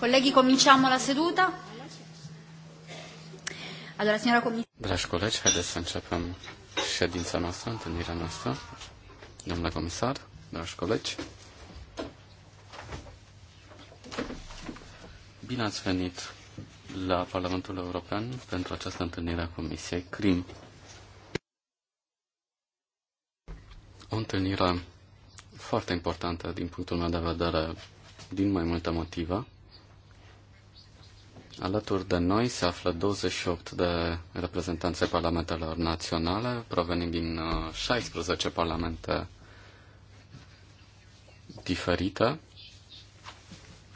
Colleghi, cominciamo la seduta. Allora, signora Commissaria. Dragi colegi, haideți să începem ședința noastră, întâlnirea noastră. Domnule comisar, dragi colegi. Bine ați venit la Parlamentul European pentru această întâlnire a Comisiei CRIM. O întâlnire foarte importantă din punctul meu de vedere din mai multe motive. Alături de noi se află 28 de reprezentanțe parlamentelor naționale, provenind din 16 uh, parlamente diferite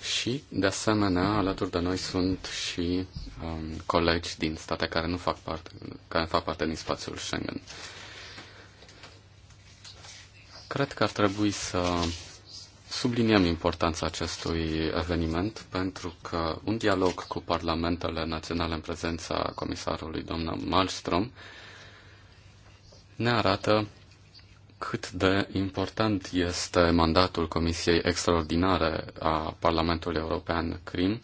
și, de asemenea, alături de noi sunt și um, colegi din state care nu fac parte, care fac parte din spațiul Schengen. Cred că ar trebui să Subliniem importanța acestui eveniment pentru că un dialog cu parlamentele naționale în prezența comisarului doamna Malmström ne arată cât de important este mandatul Comisiei Extraordinare a Parlamentului European CRIM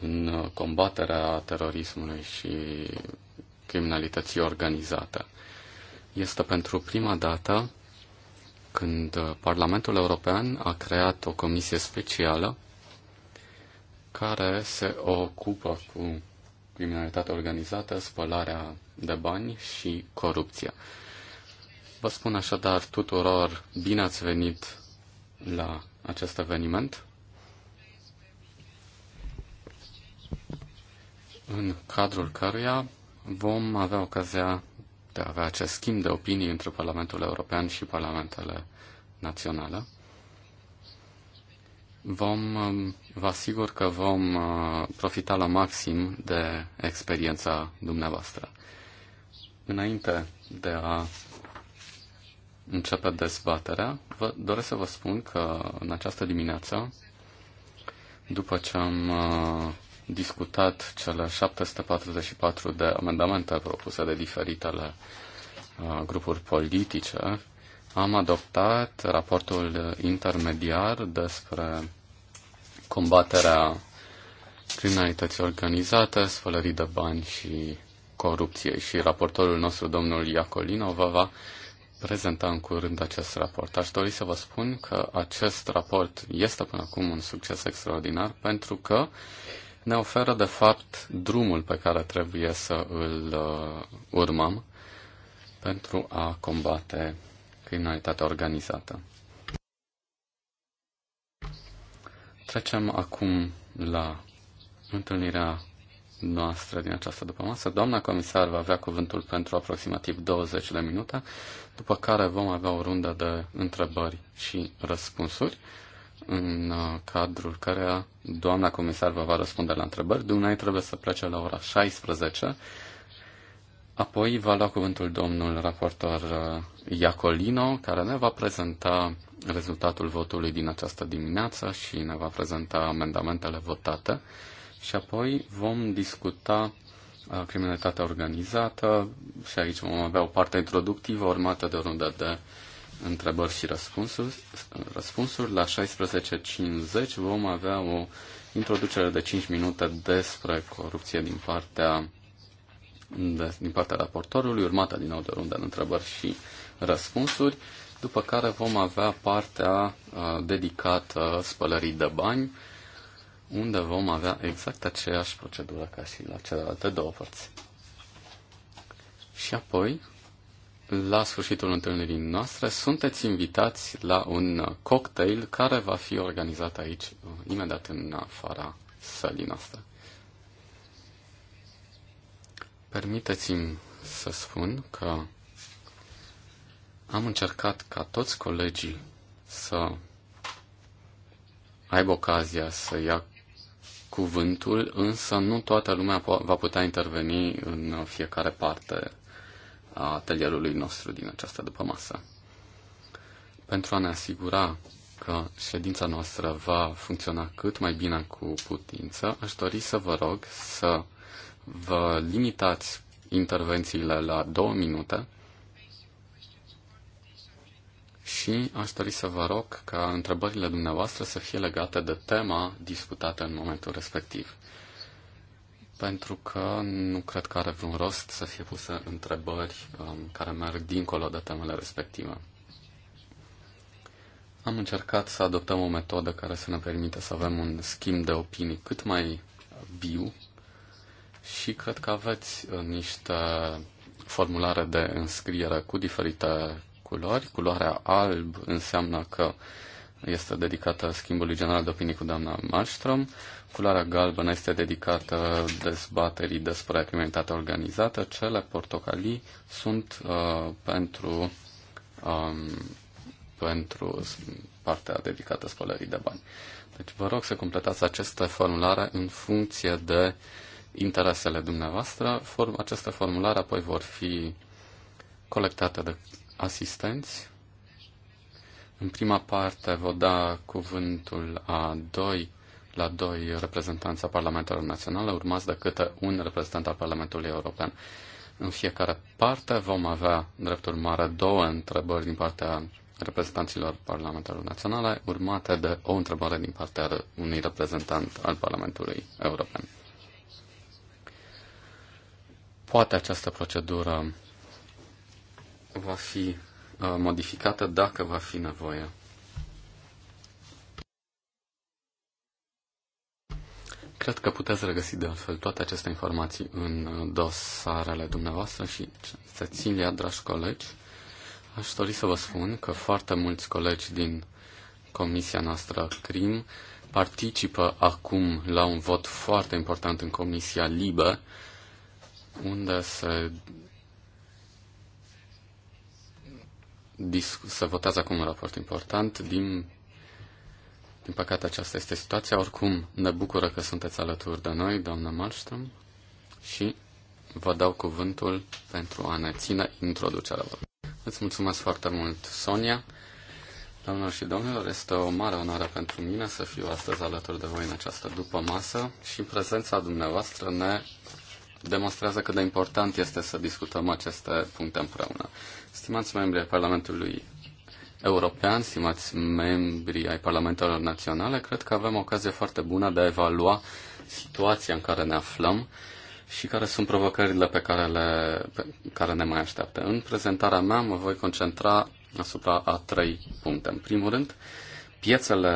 în combaterea terorismului și criminalității organizate. Este pentru prima dată când Parlamentul European a creat o comisie specială care se ocupă cu criminalitatea organizată, spălarea de bani și corupția. Vă spun așadar tuturor, bine ați venit la acest eveniment. în cadrul căruia vom avea ocazia de a avea acest schimb de opinii între Parlamentul European și Parlamentele Naționale. Vom, um, vă asigur că vom uh, profita la maxim de experiența dumneavoastră. Înainte de a începe dezbaterea, vă doresc să vă spun că în această dimineață, după ce am uh, discutat cele 744 de amendamente propuse de diferitele uh, grupuri politice, am adoptat raportul intermediar despre combaterea criminalității organizate, spălării de bani și corupției. Și raportorul nostru, domnul Iacolino, vă va prezenta în curând acest raport. Aș dori să vă spun că acest raport este până acum un succes extraordinar pentru că ne oferă, de fapt, drumul pe care trebuie să îl uh, urmăm pentru a combate criminalitatea organizată. Trecem acum la întâlnirea noastră din această după-masă. Doamna comisar va avea cuvântul pentru aproximativ 20 de minute, după care vom avea o rundă de întrebări și răspunsuri în uh, cadrul care doamna comisar vă va răspunde la întrebări. Dumnezeu trebuie să plece la ora 16. Apoi va lua cuvântul domnul raportor uh, Iacolino, care ne va prezenta rezultatul votului din această dimineață și ne va prezenta amendamentele votate. Și apoi vom discuta uh, criminalitatea organizată și aici vom avea o parte introductivă urmată de o rundă de întrebări și răspunsuri, răspunsuri. La 16.50 vom avea o introducere de 5 minute despre corupție din partea, de, din partea raportorului, urmată din nou de o rundă de întrebări și răspunsuri, după care vom avea partea uh, dedicată spălării de bani, unde vom avea exact aceeași procedură ca și la celelalte două părți. Și apoi la sfârșitul întâlnirii noastre, sunteți invitați la un cocktail care va fi organizat aici, imediat în afara sălii noastre. Permiteți-mi să spun că am încercat ca toți colegii să aibă ocazia să ia cuvântul, însă nu toată lumea va putea interveni în fiecare parte a atelierului nostru din această masă. Pentru a ne asigura că ședința noastră va funcționa cât mai bine cu putință, aș dori să vă rog să vă limitați intervențiile la două minute și aș dori să vă rog ca întrebările dumneavoastră să fie legate de tema discutată în momentul respectiv pentru că nu cred că are vreun rost să fie puse întrebări um, care merg dincolo de temele respective. Am încercat să adoptăm o metodă care să ne permite să avem un schimb de opinii cât mai viu și cred că aveți uh, niște formulare de înscriere cu diferite culori. Culoarea alb înseamnă că uh, este dedicată schimbului general de opinii cu doamna Malmström. Culoarea galbenă este dedicată dezbaterii despre criminalitatea organizată. Cele portocalii sunt uh, pentru, um, pentru partea dedicată spălării de bani. Deci vă rog să completați aceste formulare în funcție de interesele dumneavoastră. Form, aceste formulare apoi vor fi colectate de asistenți în prima parte vă da cuvântul a doi, la doi reprezentanți a Parlamentelor Naționale, urmați de câte un reprezentant al Parlamentului European. În fiecare parte vom avea, drept urmare, două întrebări din partea reprezentanților Parlamentelor Naționale, urmate de o întrebare din partea unui reprezentant al Parlamentului European. Poate această procedură va fi Uh, modificată dacă va fi nevoie. Cred că puteți regăsi de altfel toate aceste informații în uh, dosarele dumneavoastră și Cecilia, dragi colegi, aș dori să vă spun că foarte mulți colegi din comisia noastră CRIM participă acum la un vot foarte important în comisia LIBE, unde se să votează acum un raport important. Din, din păcate, aceasta este situația. Oricum, ne bucură că sunteți alături de noi, doamna Malmström, și vă dau cuvântul pentru a ne ține introducerea vă. Îți mulțumesc foarte mult, Sonia. Doamnelor și domnilor, este o mare onoare pentru mine să fiu astăzi alături de voi în această după masă și prezența dumneavoastră ne demonstrează cât de important este să discutăm aceste puncte împreună. Stimați membri ai Parlamentului European, stimați membri ai Parlamentelor Naționale, cred că avem ocazie foarte bună de a evalua situația în care ne aflăm și care sunt provocările pe care, le, pe care ne mai așteaptă. În prezentarea mea mă voi concentra asupra a trei puncte. În primul rând, piețele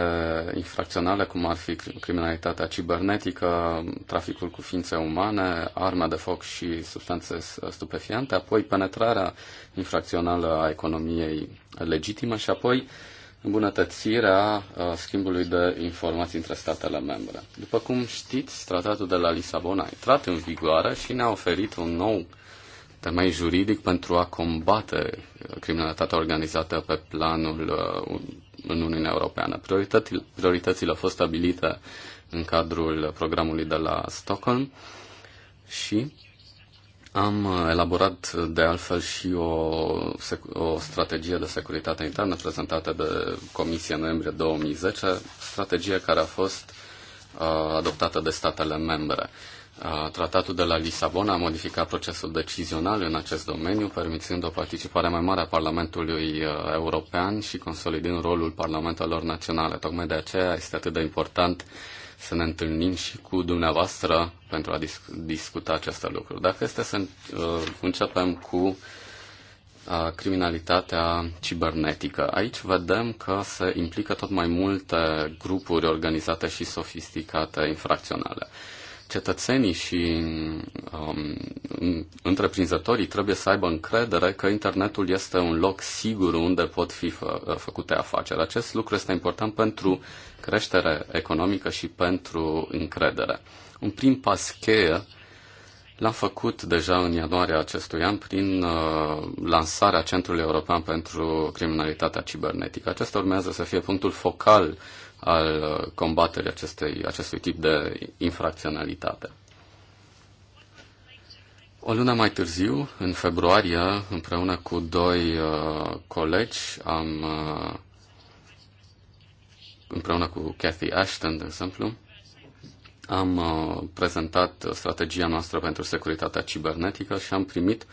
infracționale, cum ar fi criminalitatea cibernetică, traficul cu ființe umane, arme de foc și substanțe stupefiante, apoi penetrarea infracțională a economiei legitime și apoi îmbunătățirea uh, schimbului de informații între statele membre. După cum știți, tratatul de la Lisabona a intrat în vigoare și ne-a oferit un nou temei juridic pentru a combate uh, criminalitatea organizată pe planul uh, în Uniunea Europeană. Prioritățile, au fost stabilite în cadrul programului de la Stockholm și am elaborat de altfel și o, o strategie de securitate internă prezentată de Comisia noiembrie 2010, strategie care a fost uh, adoptată de statele membre. Uh, Tratatul de la Lisabona a modificat procesul decizional în acest domeniu, permițând o participare mai mare a Parlamentului uh, European și consolidând rolul parlamentelor naționale. Tocmai de aceea este atât de important să ne întâlnim și cu dumneavoastră pentru a disc- discuta aceste lucruri. Dacă este să uh, începem cu uh, criminalitatea cibernetică. Aici vedem că se implică tot mai multe grupuri organizate și sofisticate infracționale cetățenii și um, întreprinzătorii trebuie să aibă încredere că internetul este un loc sigur unde pot fi fă, uh, făcute afaceri. Acest lucru este important pentru creștere economică și pentru încredere. Un prim pas cheie L-am făcut deja în ianuarie acestui an prin uh, lansarea Centrului European pentru Criminalitatea Cibernetică. Acesta urmează să fie punctul focal al uh, combaterii acestei, acestui tip de infracționalitate. O lună mai târziu, în februarie, împreună cu doi uh, colegi, am uh, împreună cu Kathy Ashton, de exemplu, am uh, prezentat strategia noastră pentru securitatea cibernetică și am primit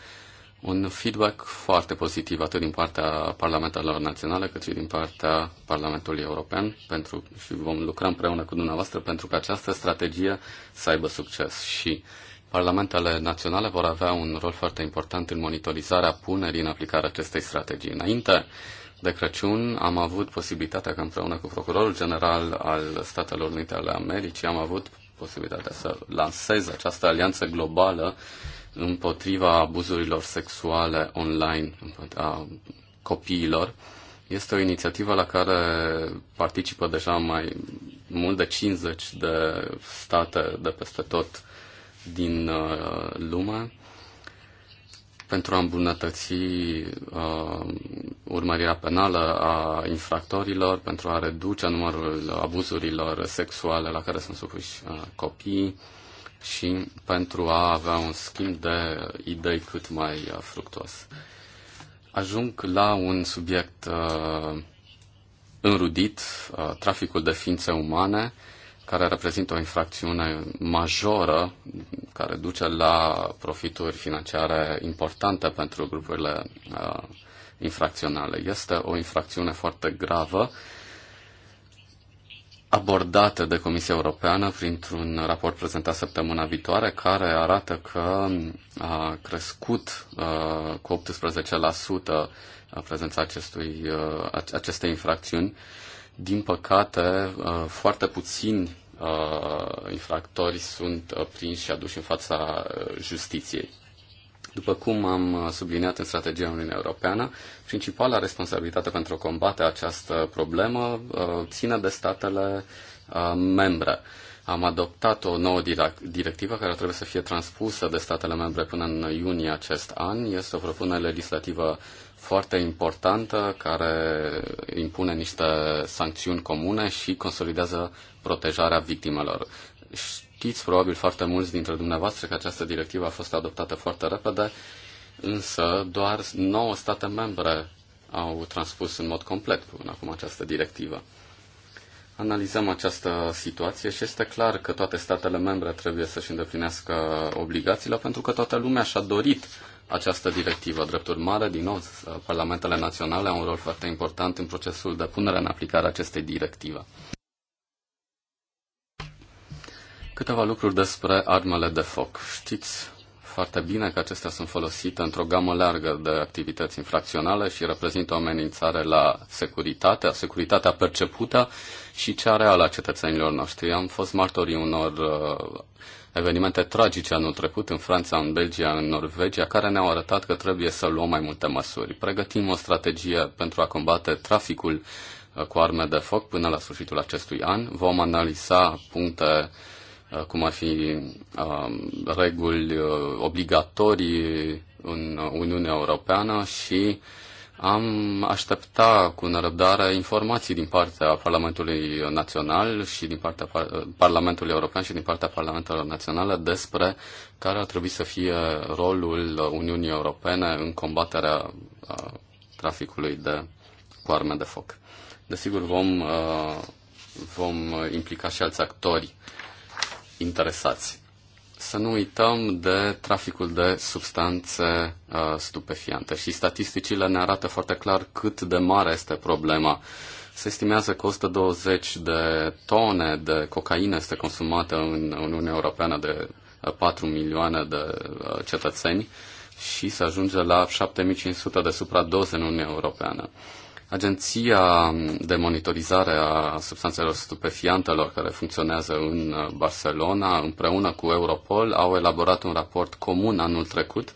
un feedback foarte pozitiv atât din partea parlamentelor naționale cât și din partea Parlamentului European pentru, și vom lucra împreună cu dumneavoastră pentru că această strategie să aibă succes și Parlamentele naționale vor avea un rol foarte important în monitorizarea punerii în aplicare acestei strategii. Înainte de Crăciun am avut posibilitatea că împreună cu Procurorul General al Statelor Unite ale Americii am avut posibilitatea să lanseze această alianță globală împotriva abuzurilor sexuale online a copiilor. Este o inițiativă la care participă deja mai mult de 50 de state de peste tot din uh, lume pentru a îmbunătăți uh, urmărirea penală a infractorilor, pentru a reduce numărul abuzurilor sexuale la care sunt supuși uh, copiii și pentru a avea un schimb de idei cât mai uh, fructuos. Ajung la un subiect uh, înrudit, uh, traficul de ființe umane. Uh, care reprezintă o infracțiune majoră, care duce la profituri financiare importante pentru grupurile uh, infracționale. Este o infracțiune foarte gravă, abordată de Comisia Europeană printr-un raport prezentat săptămâna viitoare, care arată că a crescut uh, cu 18% uh, prezența acestui, uh, acestei infracțiuni din păcate, uh, foarte puțini uh, infractori sunt uh, prinși și aduși în fața justiției. După cum am subliniat în strategia Uniunii Europeană, principala responsabilitate pentru a combate această problemă ține de statele membre. Am adoptat o nouă directivă care trebuie să fie transpusă de statele membre până în iunie acest an. Este o propunere legislativă foarte importantă care impune niște sancțiuni comune și consolidează protejarea victimelor. Știți probabil foarte mulți dintre dumneavoastră că această directivă a fost adoptată foarte repede, însă doar 9 state membre au transpus în mod complet până acum această directivă. Analizăm această situație și este clar că toate statele membre trebuie să-și îndeplinească obligațiile pentru că toată lumea și-a dorit această directivă. Drept urmare, din nou, parlamentele naționale au un rol foarte important în procesul de punere în aplicare a acestei directive. Câteva lucruri despre armele de foc. Știți foarte bine că acestea sunt folosite într-o gamă largă de activități infracționale și reprezintă o amenințare la securitatea, securitatea percepută și cea reală a cetățenilor noștri. Am fost martorii unor uh, evenimente tragice anul trecut în Franța, în Belgia, în Norvegia, care ne-au arătat că trebuie să luăm mai multe măsuri. Pregătim o strategie pentru a combate traficul uh, cu arme de foc până la sfârșitul acestui an. Vom analiza puncte uh, cum ar fi um, reguli uh, obligatorii în Uniunea Europeană și uh, am aștepta cu nerăbdare informații din partea Parlamentului Național și din partea Par- Parlamentului European și din partea Parlamentelor Naționale despre care ar trebui să fie rolul Uniunii Europene în combaterea traficului de, cu arme de foc. Desigur, vom, vom implica și alți actori interesați să nu uităm de traficul de substanțe uh, stupefiante și statisticile ne arată foarte clar cât de mare este problema. Se estimează că 120 de tone de cocaină este consumată în Uniunea Europeană de 4 uh, milioane de uh, cetățeni și se ajunge la 7500 de supradoze în Uniunea Europeană. Uh, Agenția de monitorizare a substanțelor stupefiantelor care funcționează în uh, Barcelona împreună cu Europol au elaborat un raport comun anul trecut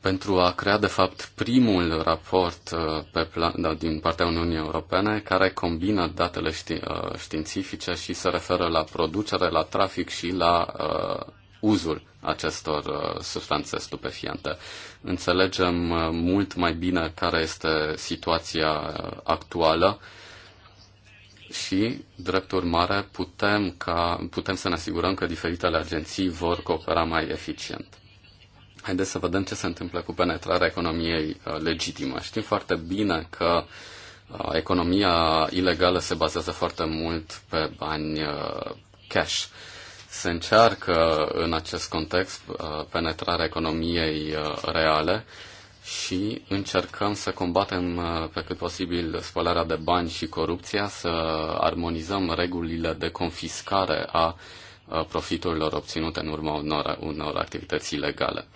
pentru a crea, de fapt, primul raport uh, pe plan, da, din partea Uniunii Europene care combină datele ști, uh, științifice și se referă la producere, la trafic și la uh, uzul acestor uh, substanțe stupefiante. Înțelegem uh, mult mai bine care este situația actuală și, drept urmare, putem, ca, putem să ne asigurăm că diferitele agenții vor coopera mai eficient. Haideți să vedem ce se întâmplă cu penetrarea economiei uh, legitimă. Știm foarte bine că economia ilegală se bazează foarte mult pe bani cash se încearcă în acest context uh, penetrarea economiei uh, reale și încercăm să combatem uh, pe cât posibil spălarea de bani și corupția, să armonizăm regulile de confiscare a profiturilor obținute în urma unor, unor activități ilegale.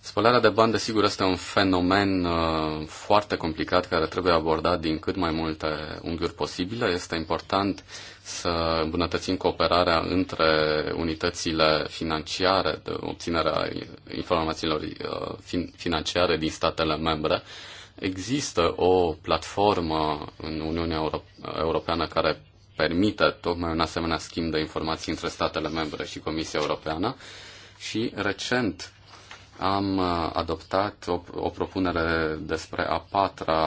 Spălarea de bani, desigur, este un fenomen uh, foarte complicat care trebuie abordat din cât mai multe unghiuri posibile. Este important să îmbunătățim cooperarea între unitățile financiare de obținerea informațiilor uh, financiare din statele membre. Există o platformă în Uniunea Europeană care permite tocmai un asemenea schimb de informații între statele membre și Comisia Europeană și recent am uh, adoptat o, o propunere despre a patra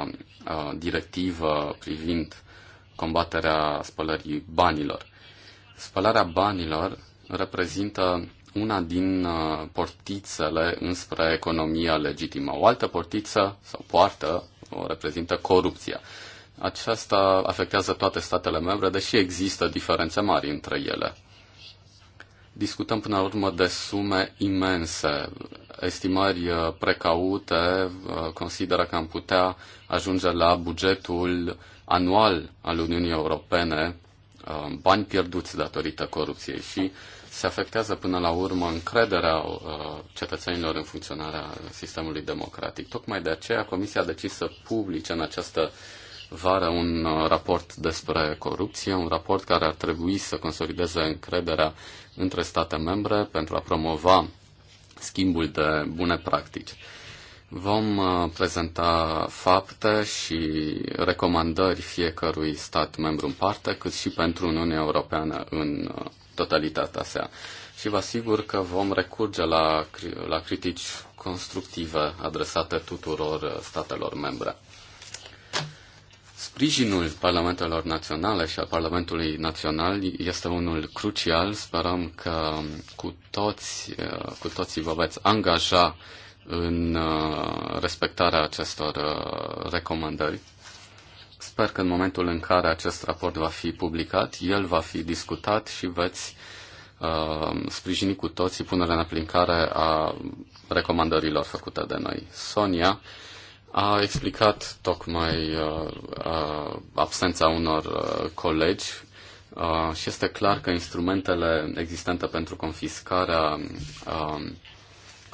a, uh, directivă privind combaterea spălării banilor. Spălarea banilor reprezintă una din uh, portițele înspre economia legitimă. O altă portiță sau poartă o reprezintă corupția. Aceasta afectează toate statele membre, deși există diferențe mari între ele. Discutăm până la urmă de sume imense. Estimări uh, precaute uh, consideră că am putea ajunge la bugetul anual al Uniunii Europene um, bani pierduți datorită corupției și se afectează până la urmă încrederea uh, cetățenilor în funcționarea sistemului democratic. Tocmai de aceea Comisia a decis să publice în această vară un uh, raport despre corupție, un raport care ar trebui să consolideze încrederea între state membre pentru a promova schimbul de bune practici. Vom uh, prezenta fapte și recomandări fiecărui stat membru în parte, cât și pentru Uniunea Europeană în uh, totalitatea sa. Și vă asigur că vom recurge la, la critici constructive adresate tuturor uh, statelor membre. Sprijinul parlamentelor naționale și al Parlamentului Național este unul crucial. Sperăm că cu, toți, cu toții vă veți angaja în uh, respectarea acestor uh, recomandări. Sper că în momentul în care acest raport va fi publicat, el va fi discutat și veți uh, sprijini cu toții punerea în aplicare a recomandărilor făcute de noi. Sonia a explicat tocmai uh, uh, absența unor uh, colegi uh, și este clar că instrumentele existente pentru confiscarea uh,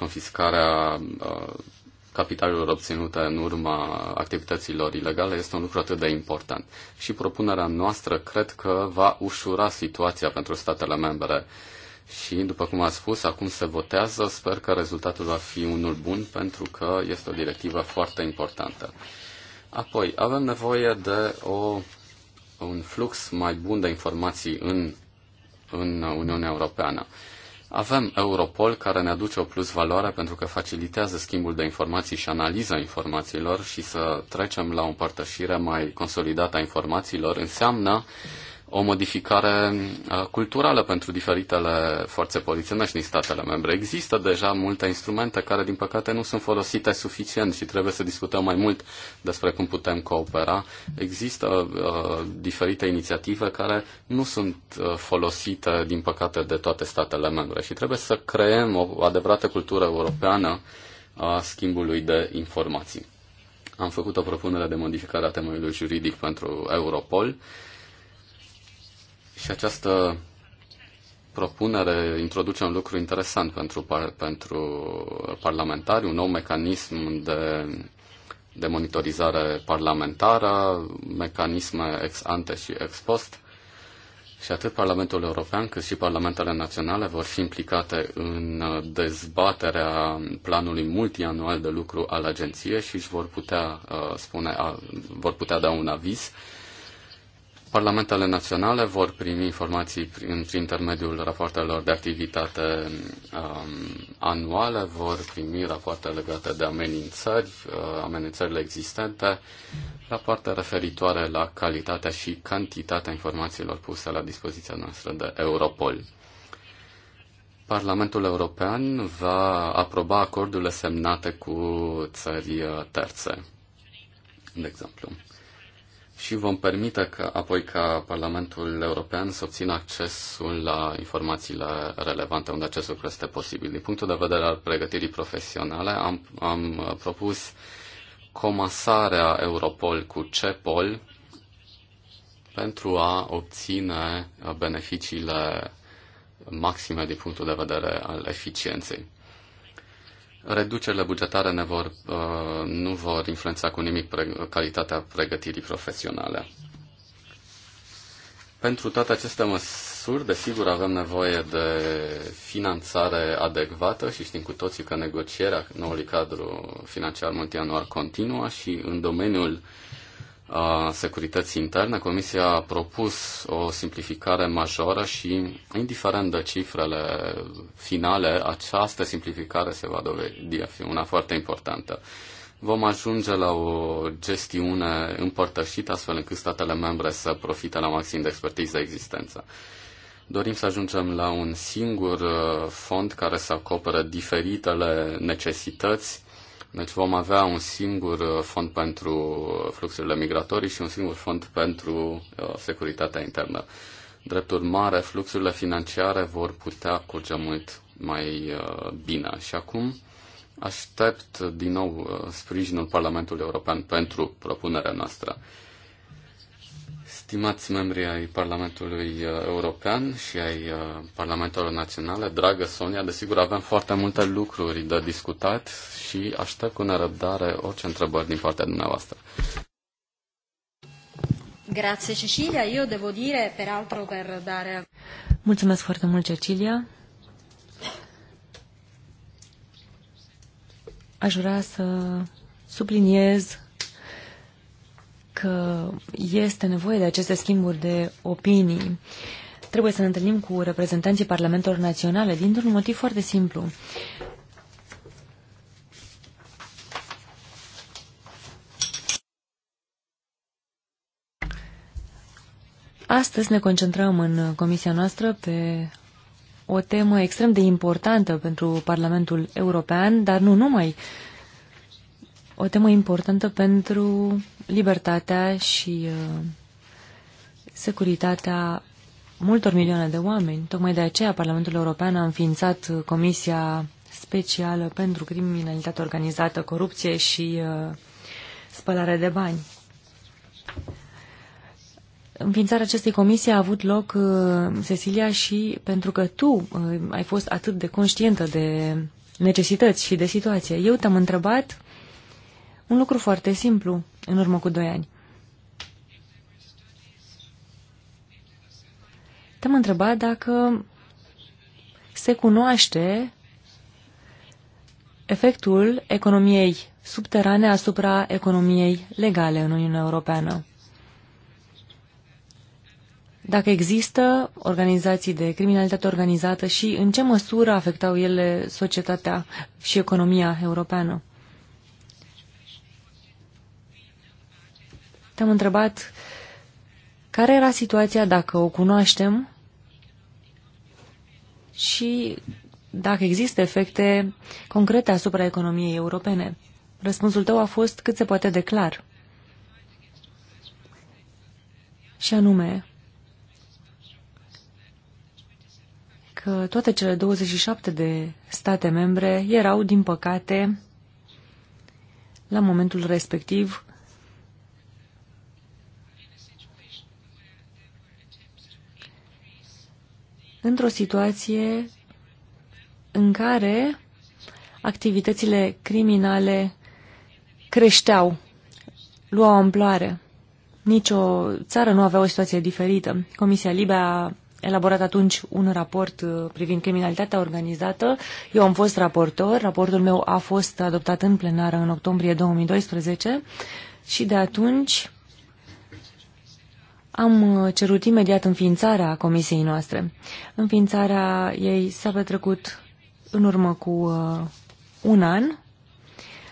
confiscarea uh, capitalurilor obținute în urma activităților ilegale este un lucru atât de important. Și propunerea noastră cred că va ușura situația pentru statele membre. Și, după cum a spus, acum se votează. Sper că rezultatul va fi unul bun pentru că este o directivă foarte importantă. Apoi, avem nevoie de o, un flux mai bun de informații în, în Uniunea Europeană. Uh, avem Europol care ne aduce o plus valoare pentru că facilitează schimbul de informații și analiza informațiilor și să trecem la o împărtășire mai consolidată a informațiilor înseamnă o modificare uh, culturală pentru diferitele forțe poliționești din statele membre. Există deja multe instrumente care, din păcate, nu sunt folosite suficient și trebuie să discutăm mai mult despre cum putem coopera. Există uh, diferite inițiative care nu sunt uh, folosite, din păcate, de toate statele membre și trebuie să creăm o adevărată cultură europeană a schimbului de informații. Am făcut o propunere de modificare a temeiului juridic pentru Europol. Uh, și această propunere introduce un lucru interesant pentru, pentru parlamentari, un nou mecanism de, de monitorizare parlamentară, mecanisme ex ante și ex post. Și atât Parlamentul European cât și Parlamentele Naționale vor fi implicate în dezbaterea planului multianual de lucru al agenției și își vor putea, uh, spune, a, vor putea da un aviz uh, Parlamentele naționale vor primi informații prin, prin intermediul rapoartelor de activitate um, anuale, vor primi rapoarte legate de amenințări, uh, amenințările existente, rapoarte referitoare la calitatea și cantitatea informațiilor puse la dispoziția noastră de Europol. Parlamentul European va aproba acordurile semnate cu țări uh, terțe, de exemplu și vom permite ca, apoi ca Parlamentul European să obțină accesul la informațiile relevante unde acest lucru este posibil. Din punctul de vedere al pregătirii profesionale, am, am propus comasarea Europol cu CEPOL pentru a obține beneficiile maxime din punctul de vedere al eficienței. Reducerile bugetare ne vor, uh, nu vor influența cu nimic pre- calitatea pregătirii profesionale. Pentru toate aceste măsuri, desigur, avem nevoie de finanțare adecvată și știm cu toții că negocierea noului cadru financiar multianual continuă și în domeniul uh, a securității interne, Comisia a propus o simplificare majoră și, indiferent de cifrele finale, această simplificare se va dovedi a fi una foarte importantă. Vom ajunge la o gestiune împărtășită, astfel încât statele membre să profite la maxim de expertiză existență. Dorim să ajungem la un singur uh, fond care să acopere diferitele necesități deci vom avea un singur uh, fond pentru uh, fluxurile migratorii și un singur fond pentru uh, securitatea internă. Drept urmare, fluxurile financiare vor putea curge mult mai bine. Și acum aștept din nou sprijinul Parlamentului European pentru propunerea noastră. Stimați membri ai Parlamentului uh, European și ai uh, Parlamentelor Naționale, dragă Sonia, desigur avem foarte multe lucruri de discutat și aștept cu nerăbdare orice întrebări din partea dumneavoastră. Grazie Cecilia, eu devo dire peraltro per dare... Mulțumesc foarte mult, Cecilia. Aș vrea să subliniez că este nevoie de aceste schimburi de opinii. Trebuie să ne întâlnim cu reprezentanții parlamentelor naționale dintr-un motiv foarte simplu. Astăzi ne concentrăm în comisia noastră pe o temă extrem de importantă pentru Parlamentul European, dar nu numai. Uh, o temă importantă pentru libertatea și uh, securitatea multor milioane de oameni. Tocmai de aceea Parlamentul European a înființat uh, Comisia Specială pentru Criminalitate Organizată, Corupție și uh, Spălare de Bani. Înființarea acestei comisii a avut loc, Cecilia, și pentru că tu ai fost atât de conștientă de necesități și de situație. Eu te-am întrebat un lucru foarte simplu în urmă cu doi ani. Te-am întrebat dacă se cunoaște efectul economiei subterane asupra economiei legale în Uniunea Europeană. Dacă există organizații de criminalitate organizată și în ce măsură afectau ele societatea și economia europeană? Te-am întrebat care era situația, dacă o cunoaștem și dacă există efecte concrete asupra economiei europene. Răspunsul tău a fost cât se poate de clar. Și anume că toate cele 27 de state membre erau, din păcate, la momentul respectiv, într-o situație în care activitățile criminale creșteau, luau amploare. Nici o țară nu avea o situație diferită. Comisia Libe a elaborat atunci un raport uh, privind criminalitatea organizată. Eu am fost raportor, raportul meu a fost adoptat în plenară în octombrie 2012 și de atunci am uh, cerut imediat înființarea comisiei noastre. Înființarea ei s-a petrecut în urmă cu uh, un an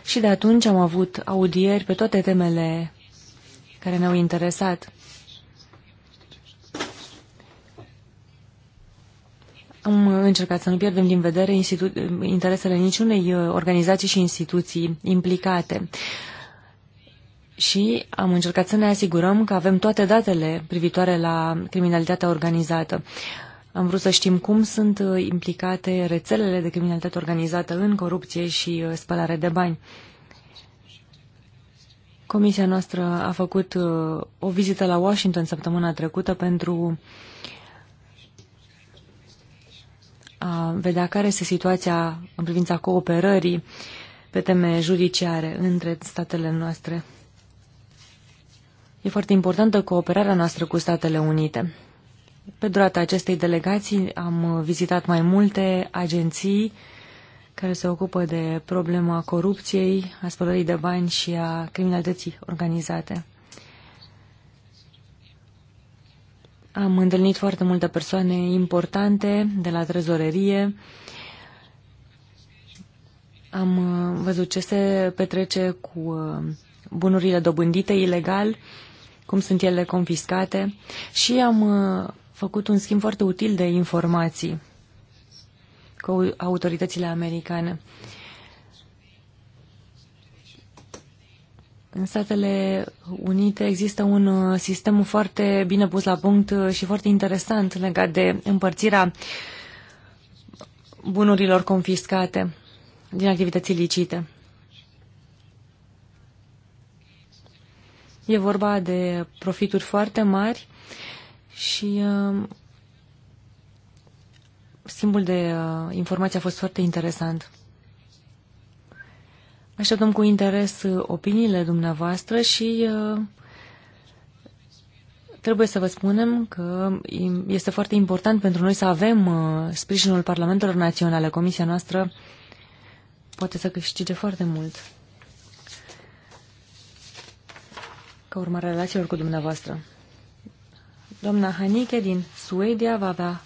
și de atunci am avut audieri pe toate temele care ne-au interesat. Am încercat să nu pierdem din vedere interesele niciunei uh, organizații și instituții implicate. Uh, și am încercat să ne asigurăm că avem toate datele privitoare la criminalitatea organizată. Am vrut să știm cum sunt uh, implicate rețelele de criminalitate organizată în corupție și uh, spălare de bani. Comisia noastră a făcut uh, o vizită la Washington săptămâna trecută pentru a vedea care este situația în privința cooperării pe teme judiciare între statele noastre. E foarte importantă cooperarea noastră cu Statele Unite. Pe durata acestei delegații am vizitat mai multe agenții care se ocupă de problema corupției, a spălării de bani și a criminalității organizate. Am întâlnit foarte multe persoane importante de la trezorerie. Am uh, văzut ce se petrece cu uh, bunurile dobândite ilegal cum sunt ele confiscate și am uh, făcut un schimb foarte util de informații cu autoritățile americane. În Statele Unite există un uh, sistem foarte bine pus la punct uh, și foarte interesant legat de împărțirea bunurilor confiscate din activități ilicite. E vorba de profituri foarte mari și uh, simbol de uh, informație a fost foarte interesant. Așteptăm cu interes uh, opiniile dumneavoastră și trebuie să vă spunem că este foarte important pentru noi să avem sprijinul Parlamentelor Naționale. Comisia noastră poate să câștige foarte mult. ca urmare a relațiilor cu dumneavoastră. Doamna Hanike din Suedia va avea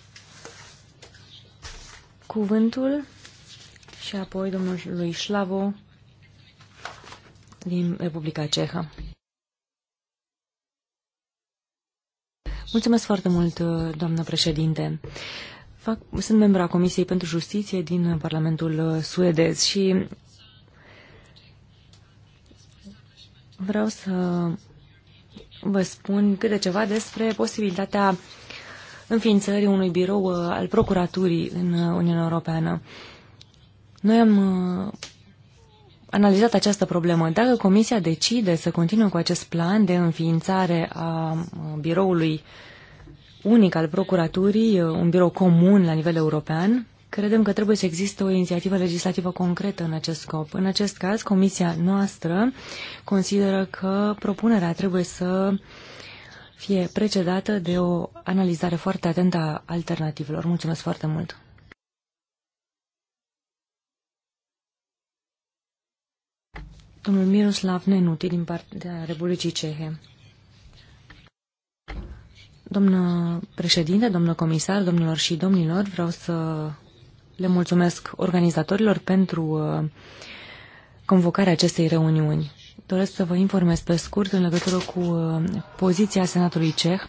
cuvântul și apoi domnul Slavo din Republica Cehă. Mulțumesc foarte mult, doamnă președinte. Fac, sunt membra Comisiei pentru Justiție din Parlamentul suedez și vreau să vă spun câte ceva despre posibilitatea înființării unui birou uh, al procuraturii în uh, Uniunea Europeană. Noi am uh, analizat această problemă. Dacă Comisia decide să continue cu acest plan de înființare a biroului unic al procuraturii, un birou comun la nivel european, Credem că trebuie să existe o inițiativă legislativă concretă în acest scop. În acest caz, comisia noastră consideră că propunerea trebuie să fie precedată de o analizare foarte atentă a alternativelor. Mulțumesc foarte mult! Domnul Miroslav Nenuti din partea Republicii Cehe. Domnul președinte, domnul comisar, domnilor și domnilor, vreau să le mulțumesc organizatorilor pentru uh, convocarea acestei reuniuni. Doresc să vă informez pe scurt în legătură cu uh, poziția Senatului Ceh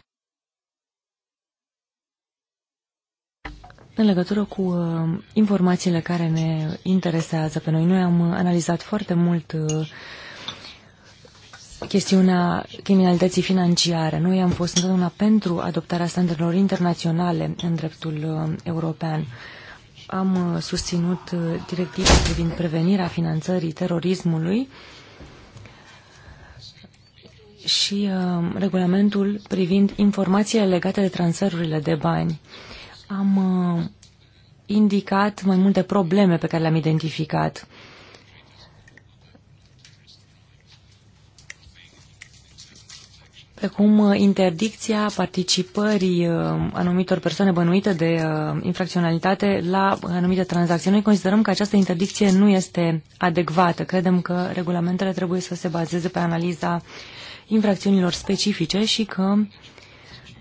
în legătură cu uh, informațiile care ne interesează pe noi. Noi am analizat foarte mult chestiunea criminalității financiare. Noi am fost întotdeauna pentru adoptarea standardelor internaționale în dreptul european am uh, susținut uh, directiva privind prevenirea finanțării terorismului și uh, regulamentul privind informațiile legate de transferurile de bani. Am uh, indicat mai multe probleme pe care le-am identificat. precum uh, interdicția participării uh, anumitor persoane bănuite de uh, infracționalitate la anumite tranzacții. Noi considerăm că această interdicție nu este adecvată. Credem că regulamentele trebuie să se bazeze pe analiza infracțiunilor specifice și că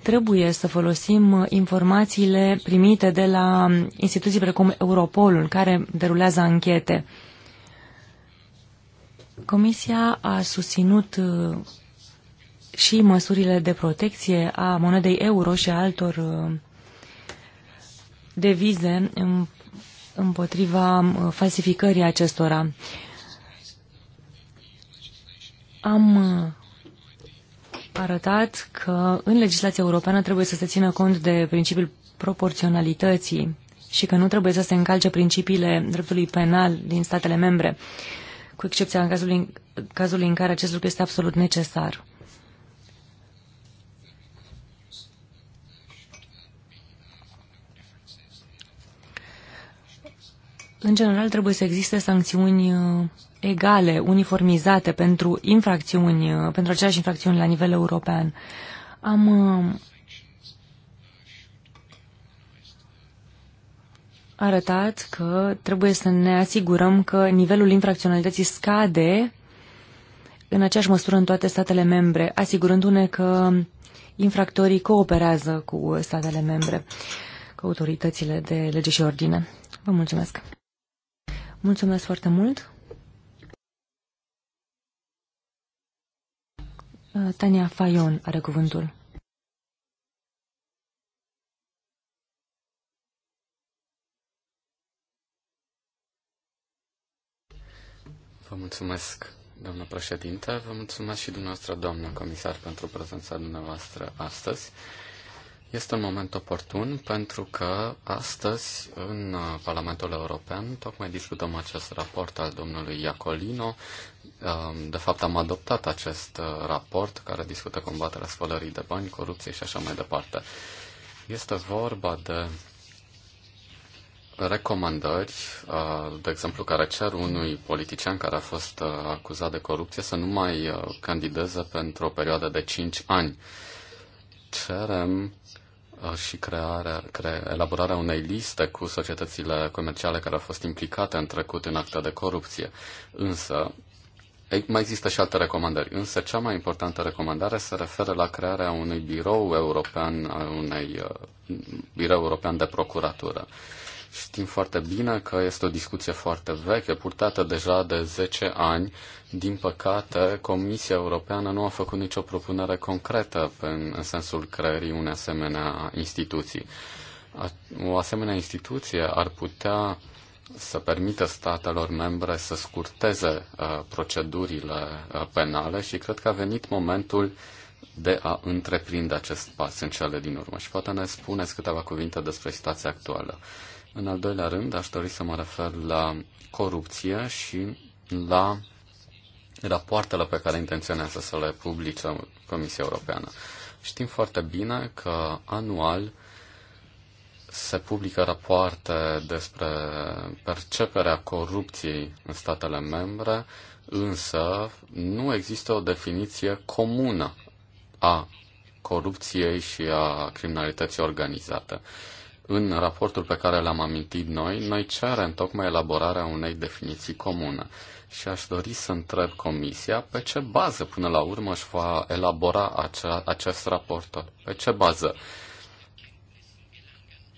trebuie să folosim informațiile primite de la instituții precum Europolul, care derulează anchete. Comisia a susținut și măsurile de protecție a monedei euro și a altor uh, devize împotriva uh, falsificării acestora. Am uh, arătat că în legislația europeană trebuie să se țină cont de principiul proporționalității și că nu trebuie să se încalce principiile dreptului penal din statele membre, cu excepția în cazul, în cazul în care acest lucru este absolut necesar. în general trebuie să existe sancțiuni uh, egale, uniformizate pentru infracțiuni, uh, pentru aceleași infracțiuni la nivel european. Am uh, arătat că trebuie să ne asigurăm că nivelul infracționalității scade în aceeași măsură în toate statele membre, asigurându-ne că infractorii cooperează cu statele membre, cu autoritățile de lege și ordine. Vă mulțumesc! Mulțumesc foarte mult. Uh, Tania Fayon are cuvântul. Vă mulțumesc, doamnă președinte. Vă mulțumesc și dumneavoastră, doamnă comisar, pentru prezența dumneavoastră astăzi. Este un moment oportun pentru că astăzi în uh, Parlamentul European tocmai discutăm acest raport al domnului Iacolino. Um, de fapt am adoptat acest uh, raport care discută combaterea spălării de bani, corupție și așa mai departe. Este vorba de recomandări, uh, de exemplu, care cer unui politician care a fost acuzat de corupție să nu mai candideze pentru o perioadă de 5 ani. Cerem și crearea, cre, elaborarea unei liste cu societățile comerciale care au fost implicate în trecut în acte de corupție. Însă, mai există și alte recomandări, însă cea mai importantă recomandare se referă la crearea unui birou european, unei birou european de procuratură. Uh, Știm foarte bine că este o discuție foarte veche, purtată deja de 10 ani. Din păcate, Comisia Europeană nu a făcut nicio propunere concretă în, sensul creării unei asemenea instituții. O asemenea instituție ar putea să permită statelor membre să scurteze uh, procedurile uh, penale și cred că a venit momentul de a întreprinde acest pas în cele din urmă. Și poate ne spuneți câteva cuvinte despre situația actuală. Uh, în al doilea rând, aș dori să mă refer la corupție și la rapoartele pe care intenționează să le publice Comisia Europeană. Știm foarte bine că anual se publică rapoarte despre perceperea corupției în statele membre, însă nu există o definiție comună a corupției și a criminalității organizate în raportul pe care l-am amintit noi, noi cerem tocmai elaborarea unei definiții comune. Și aș dori să întreb Comisia pe ce bază până la urmă își va elabora acea, acest raport. Pe ce bază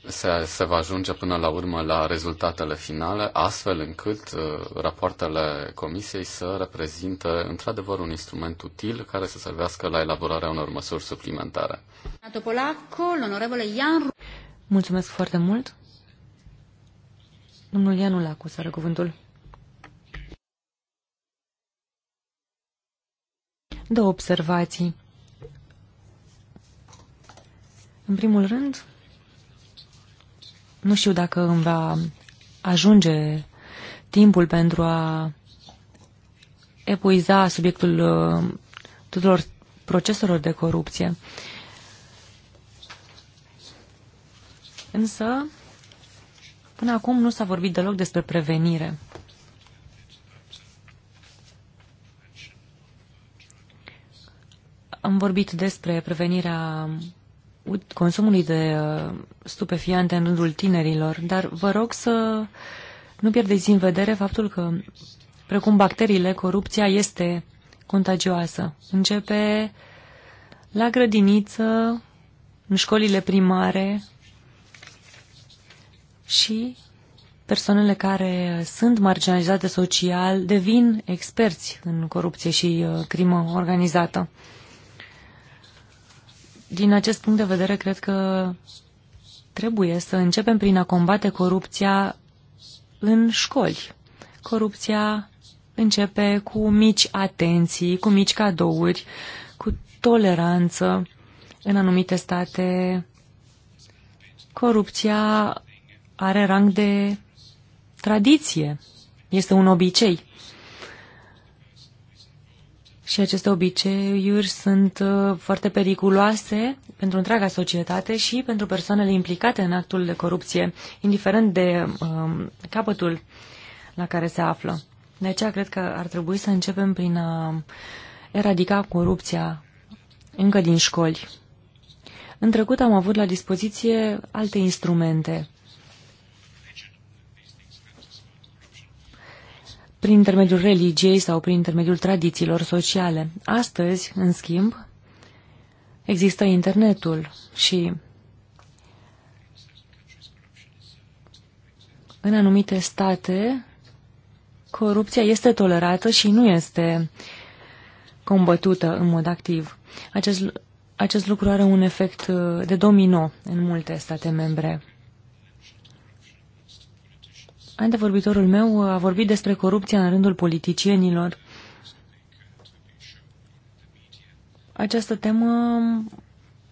se, se va ajunge până la urmă la rezultatele finale, astfel încât uh, rapoartele Comisiei să reprezinte într-adevăr un instrument util care să servească la elaborarea unor măsuri suplimentare. Mulțumesc foarte mult. Domnul Ianu Lacu, să cuvântul. Două observații. În primul rând, nu știu dacă îmi va ajunge timpul pentru a epuiza subiectul uh, tuturor proceselor de corupție. Uh, Însă, până acum nu s-a vorbit deloc despre prevenire. Am vorbit despre prevenirea consumului de uh, stupefiante în rândul tinerilor, dar vă rog să nu pierdeți în vedere faptul că, precum bacteriile, corupția este contagioasă. Începe la grădiniță, în școlile primare, și persoanele care sunt marginalizate social devin experți în corupție și uh, crimă organizată. Din acest punct de vedere, cred că trebuie să începem prin a combate corupția în școli. Corupția începe cu mici atenții, cu mici cadouri, cu toleranță. În anumite state, corupția are rang de tradiție, este un obicei. Și aceste obiceiuri sunt uh, foarte periculoase pentru întreaga societate și pentru persoanele implicate în actul de corupție, indiferent de um, capătul la care se află. De aceea cred că ar trebui să începem prin a eradica corupția încă din școli. În trecut am avut la dispoziție alte instrumente prin intermediul religiei sau prin intermediul tradițiilor sociale. Astăzi, în schimb, există internetul și în anumite state corupția este tolerată și nu este combătută în mod activ. Acest, acest lucru are un efect uh, de domino în multe state membre. Antevorbitorul meu a vorbit despre corupția în rândul politicienilor. Această temă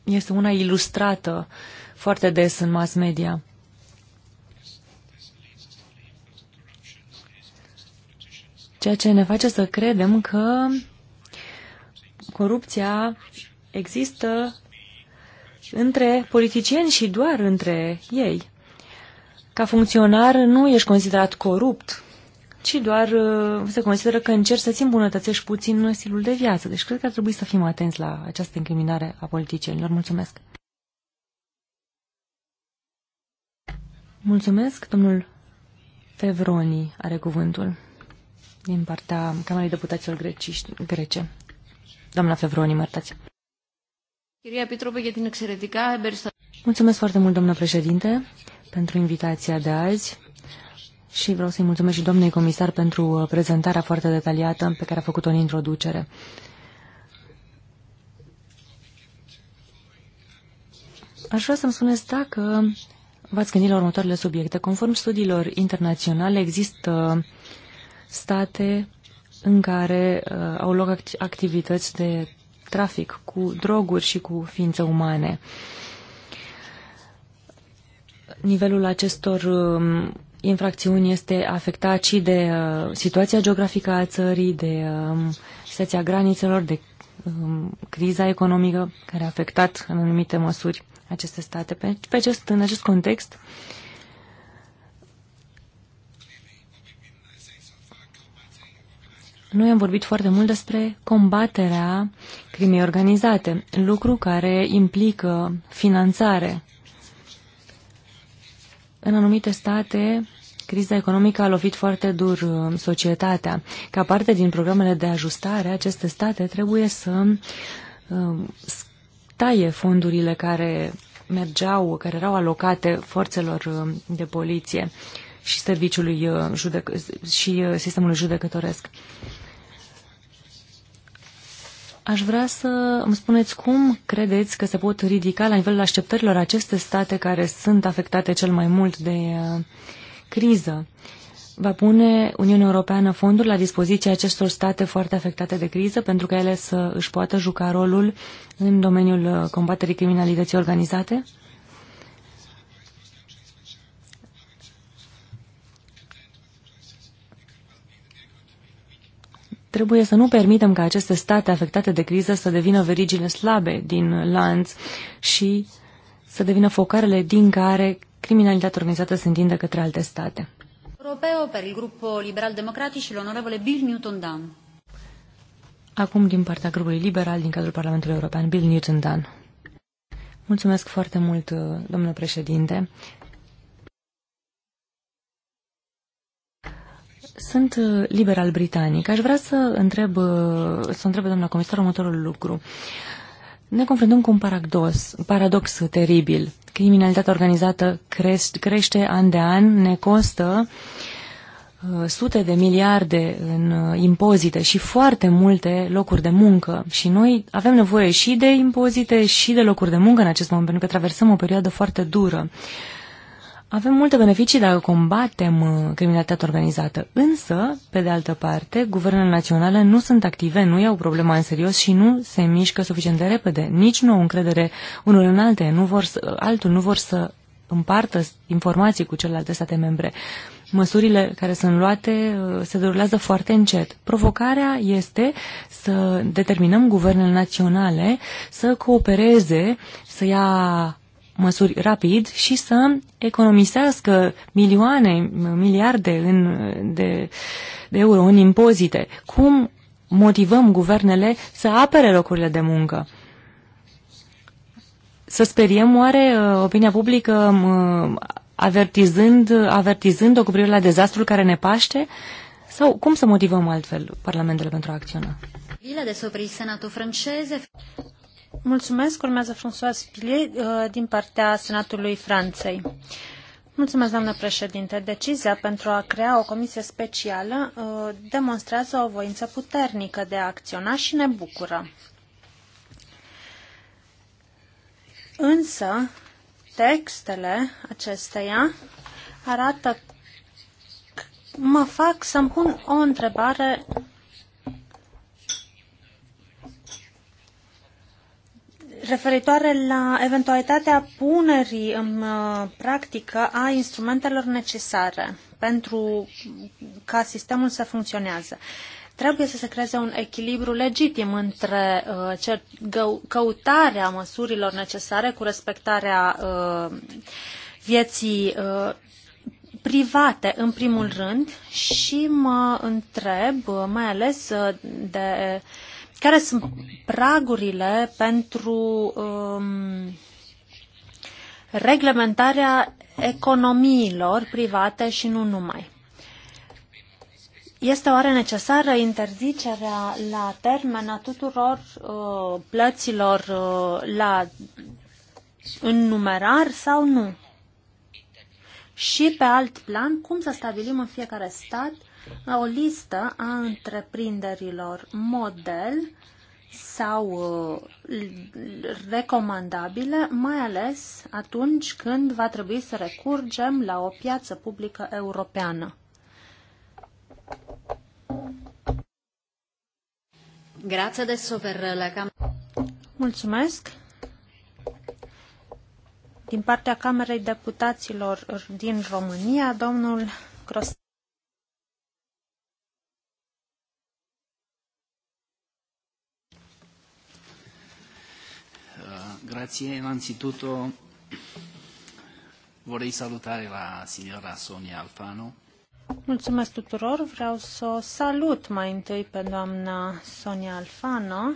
este una ilustrată foarte des în mass media. Ceea ce ne face să credem că corupția există între politicieni și doar între ei. Ca funcționar nu ești considerat corupt, ci doar uh, se consideră că încerci să-ți îmbunătățești puțin stilul de viață. Deci cred că ar trebui să fim atenți la această incriminare a politicienilor. Mulțumesc! Mulțumesc, domnul Fevroni are cuvântul din partea Camerei Deputaților Greciști, Grece. Doamna Fevroni, mă iertați. Mulțumesc foarte mult, doamnă președinte pentru invitația de azi și vreau să-i mulțumesc și doamnei comisar pentru uh, prezentarea foarte detaliată pe care a făcut-o în introducere. Aș vrea să-mi spuneți dacă v-ați gândit la următoarele subiecte. Conform studiilor internaționale, există state în care uh, au loc activități de trafic cu droguri și cu ființe umane. Uh, nivelul acestor um, infracțiuni este afectat și de uh, situația geografică a țării, de um, situația granițelor, de um, criza economică care a afectat în anumite măsuri aceste state. Pe, pe acest, în acest context, noi am vorbit foarte mult despre combaterea crimei organizate, lucru care implică finanțare în anumite state, criza economică a lovit foarte dur uh, societatea. Ca parte din programele de ajustare, aceste state trebuie să uh, taie fondurile care mergeau, care erau alocate forțelor uh, de poliție și serviciului judec- și sistemului judecătoresc. Aș vrea să îmi spuneți cum credeți că se pot ridica la nivelul așteptărilor aceste state care sunt afectate cel mai mult de uh, criză. Va pune Uniunea Europeană fonduri la dispoziția acestor state foarte afectate de criză pentru că ele să își poată juca rolul în domeniul uh, combaterii criminalității organizate? Trebuie să nu permitem ca aceste state afectate de criză să devină verigile slabe din lanț și să devină focarele din care criminalitatea organizată se întinde către alte state. Europeo per il gruppo liberal democratici l'onorevole Bill Newton Dunn. Acum din partea grupului liberal din cadrul Parlamentului European, Bill Newton Dunn. Mulțumesc foarte mult, domnule președinte. Sunt uh, liberal britanic. Aș vrea să întreb, uh, să întreb doamna comisar următorul lucru. Ne confruntăm cu un paradox, un paradox teribil. Criminalitatea organizată crește, crește an de an, ne costă uh, sute de miliarde în impozite și foarte multe locuri de muncă. Și noi avem nevoie și de impozite și de locuri de muncă în acest moment, pentru că traversăm o perioadă foarte dură. Avem multe beneficii dacă combatem uh, criminalitatea organizată, însă, pe de altă parte, guvernele naționale nu sunt active, nu iau problema în serios și nu se mișcă suficient de repede. Nici nu au încredere unul în alte, nu vor să, altul nu vor să împartă informații cu celelalte state membre. Măsurile care sunt luate uh, se derulează foarte încet. Provocarea este să determinăm guvernele naționale să coopereze, să ia măsuri rapid și să economisească milioane, miliarde în, de, de euro în impozite. Cum motivăm guvernele să apere locurile de muncă? Să speriem oare uh, opinia publică um, avertizând, avertizând-o cu privire la dezastrul care ne paște? Sau cum să motivăm altfel parlamentele pentru a acționa? Mulțumesc. Urmează François Pilet uh, din partea Senatului Franței. Mulțumesc, doamnă președinte. Decizia pentru a crea o comisie specială uh, demonstrează o voință puternică de a acționa și ne bucură. Însă, textele acesteia arată mă fac să-mi pun o întrebare referitoare la eventualitatea punerii în uh, practică a instrumentelor necesare pentru ca sistemul să funcționează. Trebuie să se creeze un echilibru legitim între uh, căutarea măsurilor necesare cu respectarea uh, vieții uh, private, în primul rând, și mă întreb, uh, mai ales uh, de uh, care sunt pragurile pentru um, reglementarea economiilor private și nu numai. Este oare necesară interzicerea la termen a tuturor uh, plăților uh, la, în numerar sau nu? Și pe alt plan, cum să stabilim în fiecare stat uh, o listă a întreprinderilor model sau uh, recomandabile, mai ales atunci când va trebui să recurgem la o piață publică europeană. Grazie adesso per la Mulțumesc. Din partea Camerei Deputaților din România, domnul Gros. Grazie, innanzitutto vorrei salutare la signora Sonia Alfano. Mulțumesc tuturor, vreau să o salut mai întâi pe doamna Sonia Alfano.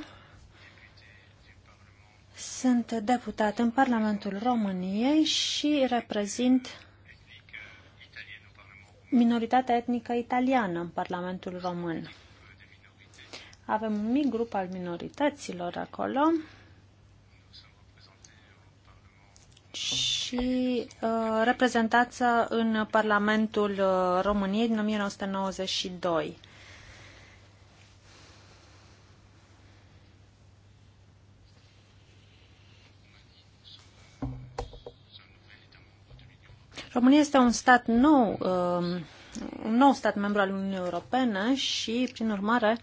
Sunt deputat în Parlamentul României și reprezint minoritatea etnică italiană în Parlamentul Român. Avem un mic grup al minorităților acolo și uh, reprezentată în Parlamentul uh, României din 1992. România este un stat nou, um, un nou stat membru al Uniunii Europene și, prin urmare,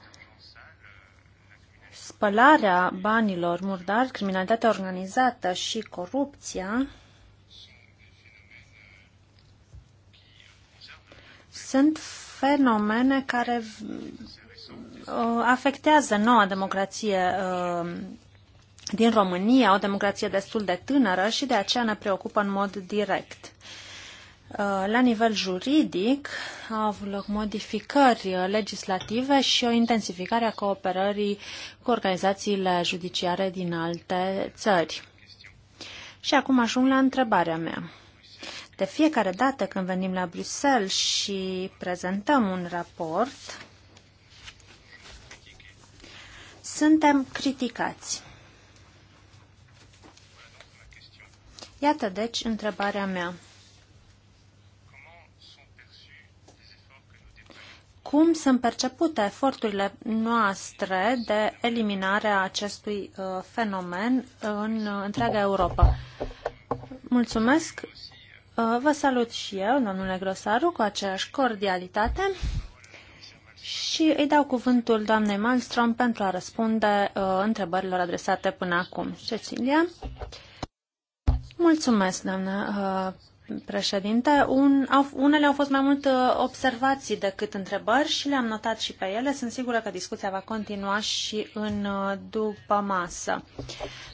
spălarea banilor murdari, criminalitatea organizată și corupția Sunt fenomene care uh, afectează noua democrație uh, din România, o democrație destul de tânără și de aceea ne preocupă în mod direct. Uh, la nivel juridic au avut loc modificări legislative și o intensificare a cooperării cu organizațiile judiciare din alte țări. Și acum ajung la întrebarea mea. De fiecare dată când venim la Bruxelles și prezentăm un raport, suntem criticați. Iată deci întrebarea mea. Cum sunt percepute eforturile noastre de eliminare a acestui uh, fenomen în uh, întreaga Europa? Mulțumesc. Uh, vă salut și eu, domnule Grosaru, cu aceeași cordialitate și îi dau cuvântul doamnei Malmström pentru a răspunde uh, întrebărilor adresate până acum. Cecilia? Mulțumesc, doamnă uh, președinte. Un, au, unele au fost mai mult uh, observații decât întrebări și le-am notat și pe ele. Sunt sigură că discuția va continua și în uh, după masă.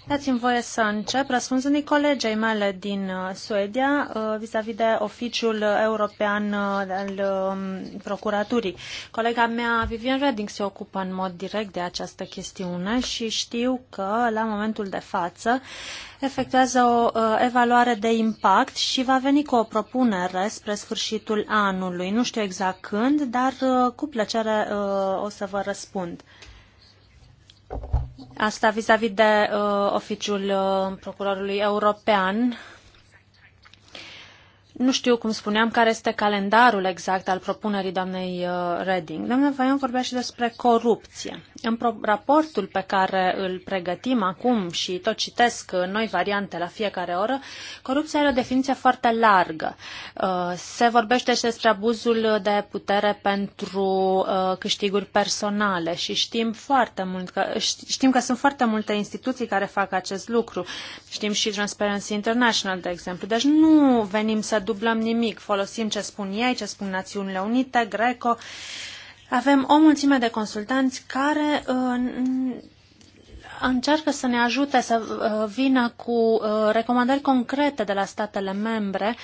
Dați-mi voie să încep răspunzând colegei mele din uh, Suedia vis a -vis de oficiul european al um, procuraturii. Colega mea, Vivian Redding, se ocupă în mod direct de această chestiune și știu că la momentul de față efectuează o uh, evaluare de impact și va veni cu o propunere spre sfârșitul anului. Nu știu exact când, dar uh, cu plăcere uh, o să vă răspund. Asta vis-a-vis -vis de uh, oficiul uh, procurorului european nu știu, cum spuneam, care este calendarul exact al propunerii doamnei uh, Reding. Doamna Vaion vorbea și despre corupție. În raportul pe care îl pregătim acum și tot citesc uh, noi variante la fiecare oră, corupția are o definiție foarte largă. Uh, se vorbește și despre abuzul de putere pentru câștiguri personale și știm foarte mult că, știm că sunt foarte multe instituții care fac acest lucru. Știm și Transparency International, de exemplu. Deci nu venim să dublăm nimic, folosim ce spun ei, ce spun Națiunile Unite, Greco. Avem o mulțime de consultanți care uh, încearcă să ne ajute să uh, vină cu uh, recomandări concrete de la statele membre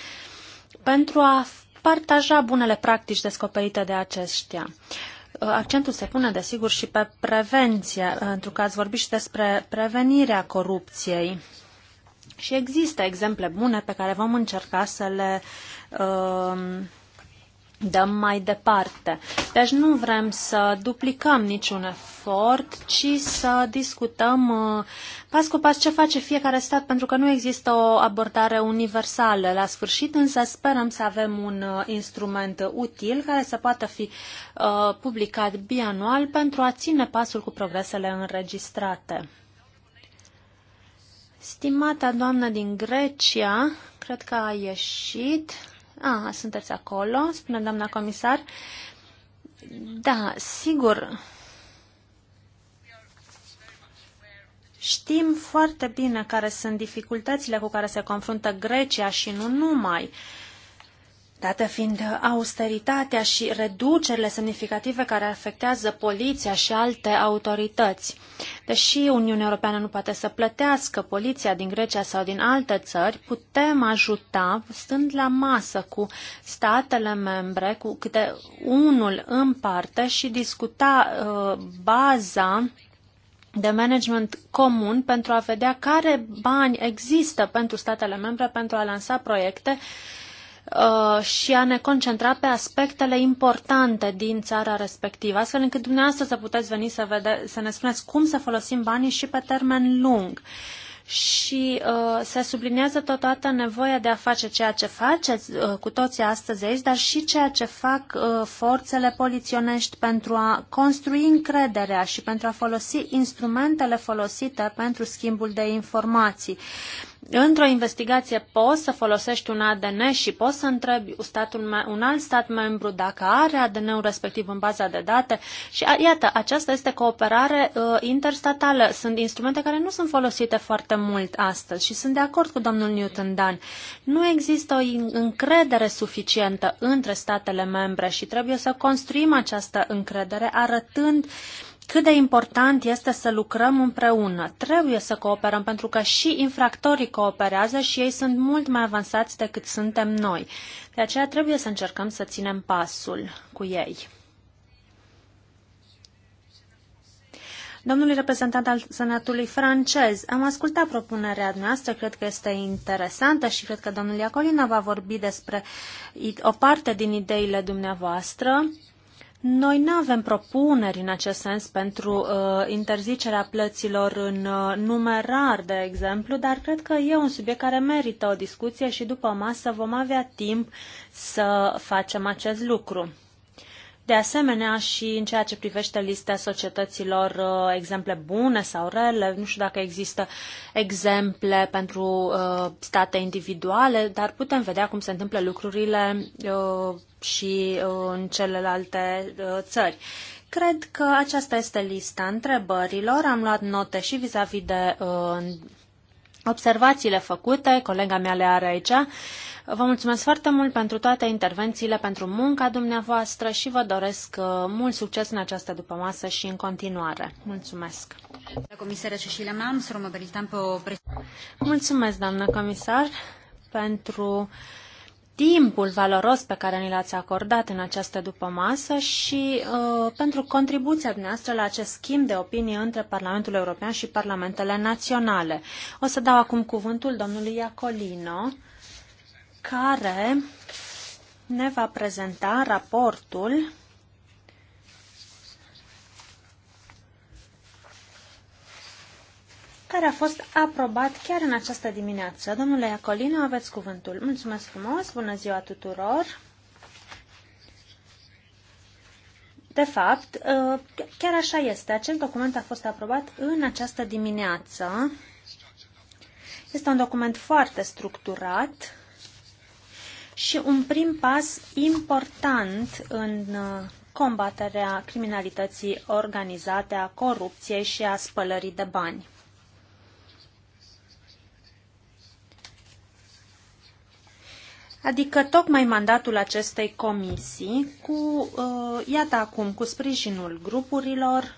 pentru a partaja bunele practici descoperite de aceștia. Uh, accentul se pune, desigur, și pe prevenție, pentru că ați vorbit și despre prevenirea corupției. Și există exemple bune pe care vom încerca să le uh, dăm mai departe. Deci nu vrem să duplicăm niciun efort, ci să discutăm uh, pas cu pas ce face fiecare stat, pentru că nu există o abordare universală. La sfârșit însă sperăm să avem un uh, instrument util care să poată fi uh, publicat bianual pentru a ține pasul cu progresele înregistrate. Stimata doamnă din Grecia, cred că a ieșit. Ah, sunteți acolo, spune doamna comisar. Da, sigur. Știm foarte bine care sunt dificultățile cu care se confruntă Grecia și nu numai. Uh, Dată fiind austeritatea și reducerile semnificative care afectează poliția și alte autorități. Deși Uniunea Europeană nu poate să plătească poliția din Grecia sau din alte țări, putem ajuta stând la masă cu statele membre, cu câte unul în parte și discuta uh, baza de management comun pentru a vedea care bani există pentru statele membre pentru a lansa proiecte uh, Uh, și a ne concentra pe aspectele importante din țara respectivă, astfel încât dumneavoastră să puteți veni să, vede, să ne spuneți cum să folosim banii și pe termen lung. Și uh, se subliniază totodată nevoia de a face ceea ce faceți uh, cu toții astăzi aici, dar și ceea ce fac uh, forțele poliționești pentru a construi încrederea și pentru a folosi instrumentele folosite pentru schimbul de informații. Uh, într-o investigație poți să folosești un ADN și poți să întrebi statul, un alt stat membru dacă are ADN-ul respectiv în baza de date și iată, aceasta este cooperare uh, interstatală. Sunt instrumente care nu sunt folosite foarte mult astăzi și sunt de acord cu domnul Newton Dan. Nu există o încredere suficientă între statele membre și trebuie să construim această încredere arătând uh, cât de important este să lucrăm împreună. Trebuie să cooperăm pentru că și infractorii cooperează și ei sunt mult mai avansați decât suntem noi. De aceea trebuie să încercăm să ținem pasul cu ei. Domnului reprezentant al Senatului francez, am ascultat propunerea noastră, cred că este interesantă și cred că domnul Iacolina va vorbi despre o parte din ideile dumneavoastră. Noi nu avem propuneri în acest sens pentru uh, interzicerea plăților în uh, numerar, de exemplu, dar cred că e un subiect care merită o discuție și după masă vom avea timp să facem acest lucru. De asemenea, și în ceea ce privește lista societăților, uh, exemple bune sau rele, nu știu dacă există exemple pentru uh, state individuale, dar putem vedea cum se întâmplă lucrurile uh, și uh, în celelalte uh, țări. Cred că aceasta este lista întrebărilor. Am luat note și vis-a-vis -vis de uh, observațiile făcute. Colega mea le are aici. Vă mulțumesc foarte mult pentru toate intervențiile, pentru munca dumneavoastră și vă doresc mult succes în această dupămasă și în continuare. Mulțumesc! Mulțumesc, doamnă comisar, pentru timpul valoros pe care ni l-ați acordat în această dupămasă și uh, pentru contribuția dumneavoastră la acest schimb de opinie între Parlamentul European și Parlamentele Naționale. O să dau acum cuvântul domnului Iacolino, care ne va prezenta raportul care a fost aprobat chiar în această dimineață. Domnule Iacolino, aveți cuvântul. Mulțumesc frumos, bună ziua tuturor! De fapt, uh, chiar așa este. Acest document a fost aprobat în această dimineață. Este un document foarte structurat și un prim pas important în uh, combaterea criminalității organizate, a corupției și a spălării de bani. adică tocmai mandatul acestei comisii, cu, uh, iată acum, cu sprijinul grupurilor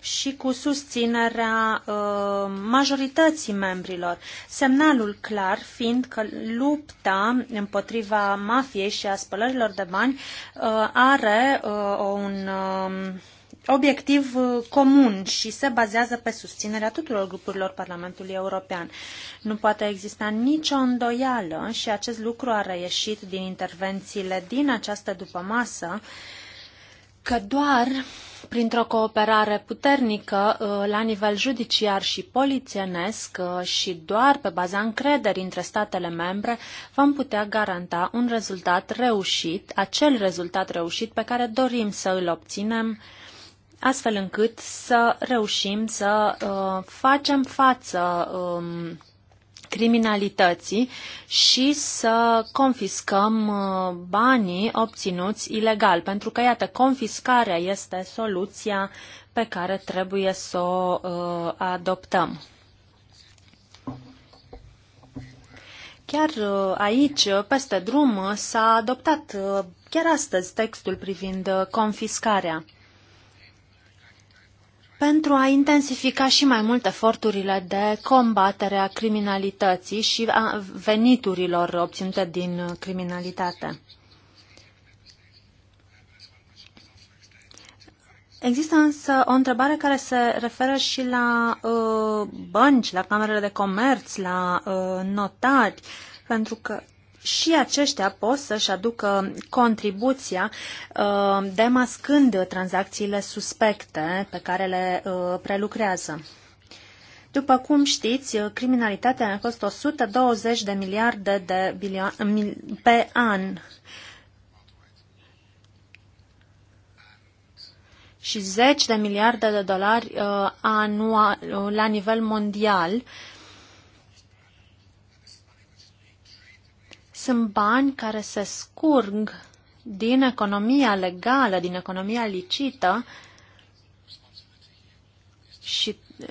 și cu susținerea uh, majorității membrilor. Semnalul clar fiind că lupta împotriva mafiei și a spălărilor de bani uh, are un um, obiectiv uh, comun și se bazează pe susținerea tuturor grupurilor Parlamentului European. Nu poate exista nicio îndoială și acest lucru a reieșit din intervențiile din această dupămasă că doar printr-o cooperare puternică uh, la nivel judiciar și polițienesc uh, și doar pe baza încrederii între statele membre vom putea garanta un rezultat reușit, acel rezultat reușit pe care dorim să îl obținem astfel încât să reușim să uh, facem față um, criminalității și să confiscăm uh, banii obținuți ilegal, pentru că, iată, confiscarea este soluția pe care trebuie să o uh, adoptăm. Chiar uh, aici, peste drum, s-a adoptat chiar astăzi textul privind confiscarea pentru a intensifica și mai mult eforturile de combatere a criminalității și a veniturilor obținute din criminalitate. Există însă o întrebare care se referă și la uh, bănci, la camerele de comerț, la uh, notari, pentru că și aceștia pot să-și aducă contribuția uh, demascând tranzacțiile suspecte pe care le uh, prelucrează. După cum știți, criminalitatea a fost 120 de miliarde de pe an. și 10 de miliarde de dolari uh, uh, la nivel mondial Sunt bani care se scurg din economia legală, din economia licită și uh,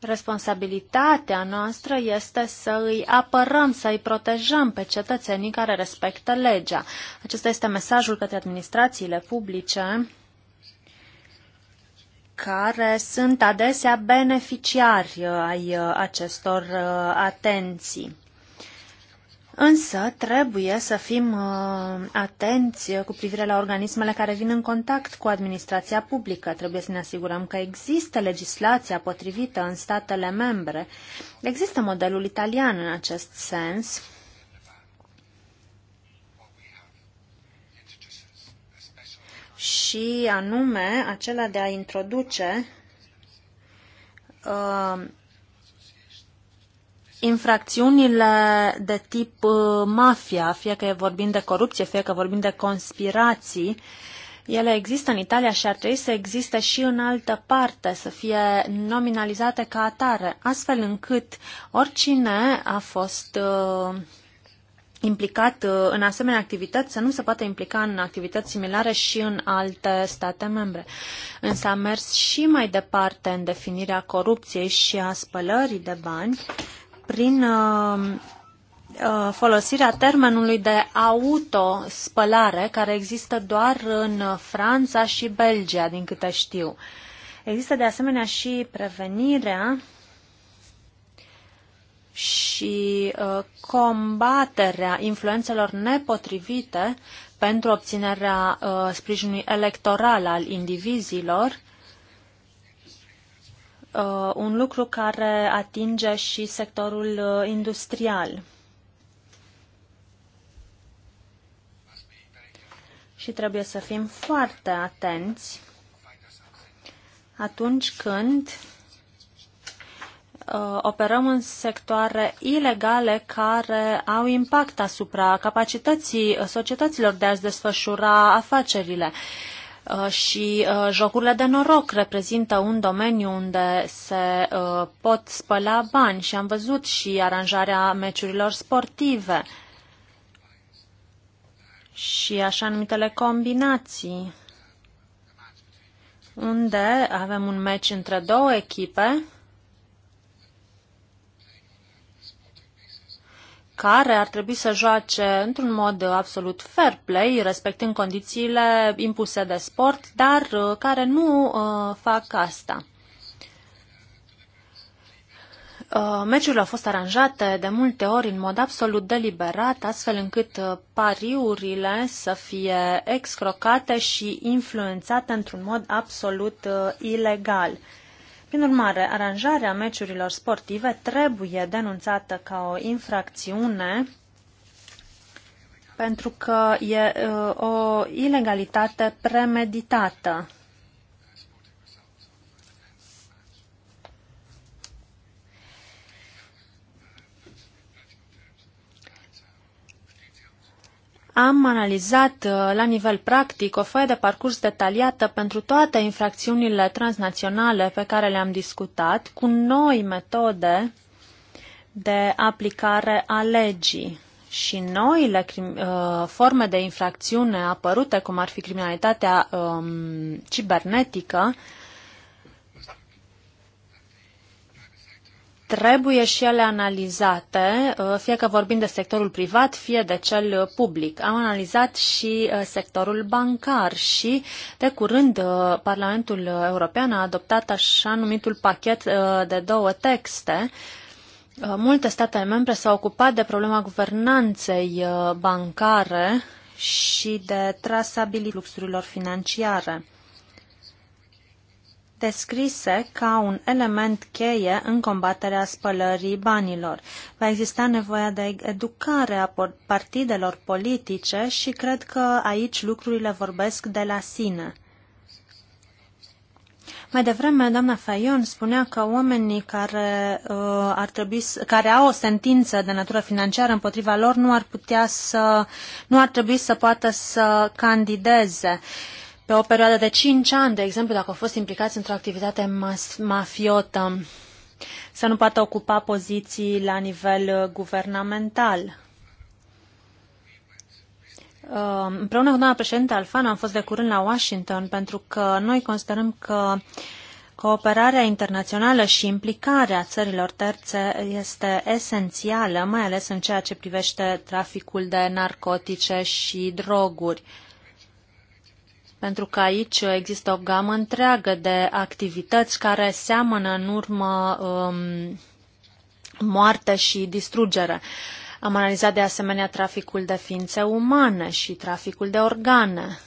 Responsabilitatea noastră este să îi apărăm, să îi protejăm pe cetățenii care respectă legea. Acesta este mesajul către administrațiile publice care sunt adesea beneficiari uh, ai uh, acestor uh, atenții. Însă trebuie să fim uh, atenți cu privire la organismele care vin în contact cu administrația publică. Trebuie să ne asigurăm că există legislația potrivită în statele membre. Există modelul italian în acest sens și anume acela de a introduce uh, infracțiunile de tip uh, mafia, fie că vorbim de corupție, fie că vorbim de conspirații, ele există în Italia și ar trebui să existe și în altă parte, să fie nominalizate ca atare, astfel încât oricine a fost uh, implicat uh, în asemenea activități să nu se poată implica în activități similare și în alte state membre. Însă a mers și mai departe în definirea corupției și a spălării de bani prin uh, uh, folosirea termenului de autospălare care există doar în Franța și Belgia, din câte știu. Există de asemenea și prevenirea și uh, combaterea influențelor nepotrivite pentru obținerea uh, sprijinului electoral al indivizilor, uh, un lucru care atinge și sectorul industrial. Și trebuie să fim foarte atenți atunci când uh, operăm în sectoare ilegale care au impact asupra capacității societăților de a-și desfășura afacerile. Uh, și uh, jocurile de noroc reprezintă un domeniu unde se uh, pot spăla bani și am văzut și aranjarea meciurilor sportive și așa numitele combinații unde avem un meci între două echipe care ar trebui să joace într-un mod absolut fair play, respectând condițiile impuse de sport, dar uh, care nu uh, fac asta. Uh, meciurile au fost aranjate de multe ori în mod absolut deliberat, astfel încât pariurile să fie excrocate și influențate într-un mod absolut ilegal. Prin urmare, aranjarea meciurilor sportive trebuie denunțată ca o infracțiune pentru că e uh, o ilegalitate premeditată. Am analizat uh, la nivel practic o foaie de parcurs detaliată pentru toate infracțiunile transnaționale pe care le-am discutat, cu noi metode de aplicare a legii și noile uh, forme de infracțiune apărute, cum ar fi criminalitatea um, cibernetică, uh, trebuie și ele analizate, uh, fie că vorbim de sectorul privat, fie de cel uh, public. Am analizat și uh, sectorul bancar și de curând Parlamentul European a adoptat așa numitul pachet de două texte Multe state membre s-au ocupat de problema guvernanței bancare și de trasabilitatea fluxurilor financiare descrise ca un element cheie în combaterea spălării banilor. Va exista nevoia de educare a partidelor politice și cred că aici lucrurile vorbesc de la sine. Mai devreme, doamna Fayon spunea că oamenii care, uh, ar trebui, care au o sentință de natură financiară împotriva lor nu ar, putea să, nu ar trebui să poată să candideze. Uh, pe o perioadă de 5 ani, de exemplu, dacă au fost implicați într-o activitate mafiotă, să nu poată ocupa poziții la nivel uh, guvernamental. Uh, împreună cu doamna președinte Alfano am fost de curând la Washington pentru că noi considerăm că cooperarea internațională și implicarea țărilor terțe este esențială, mai ales în ceea ce privește traficul de narcotice și droguri pentru că aici există o gamă întreagă de activități care seamănă în urmă um, moarte și distrugere. Am analizat de asemenea traficul de ființe umane și traficul de organe.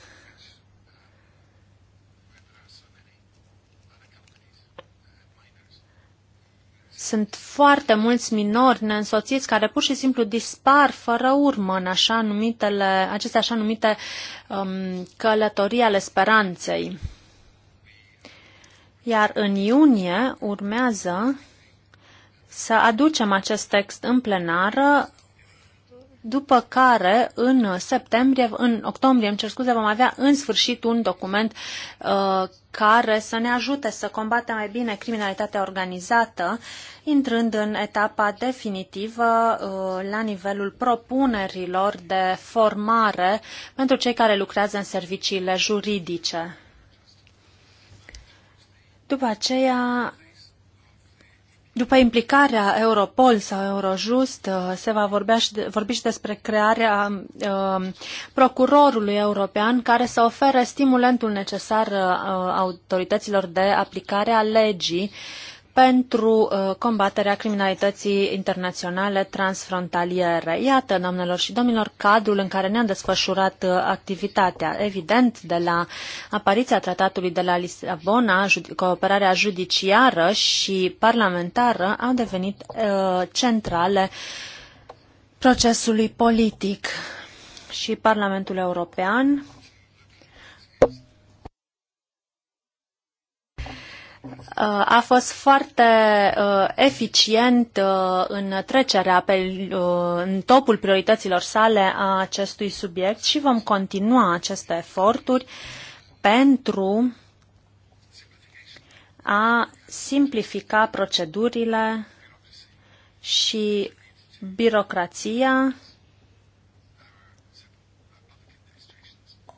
Sunt foarte mulți minori neînsoțiți care pur și simplu dispar fără urmă în așa numitele, aceste așa numite um, călătorii ale speranței. Iar în iunie urmează să aducem acest text în plenară după care în septembrie, în octombrie, îmi cer scuze, vom avea în sfârșit un document uh, care să ne ajute să combatem mai bine criminalitatea organizată, intrând în etapa definitivă uh, la nivelul propunerilor de formare pentru cei care lucrează în serviciile juridice. După aceea, după implicarea Europol sau Eurojust, uh, se va vorbea și de, vorbi și despre crearea uh, procurorului european care să ofere stimulentul necesar uh, autorităților de aplicare a legii uh, pentru uh, combaterea criminalității internaționale transfrontaliere. Iată, domnilor și domnilor, cadrul în care ne-am desfășurat uh, activitatea. Evident, de la apariția tratatului de la Lisabona, cooperarea judiciară și parlamentară au devenit uh, centrale procesului politic. Și Parlamentul European a fost foarte uh, eficient uh, în trecerea pe, uh, în topul priorităților sale a acestui subiect și vom continua aceste eforturi pentru a simplifica procedurile și birocrația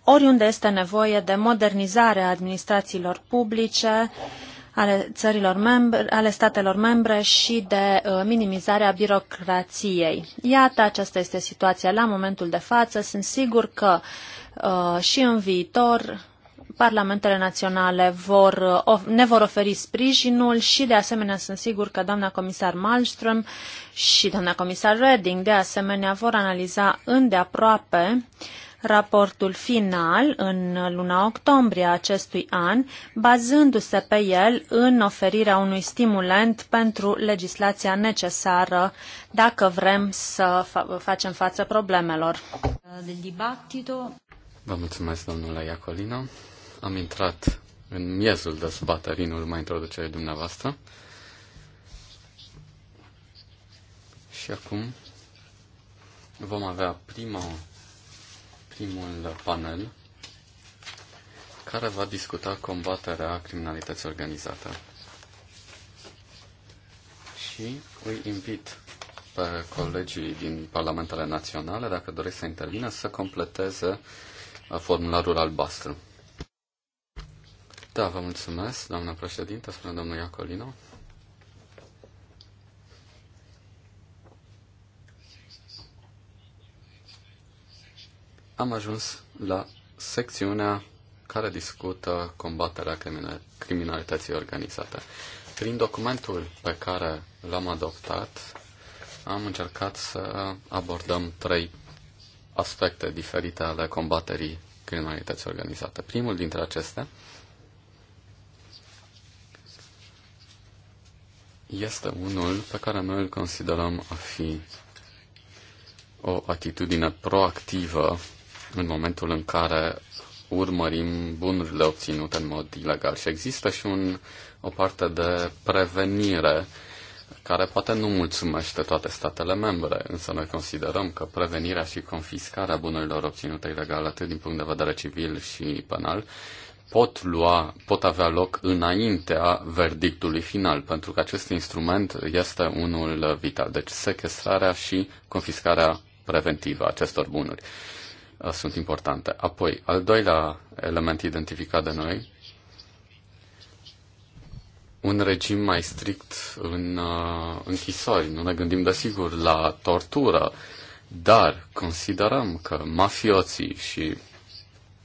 oriunde este nevoie de modernizare a administrațiilor publice, uh, ale țărilor membre, ale statelor membre și de uh, minimizarea birocrației. Iată, aceasta este situația la momentul de față. Sunt sigur că uh, și în viitor parlamentele naționale vor, uh, ne vor oferi sprijinul și, de asemenea, sunt sigur că doamna comisar Malmström și doamna comisar Reding, de asemenea, vor analiza îndeaproape uh, raportul final în luna octombrie a acestui an, bazându-se pe el în oferirea unui stimulent pentru legislația necesară dacă vrem să facem față problemelor. Vă mulțumesc, domnule Iacolino. Am intrat în miezul dezbaterii, în urma introducerii dumneavoastră. Și acum vom avea prima primul panel care va discuta combaterea criminalității organizate. Și îi invit pe colegii din Parlamentele Naționale, dacă doresc să intervină, să completeze uh, formularul albastru. Da, vă mulțumesc, doamna președintă, spune domnul Iacolino. am ajuns la secțiunea care discută combaterea criminalității organizate. Prin documentul pe care l-am adoptat, am încercat să abordăm trei aspecte diferite ale combaterii criminalității organizate. Primul dintre acestea este unul pe care noi îl considerăm a fi o atitudine proactivă în momentul în care urmărim bunurile obținute în mod ilegal. Și există și un, o parte de prevenire care poate nu mulțumește toate statele membre, însă noi considerăm că prevenirea și confiscarea bunurilor obținute ilegal, atât din punct de vedere civil și penal, pot, lua, pot avea loc înaintea verdictului final, pentru că acest instrument este unul vital. Deci sequestrarea și confiscarea preventivă a acestor bunuri. Uh, sunt importante. Apoi, al doilea element identificat de noi, un regim mai strict în uh, închisori. Nu ne gândim, desigur, la tortură, dar considerăm că mafioții și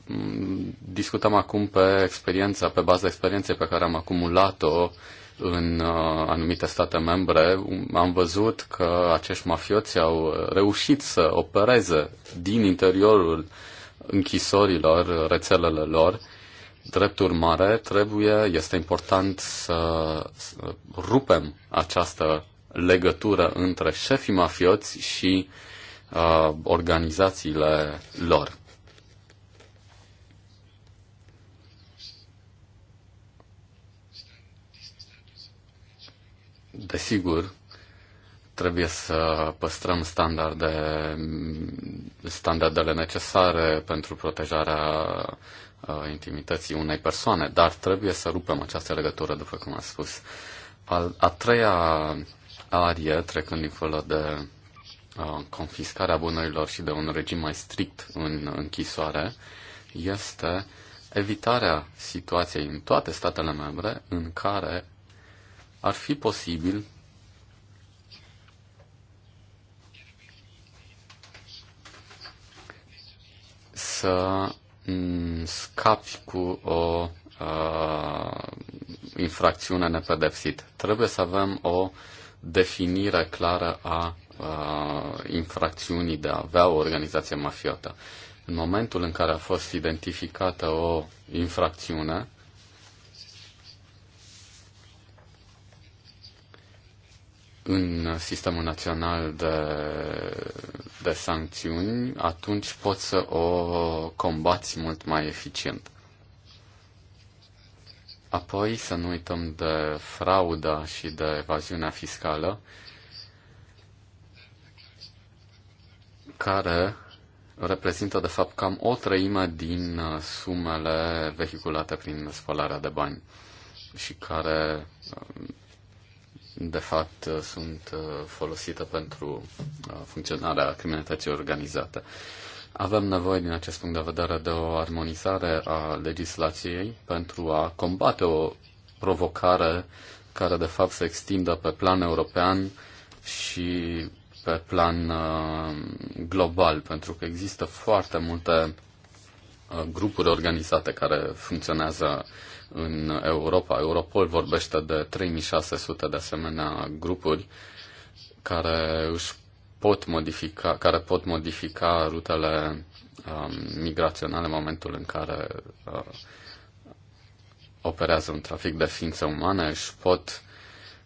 mm, discutăm acum pe experiența, pe baza experienței pe care am acumulat-o în uh, anumite state membre, um, am văzut că acești mafioți au reușit să opereze din interiorul închisorilor rețelele lor. Drept urmare, trebuie, este important să, să rupem această legătură între șefii mafioți și uh, organizațiile lor. Desigur, trebuie să păstrăm standarde, standardele necesare pentru protejarea uh, intimității unei persoane, dar trebuie să rupem această legătură, după cum am spus. Al, a treia arie, trecând dincolo de uh, confiscarea bunurilor și de un regim mai strict în închisoare, este evitarea situației în toate statele membre în care ar fi posibil să mm, scapi cu o uh, infracțiune nepedepsit. Trebuie să avem o definire clară a uh, infracțiunii de a avea o organizație mafiotă. În momentul în care a fost identificată o infracțiune, în sistemul național de, de sancțiuni, atunci poți să o combați mult mai eficient. Apoi să nu uităm de frauda și de evaziunea fiscală, care reprezintă de fapt cam o treime din uh, sumele vehiculate prin spălarea de bani și care uh, de fapt uh, sunt uh, folosite pentru uh, funcționarea criminalității organizate. Avem nevoie, din acest punct de vedere, de o armonizare a legislației pentru a combate o provocare care, de fapt, se extindă pe plan european și pe plan global, pentru că există foarte multe grupuri organizate care funcționează uh, în Europa. Europol vorbește de 3600 de asemenea grupuri care își pot modifica, care pot modifica rutele um, migraționale în momentul în care uh, operează un trafic de ființe umane, își pot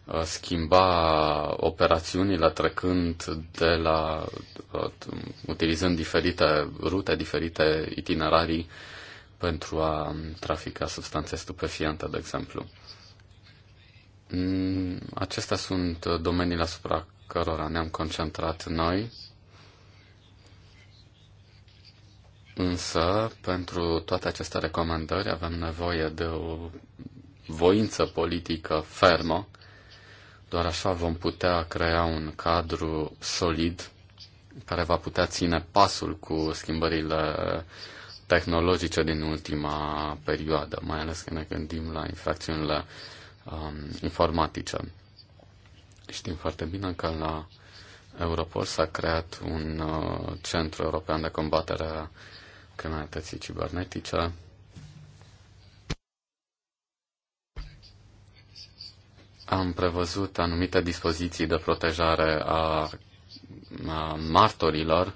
uh, schimba operațiunile trecând de la uh, utilizând diferite rute, diferite itinerarii uh, pentru a trafica substanțe stupefiante, de exemplu. Mm, acestea sunt domeniile asupra cărora ne-am concentrat noi, însă pentru toate aceste recomandări avem nevoie de o voință politică fermă. Doar așa vom putea crea un cadru solid care va putea ține pasul cu schimbările uh, tehnologice din ultima perioadă, mai ales când ne gândim la infracțiunile um, informatice. Știm foarte bine că la Europol s-a creat un uh, centru european de combatere a criminalității cibernetice. Am prevăzut anumite dispoziții de protejare a, a martorilor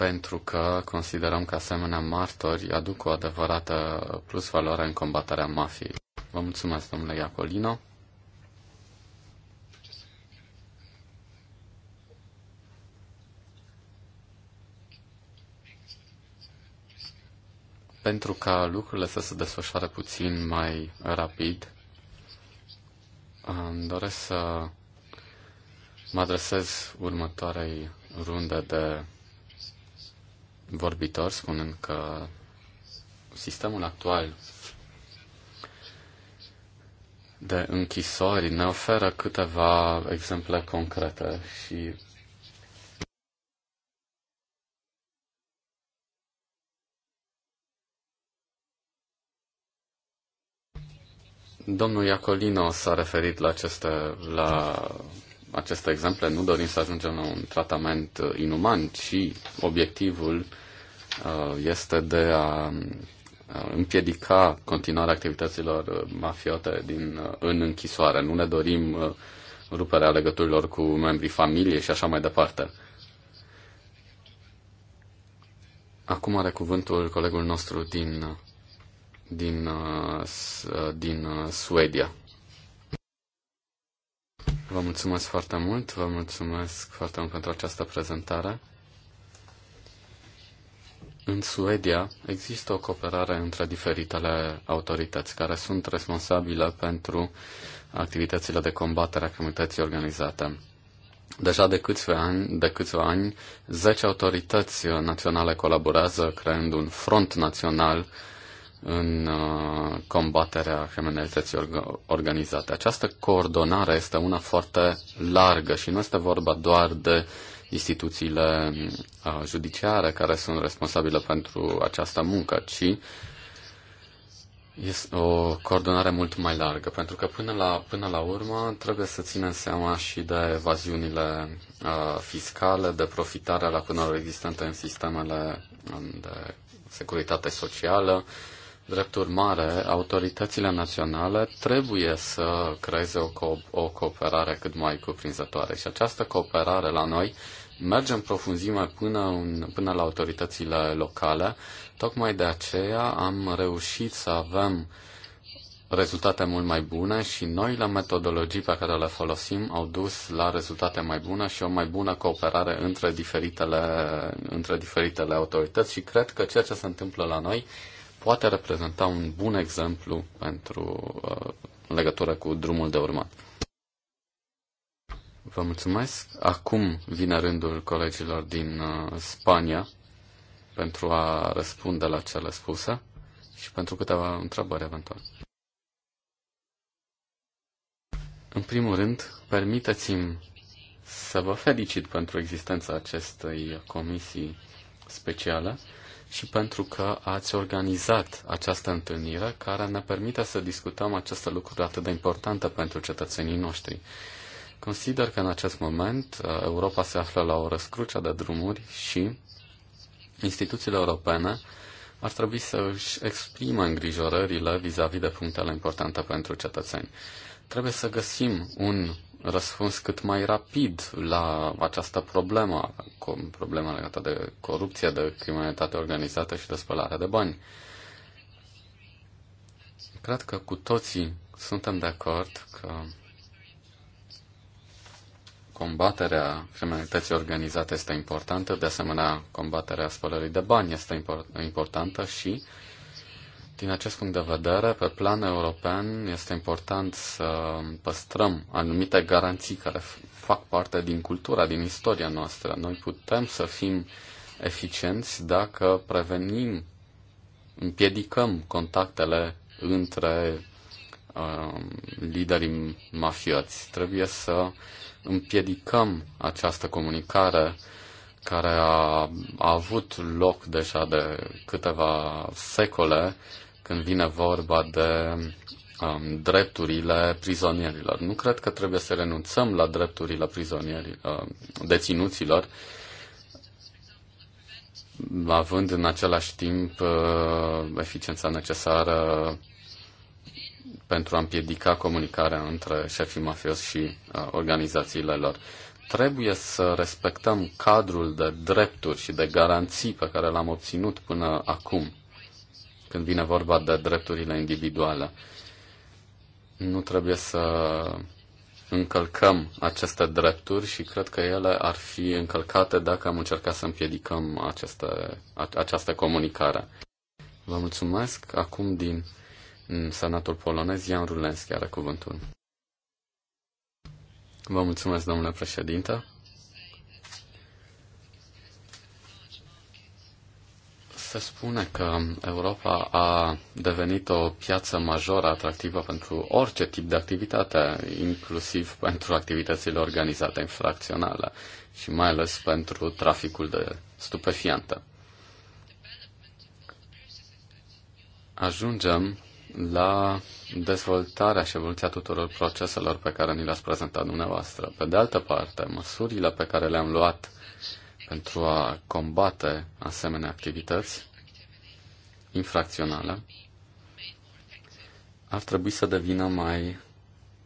pentru că considerăm că asemenea martori aduc o adevărată plus valoare în combaterea mafiei. Vă mulțumesc, domnule Iacolino. Pentru ca lucrurile să se desfășoare puțin mai rapid, îmi doresc să mă adresez următoarei runde de vorbitor spunând că sistemul actual de închisori ne oferă câteva exemple concrete și Domnul Iacolino s-a referit la aceste, la aceste exemple, nu dorim să ajungem la un tratament uh, inuman, ci obiectivul uh, este de a uh, împiedica continuarea activităților mafiote din, în închisoare. Nu ne dorim ruperea legăturilor cu membrii familiei și așa mai departe. Acum are cuvântul colegul nostru din, din, din Suedia. Vă mulțumesc foarte mult, vă mulțumesc foarte mult pentru această prezentare. În Suedia există o cooperare între diferitele autorități care sunt responsabile pentru activitățile de combatere a criminalității organizate. Deja de câțiva ani, de câțiva ani 10 autorități naționale colaborează creând un front național uh, în uh, combaterea criminalității organizate. Această coordonare este una foarte largă și nu este vorba doar de instituțiile uh, judiciare care sunt responsabile pentru această muncă, ci este o coordonare mult mai largă, pentru că până la, până la urmă trebuie să ținem seama și de evaziunile uh, fiscale, de profitarea lacunelor existente în sistemele um, de securitate socială, uh, Drept urmare, autoritățile naționale trebuie să creeze o, co- o cooperare cât mai cuprinzătoare și această cooperare la noi merge în profunzime până, în, până la autoritățile locale. Tocmai de aceea am reușit să avem rezultate mult mai bune și noile metodologii pe care le folosim au dus la rezultate mai bune și o mai bună cooperare între diferitele, între diferitele autorități și cred că ceea ce se întâmplă la noi poate reprezenta un bun exemplu pentru uh, în legătură cu drumul de urmat. Vă mulțumesc. Acum vine rândul colegilor din uh, Spania pentru a răspunde la cele spuse și pentru câteva întrebări eventual. În primul rând, permiteți-mi să vă felicit pentru existența acestei comisii speciale și pentru că ați organizat această întâlnire care ne permite să discutăm aceste lucruri atât de importante pentru cetățenii noștri. Consider că în acest moment uh, Europa se află la o răscruce de drumuri și instituțiile europene ar trebui să își exprime îngrijorările vis-a-vis -vis de punctele importante pentru cetățeni. Trebuie să găsim un răspuns cât mai rapid la această problemă, problema legată de corupție, de criminalitate organizată și de spălare de bani. Cred că cu toții suntem de acord că combaterea criminalității organizate este importantă, de asemenea combaterea spălării de bani este importantă și uh, din acest punct de vedere, pe plan european, este important să păstrăm anumite garanții care fac parte din cultura, din istoria noastră. Noi putem să fim eficienți dacă prevenim, împiedicăm contactele între uh, liderii mafioți. Trebuie să împiedicăm această comunicare care a, a avut loc deja de câteva secole când vine vorba de um, drepturile prizonierilor. Nu cred că trebuie să renunțăm la drepturile prizonierilor, um, deținuților, având în același timp uh, eficiența necesară pentru a împiedica comunicarea între șefii mafioși și uh, organizațiile lor. Trebuie să respectăm cadrul de drepturi și de garanții pe care l-am obținut până acum când vine vorba de drepturile individuale. Nu trebuie să încălcăm aceste drepturi și cred că ele ar fi încălcate dacă am încercat să împiedicăm aceste, această comunicare. Vă mulțumesc. Acum din Senatul polonez, Ian Rulenski are cuvântul. Vă mulțumesc, domnule președinte. se spune că Europa a devenit o piață majoră atractivă pentru orice tip de activitate, inclusiv pentru activitățile organizate infracționale și mai ales pentru traficul de stupefiante. Ajungem la dezvoltarea și evoluția tuturor proceselor pe care ni le-ați prezentat dumneavoastră. Pe de altă parte, măsurile pe care le-am luat pentru a combate asemenea activități infracționale ar trebui să devină mai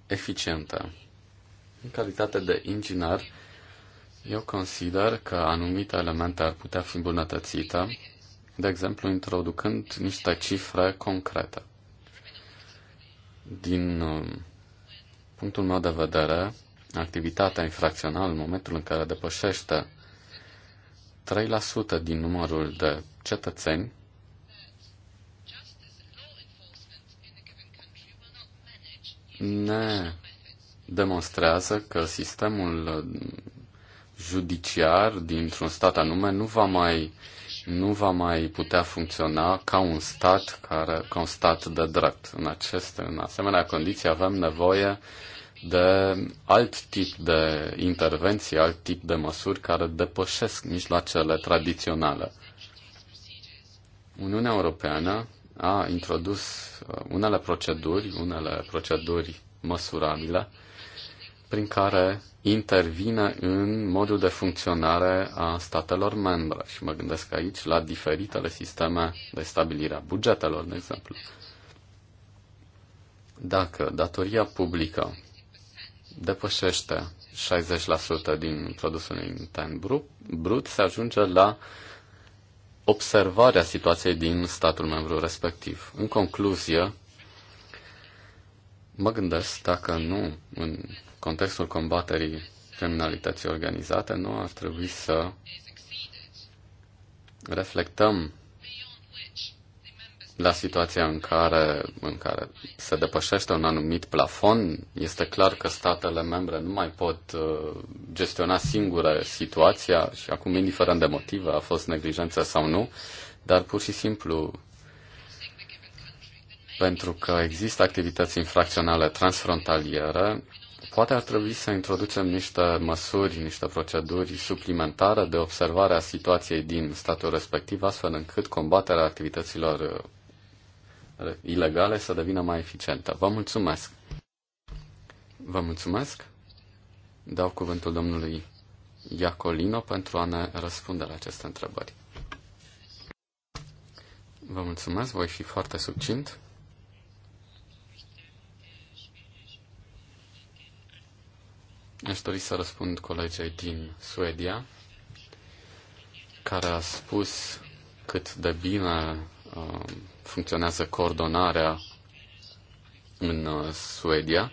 eficientă. În calitate de inginer, eu consider că anumite elemente ar putea fi îmbunătățite, de exemplu introducând niște cifre concrete. Din um, punctul meu de vedere, activitatea infracțională în momentul în care depășește 3% din numărul de cetățeni ne demonstrează că sistemul judiciar dintr-un stat anume nu va mai nu va mai putea funcționa ca un stat care ca un stat de drept. În aceste în asemenea condiții avem nevoie uh, de alt tip de intervenții, alt tip de măsuri care depășesc mijloacele tradiționale. Uniunea Europeană a introdus uh, unele proceduri, unele proceduri măsurabile, prin care intervine în modul de funcționare a statelor membre. Și mă gândesc aici la diferitele sisteme de stabilire a bugetelor, de exemplu. Dacă datoria publică depășește 60% din produsul intern brut, brut, se ajunge la observarea situației din statul membru respectiv. În concluzie, mă gândesc dacă nu, în contextul combaterii criminalității organizate, nu ar trebui să reflectăm la situația în care, în care se depășește un anumit plafon, este clar că statele membre nu mai pot uh, gestiona singure situația și acum, indiferent de motive, a fost neglijență sau nu, dar pur și simplu pentru că există activități infracționale transfrontaliere, poate ar trebui să introducem niște măsuri, niște proceduri suplimentare de observare a situației din statul respectiv, astfel încât combaterea activităților uh, ilegale să devină mai eficientă. Vă mulțumesc! Vă mulțumesc! Dau cuvântul domnului Iacolino pentru a ne răspunde la aceste întrebări. Vă mulțumesc, voi fi foarte succint. Aș dori să răspund colegei din Suedia, care a spus cât de bine uh, funcționează coordonarea în uh, Suedia.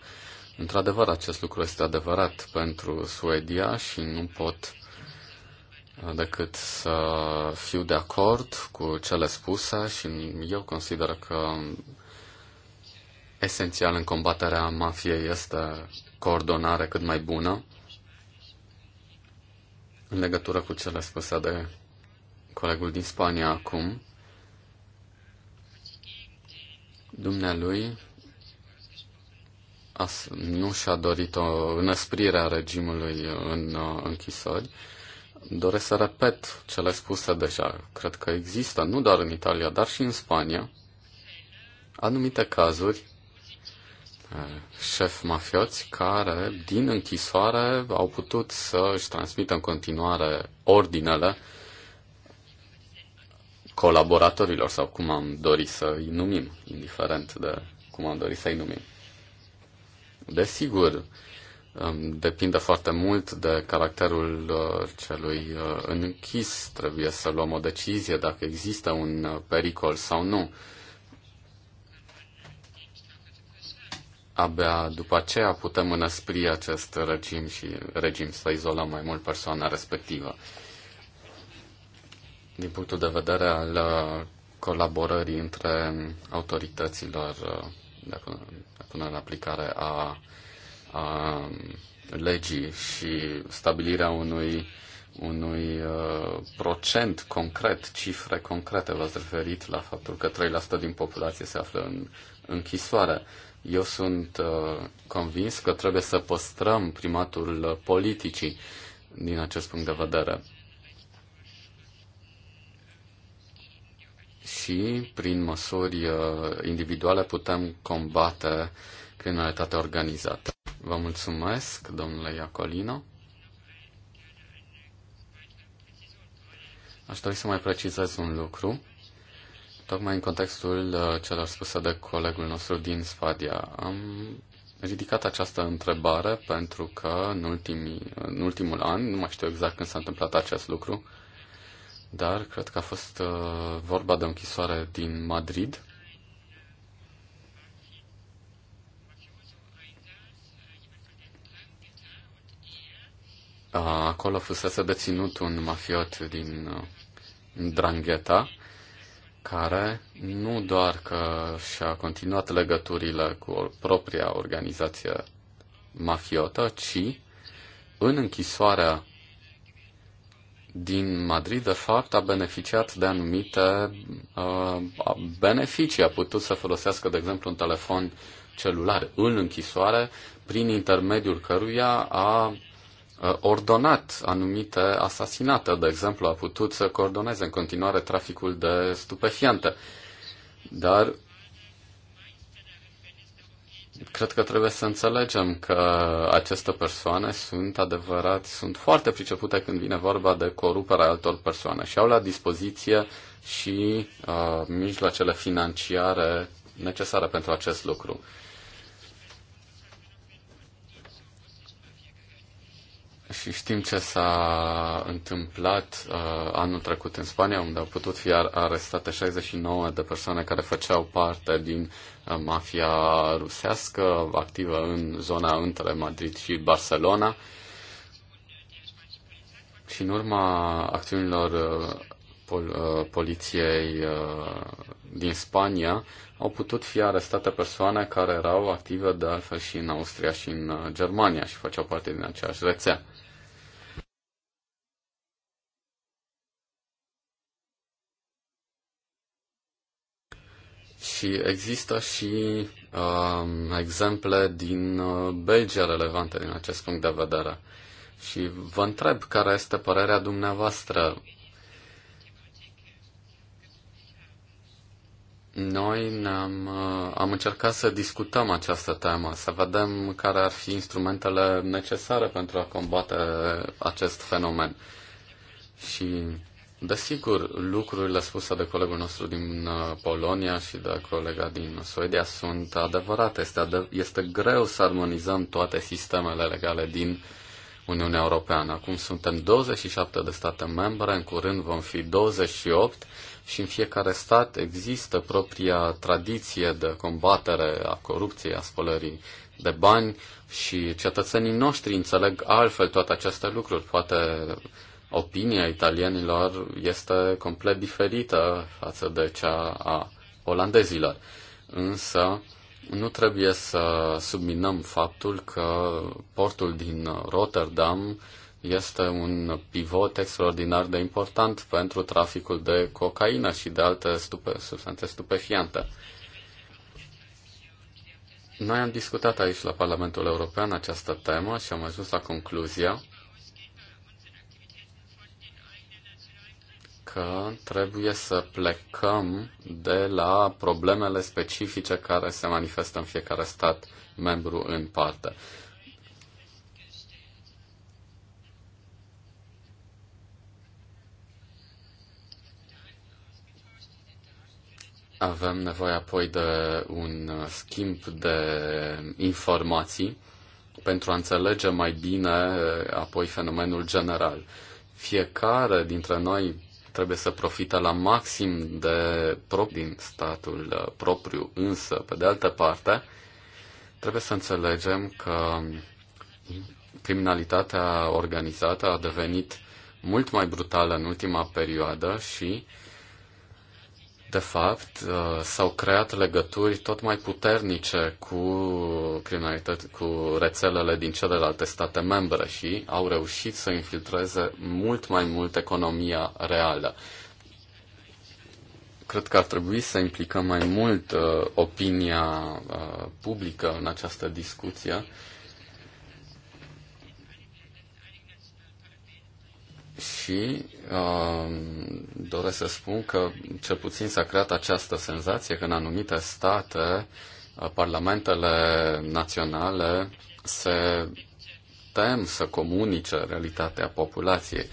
Într-adevăr, acest lucru este adevărat pentru Suedia și nu pot uh, decât să fiu de acord cu cele spuse și eu consider că esențial în combaterea mafiei este coordonare cât mai bună în legătură cu cele spuse de colegul din Spania acum. Dumnealui nu și-a dorit o înăsprire a regimului în uh, închisori. Doresc să repet cele spuse deja. Cred că există, nu doar în Italia, dar și în Spania, anumite cazuri uh, șef mafioți care din închisoare au putut să își transmită în continuare ordinele colaboratorilor sau cum am dorit să-i numim, indiferent de cum am dorit să-i numim. Desigur, um, depinde foarte mult de caracterul uh, celui uh, închis. Trebuie să luăm o decizie dacă există un uh, pericol sau nu. Abia după aceea putem înăspri acest regim și regim să izolăm mai mult persoana respectivă din punctul de vedere al uh, colaborării între autorităților uh, de până în aplicare a, a legii și stabilirea unui, unui uh, procent concret, cifre concrete. V-ați referit la faptul că 3% din populație se află în închisoare. Eu sunt convins că trebuie să păstrăm primatul politicii din acest punct de vedere. și prin măsuri uh, individuale putem combate criminalitatea organizată. Vă mulțumesc, domnule Iacolino. Aș dori să mai precizez un lucru. Tocmai în contextul uh, celor spuse de colegul nostru din Spadia, am ridicat această întrebare pentru că în, ultimii, în ultimul an, nu mai știu exact când s-a întâmplat acest lucru, dar cred că a fost uh, vorba de o închisoare din Madrid. Acolo fusese deținut un mafiot din uh, Drangheta, care nu doar că și-a continuat legăturile cu propria organizație mafiotă, ci în închisoarea din Madrid, de fapt, a beneficiat de anumite uh, beneficii. A putut să folosească, de exemplu, un telefon celular în închisoare, prin intermediul căruia a uh, ordonat anumite asasinate. De exemplu, a putut să coordoneze în continuare traficul de stupefiante. Dar Cred că trebuie să înțelegem că aceste persoane sunt adevărați, sunt foarte pricepute când vine vorba de coruperea altor persoane și au la dispoziție și uh, mijloacele financiare necesare pentru acest lucru. Uh, și știm ce s-a întâmplat uh, anul trecut în Spania, unde au putut fi arestate 69 de persoane care făceau parte din uh, mafia rusească, activă în zona între Madrid și Barcelona. Și în urma acțiunilor uh, pol, uh, poliției uh, din Spania, au putut fi arestate persoane care erau active de altfel și în Austria și în uh, Germania și făceau parte din aceeași rețea. Și există și uh, exemple din uh, Belgia relevante din acest punct de vedere. Și vă întreb care este părerea dumneavoastră. Noi ne-am, uh, am încercat să discutăm această temă, să vedem care ar fi instrumentele necesare pentru a combate acest fenomen. Și Desigur, lucrurile spuse de colegul nostru din uh, Polonia și de colega din Suedia sunt adevărate. Este, adev- este greu să armonizăm toate sistemele legale din Uniunea Europeană. Acum suntem 27 de state membre, în curând vom fi 28 și în fiecare stat există propria tradiție de combatere a corupției, a spălării de bani și cetățenii noștri înțeleg altfel toate aceste lucruri. Poate opinia italienilor este complet diferită față de cea a olandezilor. Însă nu trebuie să subminăm faptul că portul din Rotterdam este un pivot extraordinar de important pentru traficul de cocaină și de alte stupe, substanțe stupefiante. Noi am discutat aici la Parlamentul European această temă și am ajuns la concluzia că trebuie să plecăm de la problemele specifice care se manifestă în fiecare stat membru în parte. Avem nevoie apoi de un schimb de informații pentru a înțelege mai bine eh, apoi fenomenul general. Fiecare dintre noi trebuie să profite la maxim de prop din statul uh, propriu, însă, pe de altă parte, trebuie să înțelegem că criminalitatea organizată a devenit mult mai brutală în ultima perioadă și uh, de fapt, uh, s-au creat legături tot mai puternice cu criminalități, cu rețelele din celelalte state membre și au reușit să infiltreze mult mai mult economia reală. Cred că ar trebui să implicăm mai mult uh, opinia uh, publică în această discuție și uh, doresc să spun că cel puțin s-a creat această senzație că în anumite state uh, parlamentele naționale se tem să comunice realitatea populației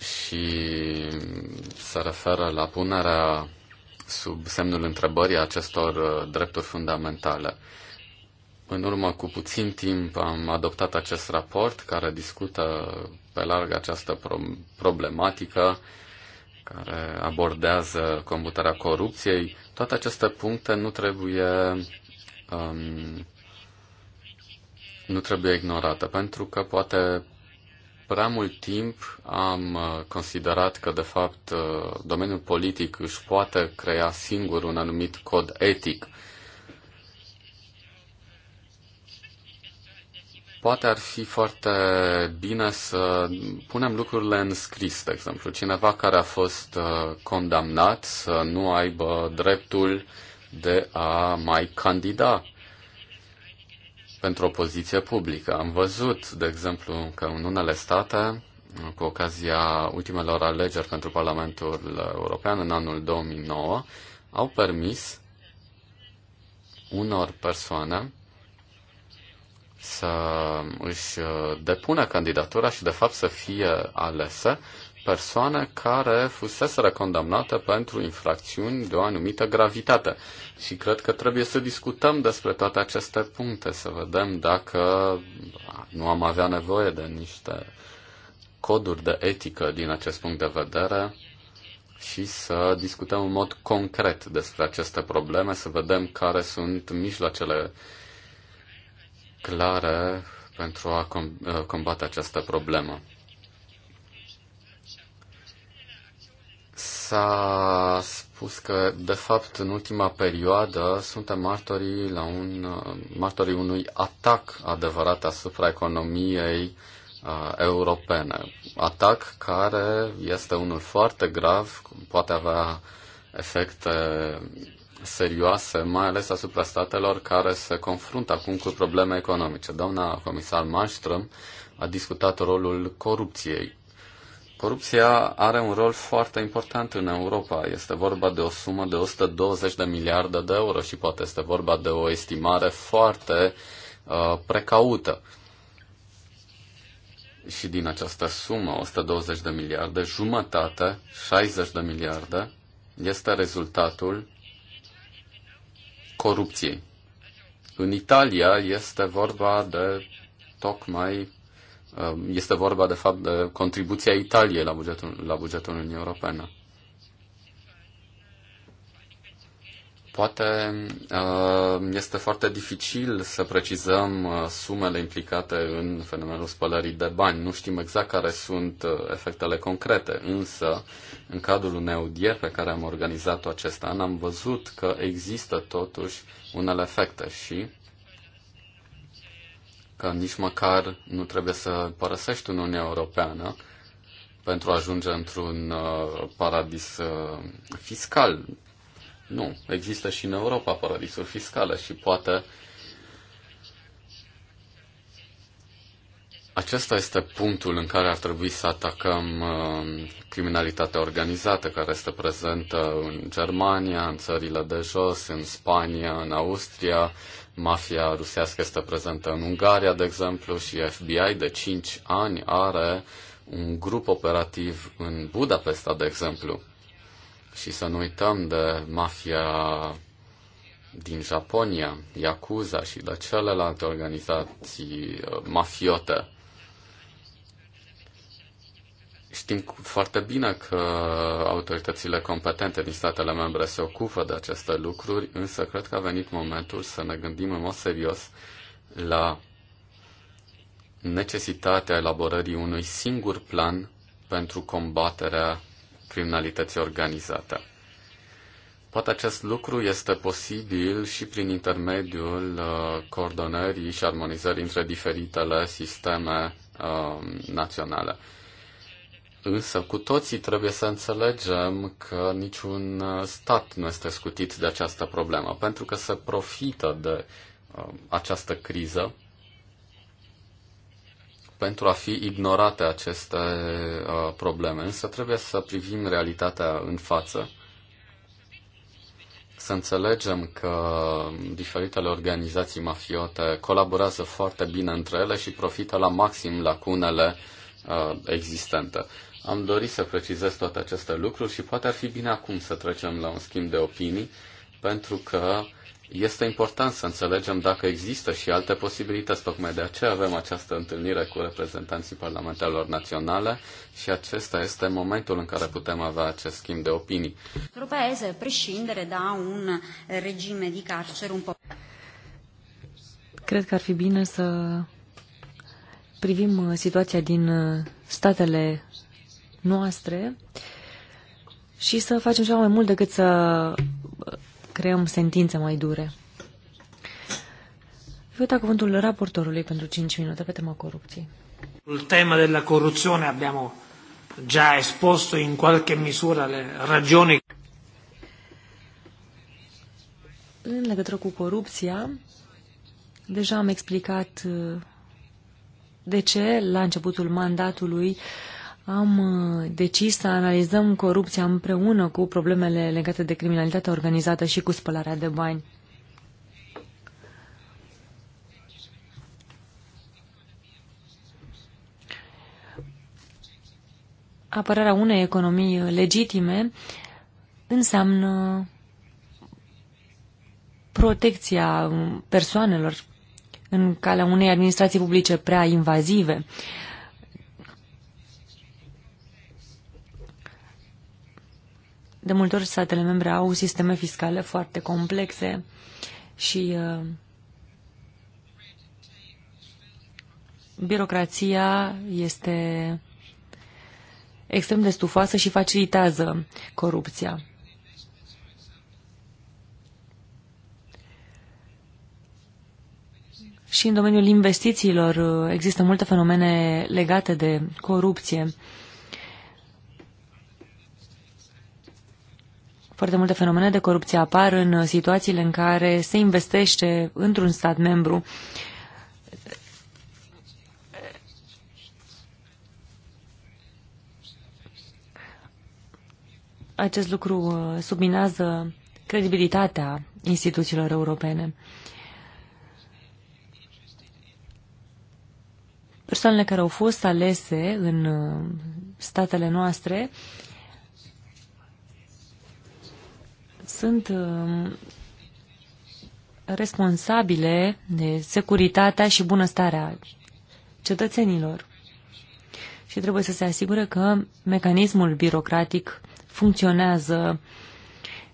și se referă la punerea sub semnul întrebării acestor uh, drepturi fundamentale. Uh, în urmă cu puțin timp am adoptat acest raport care discută pe larg această problematică care abordează combaterea corupției. Toate aceste puncte nu trebuie um, nu trebuie ignorate, pentru că poate prea mult timp am uh, considerat că, de fapt, uh, domeniul politic își poate crea singur un anumit cod etic Poate ar fi foarte bine să punem lucrurile în scris, de exemplu. Cineva care a fost uh, condamnat să nu aibă dreptul de a mai candida pentru o poziție publică. Am văzut, de exemplu, că în unele state, cu ocazia ultimelor alegeri pentru Parlamentul European în anul 2009, au permis unor persoane să își uh, depună candidatura și de fapt să fie alese persoane care fuseseră condamnate pentru infracțiuni de o anumită gravitate. Și cred că trebuie să discutăm despre toate aceste puncte, să vedem dacă nu am avea nevoie de niște coduri de etică din acest punct de vedere și să discutăm în mod concret despre aceste probleme, să vedem care sunt mijloacele clare pentru a uh, combate această problemă. S-a spus că, de fapt, în ultima perioadă suntem martorii, la un, uh, martorii unui atac adevărat asupra economiei uh, europene. Atac care este unul foarte grav, poate avea efecte serioase, mai ales asupra statelor care se confruntă acum cu probleme economice. Doamna comisar Malmström a discutat rolul corupției. Corupția are un rol foarte important în Europa. Este vorba de o sumă de 120 de miliarde de euro și poate este vorba de o estimare foarte uh, precaută. Și din această sumă, 120 de miliarde, jumătate, 60 de miliarde, este rezultatul corupției. În Italia este vorba de tocmai uh, este vorba de fapt de contribuția Italiei la bugetul, la bugetul Uniunii Europene. Poate uh, este foarte dificil să precizăm uh, sumele implicate în fenomenul spălării de bani. Nu știm exact care sunt uh, efectele concrete, însă în cadrul unei audieri pe care am organizat-o acest an am văzut că există totuși unele efecte și că nici măcar nu trebuie să părăsești Uniunea Europeană pentru a ajunge într-un paradis fiscal nu, există și în Europa paradisuri fiscale și poate acesta este punctul în care ar trebui să atacăm uh, criminalitatea organizată care este prezentă în Germania, în țările de jos, în Spania, în Austria. Mafia rusească este prezentă în Ungaria, de exemplu, și FBI de 5 ani are un grup operativ în Budapesta, de exemplu, și să nu uităm de mafia din Japonia, Yakuza și de celelalte organizații uh, mafiote. Știm foarte bine că autoritățile competente din statele membre se ocupă de aceste lucruri, însă cred că a venit momentul să ne gândim în mod serios la necesitatea elaborării unui singur plan pentru combaterea criminalității organizate. Poate acest lucru este posibil și prin intermediul uh, coordonării și armonizării între diferitele sisteme uh, naționale. Însă cu toții trebuie să înțelegem că niciun uh, stat nu este scutit de această problemă, pentru că se profită de această criză pentru a fi ignorate aceste uh, probleme. Însă trebuie să privim realitatea în față, să înțelegem că diferitele organizații mafiote colaborează foarte bine între ele și profită la maxim lacunele uh, existente. Am dorit să precizez toate aceste lucruri și poate ar fi bine acum să trecem la un schimb de opinii, pentru că este important să înțelegem dacă există și alte posibilități. Tocmai de aceea avem această întâlnire cu reprezentanții parlamentelor naționale și acesta este momentul în care putem avea acest schimb de opinii. Paese, prescindere da un regime di carcere un po'. Cred că ar fi bine să privim uh, situația din uh, statele noastre și să facem ceva mai mult decât să uh, creăm sentințe mai dure. Vă da cuvântul raportorului pentru 5 minute pe tema corupției. Sul tema della corruzione abbiamo già esposto in qualche misura le ragioni. În legătură cu corupția, deja am explicat uh, de ce la începutul mandatului uh, am uh, decis să analizăm corupția împreună cu problemele legate de criminalitatea organizată și cu spălarea de bani. Apărarea unei economii legitime înseamnă protecția persoanelor în calea unei administrații publice prea invazive. Uh, De multe ori statele membre au sisteme fiscale foarte complexe și uh, birocrația este extrem de stufoasă și facilitează corupția. Și în domeniul investițiilor uh, există multe fenomene legate de corupție. Uh, Foarte multe fenomene de corupție apar în uh, situațiile în care se investește într-un stat membru acest lucru uh, subminează credibilitatea instituțiilor europene. Persoanele care au fost alese în uh, statele noastre uh, sunt uh, responsabile de securitatea și bunăstarea cetățenilor și trebuie să se asigure că mecanismul birocratic funcționează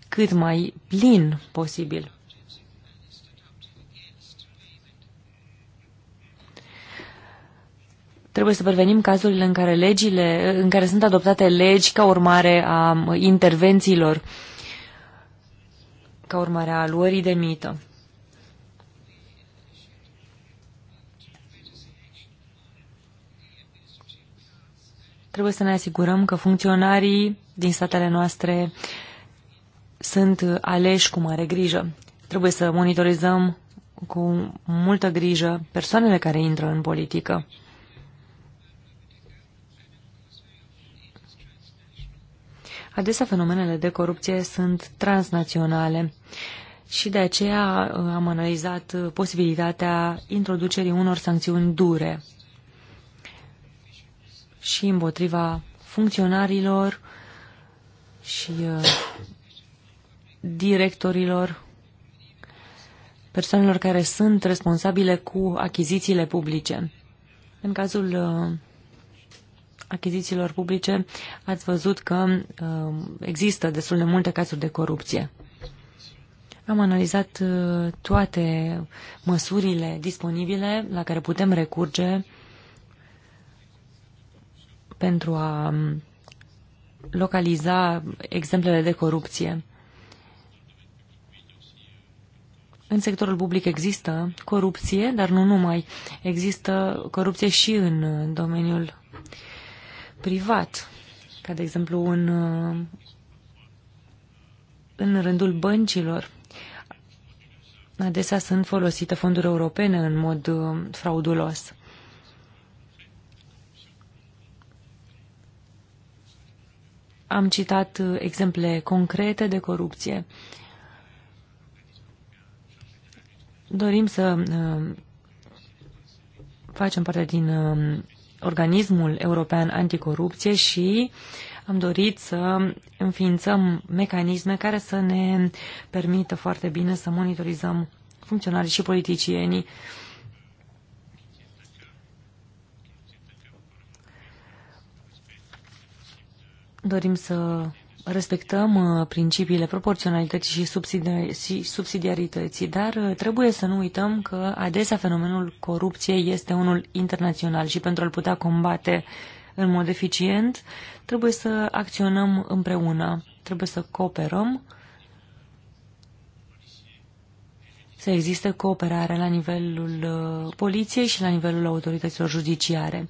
cât mai plin posibil. Trebuie să prevenim cazurile în care legile, în care sunt adoptate legi ca urmare a intervențiilor uh, ca urmare a luării de mită. Trebuie să ne asigurăm că funcționarii din statele noastre sunt aleși cu mare grijă. Trebuie să monitorizăm cu multă grijă persoanele care intră în politică. Adesea fenomenele de corupție sunt transnaționale și de aceea uh, am analizat uh, posibilitatea introducerii unor sancțiuni dure și împotriva funcționarilor și uh, directorilor, persoanelor care sunt responsabile cu achizițiile publice. În cazul achizițiilor publice, ați văzut că uh, există destul de multe cazuri de corupție. Am analizat uh, toate măsurile disponibile la care putem recurge pentru a um, localiza exemplele de corupție. În sectorul public există corupție, dar nu numai. Există corupție și în uh, domeniul privat, ca de exemplu în, în rândul băncilor. Adesea sunt folosite fonduri europene în mod uh, fraudulos. Am citat uh, exemple concrete de corupție. Dorim să uh, facem parte din organismul european anticorupție și am dorit să înființăm mecanisme care să ne permită foarte bine să monitorizăm funcționarii și politicienii dorim să respectăm uh, principiile proporționalității și subsidiarității, dar uh, trebuie să nu uităm că adesea fenomenul corupției este unul internațional și pentru a-l putea combate în mod eficient, trebuie să acționăm împreună, trebuie să cooperăm, să existe cooperare la nivelul uh, poliției și la nivelul autorităților judiciare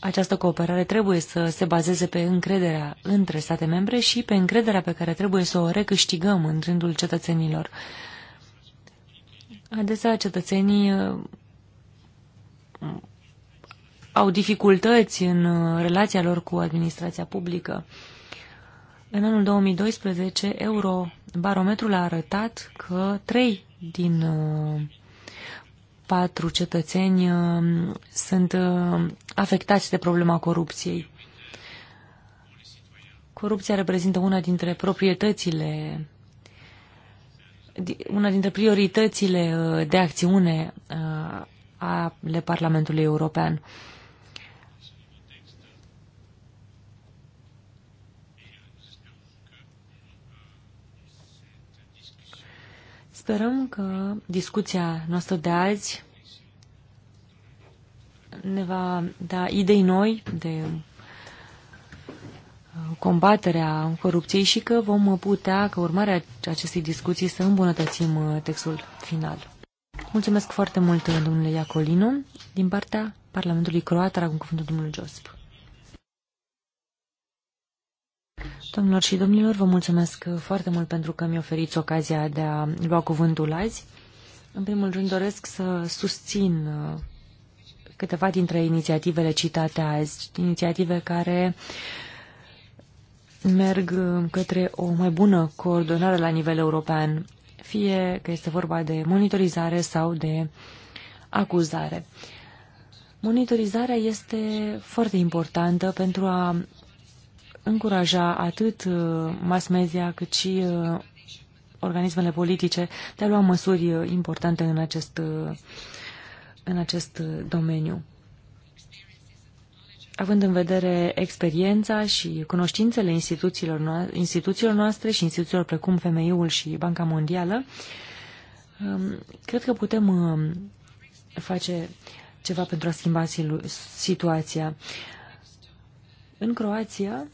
această cooperare trebuie să se bazeze pe încrederea între state membre și pe încrederea pe care trebuie să o recâștigăm în rândul cetățenilor. Adesea cetățenii uh, au dificultăți în uh, relația lor cu administrația publică. În anul 2012, Eurobarometrul a arătat că 3 din uh, patru cetățeni uh, sunt uh, afectați de problema corupției. Corupția reprezintă una dintre proprietățile, una dintre prioritățile uh, de acțiune ale Parlamentului European. Sperăm că discuția noastră de azi ne va da idei noi de uh, combaterea corupției și că vom putea, ca urmare a acestei discuții, să îmbunătățim uh, textul final. Mulțumesc foarte mult, domnule Iacolino. Din partea Parlamentului Croat, acum cuvântul domnului Josip. Domnilor și domnilor, vă mulțumesc foarte mult pentru că mi oferiți ocazia de a lua cuvântul azi. În primul rând doresc să susțin uh, câteva dintre inițiativele citate azi, inițiative care merg uh, către o mai bună coordonare la nivel european, fie că este vorba de monitorizare sau de acuzare. Monitorizarea este foarte importantă pentru a încuraja atât uh, mass media cât și uh, organismele politice de a lua măsuri uh, importante în acest, în acest domeniu. Având în vedere experiența și cunoștințele instituțiilor, no instituțiilor noastre și instituțiilor precum FMI-ul și Banca Mondială, um, cred că putem um, face ceva pentru a schimba situația. În Croația,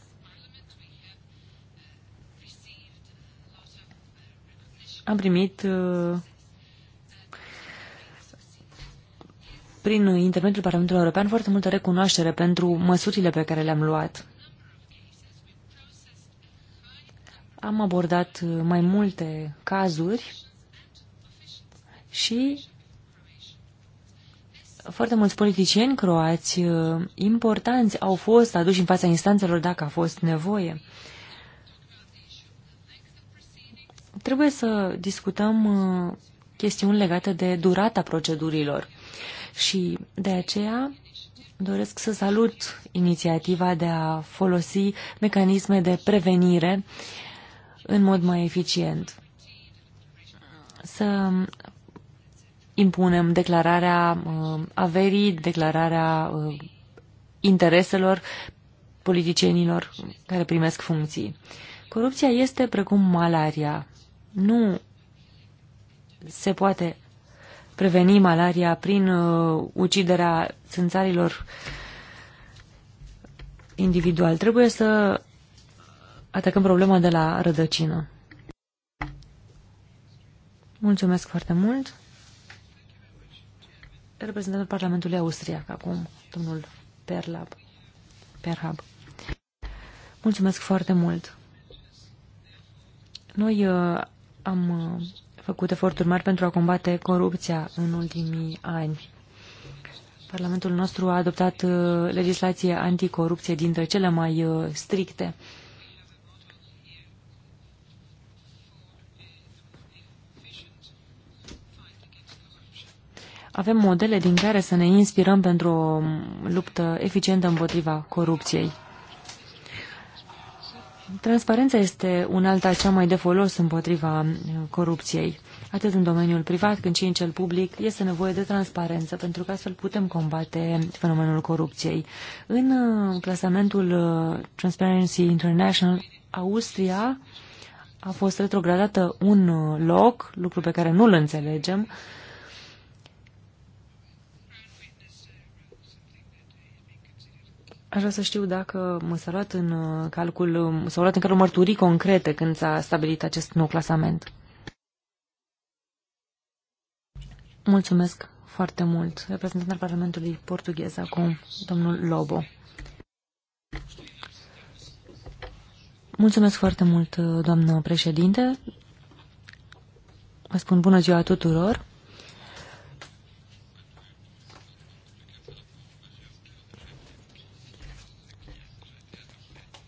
Am primit uh, prin intermediul Parlamentului European foarte multă recunoaștere pentru măsurile pe care le-am luat. Am abordat uh, mai multe cazuri și foarte mulți politicieni croați uh, importanți au fost aduși în fața instanțelor dacă a fost nevoie. trebuie să discutăm uh, chestiuni legate de durata procedurilor și de aceea doresc să salut inițiativa de a folosi mecanisme de prevenire în mod mai eficient. Să impunem declararea uh, averii, declararea uh, intereselor politicienilor care primesc funcții. Corupția este precum malaria nu se poate preveni malaria prin uh, uciderea țânțarilor individual. Trebuie să atacăm problema de la rădăcină. Mulțumesc foarte mult. Reprezentantul Parlamentului Austriac acum, domnul Perlab. Perhab. Mulțumesc foarte mult. Noi uh, am uh, făcut eforturi mari pentru a combate corupția în ultimii ani. Parlamentul nostru a adoptat uh, legislație anticorupție dintre cele mai uh, stricte. Avem modele din care să ne inspirăm pentru o luptă eficientă împotriva corupției. Transparența este un alta cea mai de folos împotriva uh, corupției. Atât în domeniul privat cât și în cel public este nevoie de transparență, pentru că astfel putem combate fenomenul corupției. În uh, clasamentul uh, Transparency International, Austria a fost retrogradată un loc, lucru pe care nu-l înțelegem, uh, Aș vrea să știu dacă s-a luat în uh, calcul, um, s-au luat în calcul mărturii concrete când s-a stabilit acest nou clasament. Mulțumesc foarte mult. Reprezentantul Parlamentului portughez acum, domnul Lobo. Mulțumesc foarte mult, uh, doamnă președinte. Vă spun bună ziua tuturor.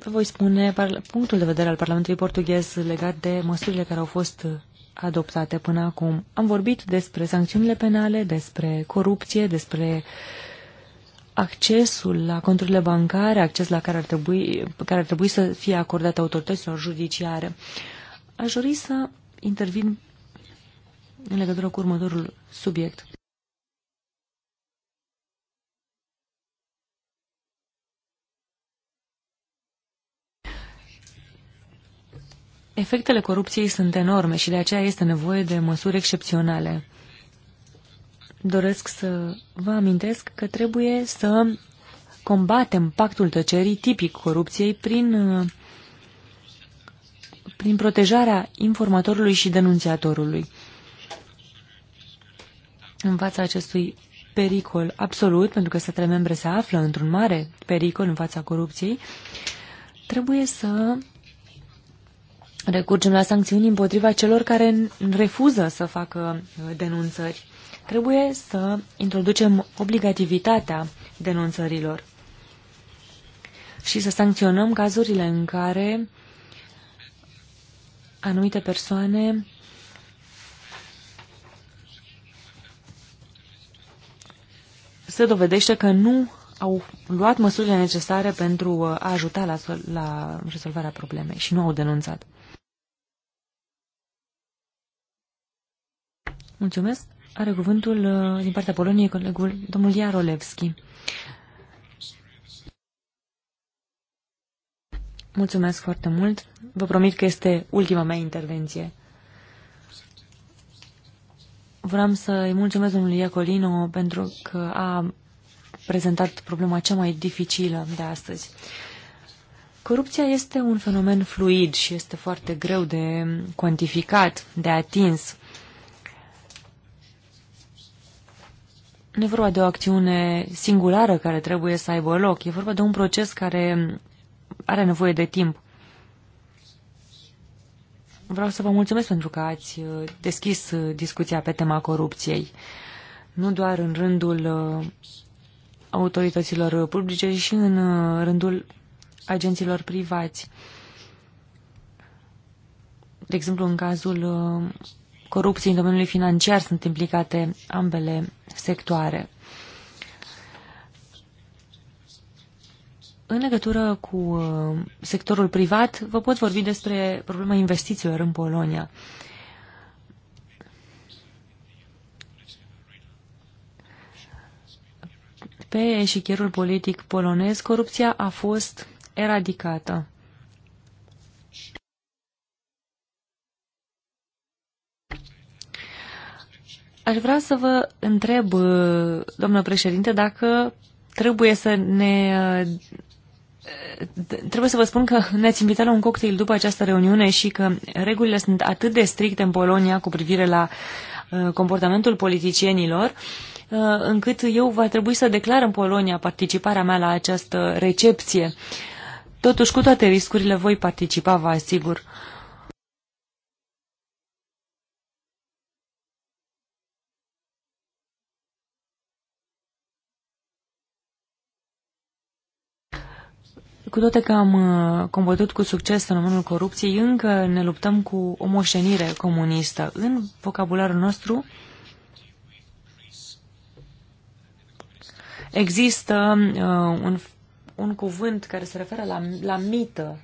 voi spune punctul de vedere al Parlamentului portughez legat de măsurile care au fost adoptate până acum. Am vorbit despre sancțiunile penale, despre corupție, despre accesul la conturile bancare, acces la care ar trebui, care ar trebui să fie acordat autorităților judiciare. Aș dori să intervin în legătură cu următorul subiect. Efectele corupției sunt enorme și de aceea este nevoie de măsuri excepționale. Doresc să vă amintesc că trebuie să combatem pactul tăcerii tipic corupției prin, prin protejarea informatorului și denunțiatorului. În fața acestui pericol absolut, pentru că statele membre se află într-un mare pericol în fața corupției, trebuie să recurgem la sancțiuni împotriva celor care refuză să facă uh, denunțări. Trebuie să introducem obligativitatea denunțărilor și să sancționăm cazurile în care anumite persoane se dovedește că nu au luat măsurile necesare pentru uh, a ajuta la, la rezolvarea problemei și nu au denunțat. Mulțumesc. Are cuvântul uh, din partea Poloniei colegul domnul Iarolevski. Mulțumesc foarte mult. Vă promit că este ultima mea intervenție. Vreau să-i mulțumesc domnului Iacolino pentru că a prezentat problema cea mai dificilă de astăzi. Corupția este un fenomen fluid și este foarte greu de cuantificat, de atins. nu e vorba de o acțiune singulară care trebuie să aibă loc, e vorba de un proces care are nevoie de timp. Vreau să vă mulțumesc pentru că ați uh, deschis uh, discuția pe tema corupției, nu doar în rândul uh, autorităților publice, ci și în rândul agenților privați. De exemplu, în cazul corupției în domeniul financiar sunt implicate ambele sectoare. În legătură cu uh, sectorul privat, vă pot vorbi despre problema investițiilor în Polonia. Pe eșichierul politic polonez, corupția a fost eradicată. Aș vrea să vă întreb, uh, domnule președinte, dacă trebuie să ne... Uh, trebuie să vă spun că ne-ați invitat la un cocktail după această reuniune și că regulile sunt atât de stricte în Polonia cu privire la uh, comportamentul politicienilor, încât eu va trebui să declar în Polonia participarea mea la această recepție. Totuși, cu toate riscurile, voi participa, vă asigur. Cu toate că am uh, combătut cu succes fenomenul corupției, încă ne luptăm cu o moșenire comunistă. În vocabularul nostru există uh, un, un cuvânt care se referă la, la mită.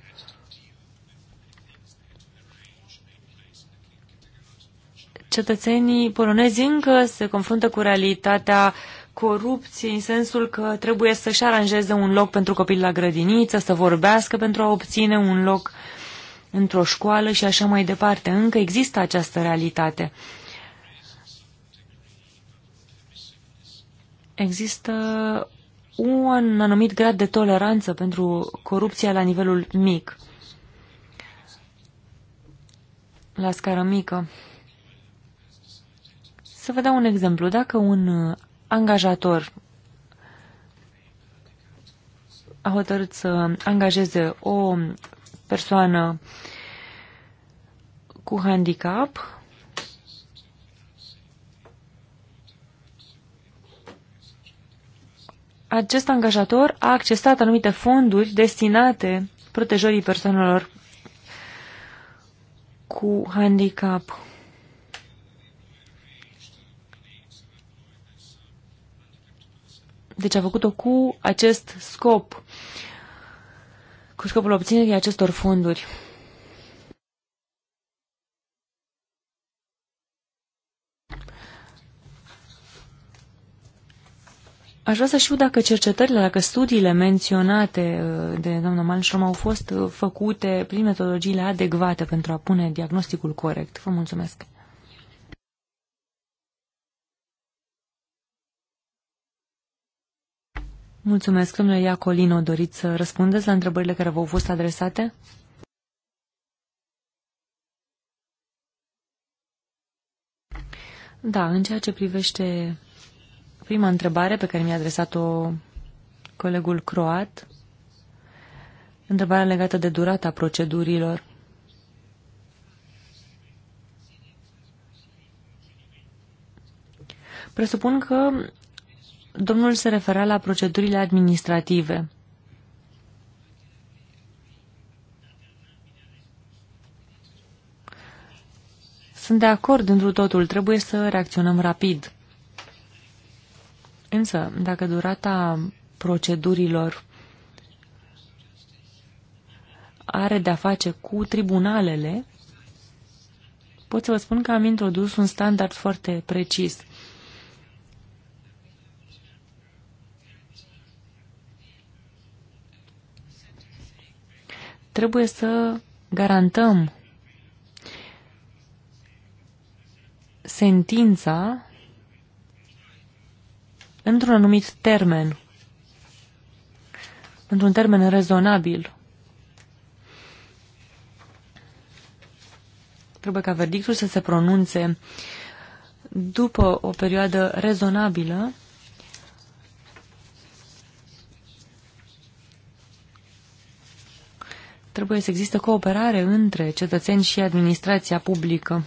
Cetățenii polonezi încă se confruntă cu realitatea uh, corupție în sensul că trebuie să-și aranjeze un loc pentru copil la grădiniță, să vorbească pentru a obține un loc într-o școală și așa mai departe. Încă există această realitate. Există un anumit grad de toleranță pentru corupția la nivelul mic, la scară mică. Să vă dau un exemplu. Dacă un angajator a hotărât să angajeze o persoană cu handicap acest angajator a accesat anumite fonduri destinate protejării persoanelor cu handicap. Deci a făcut-o cu acest scop, cu scopul obținerii acestor fonduri. Aș vrea să știu dacă cercetările, dacă studiile menționate uh, de doamna Malmström au fost uh, făcute prin metodologiile adecvate pentru a pune diagnosticul corect. Vă mulțumesc! Mulțumesc, domnule Iacolino. Doriți să răspundeți la întrebările care v-au fost adresate? Da, în ceea ce privește prima întrebare pe care mi-a adresat-o colegul croat, întrebarea legată de durata procedurilor. Presupun că Domnul se refera la procedurile administrative. Sunt de acord întru totul, trebuie să reacționăm rapid. Însă, dacă durata procedurilor are de-a face cu tribunalele, pot să vă spun că am introdus un standard foarte precis. Trebuie să garantăm sentința într-un anumit termen, într-un termen rezonabil. Trebuie ca verdictul să se pronunțe după o perioadă rezonabilă Trebuie să existe cooperare între cetățeni și administrația publică.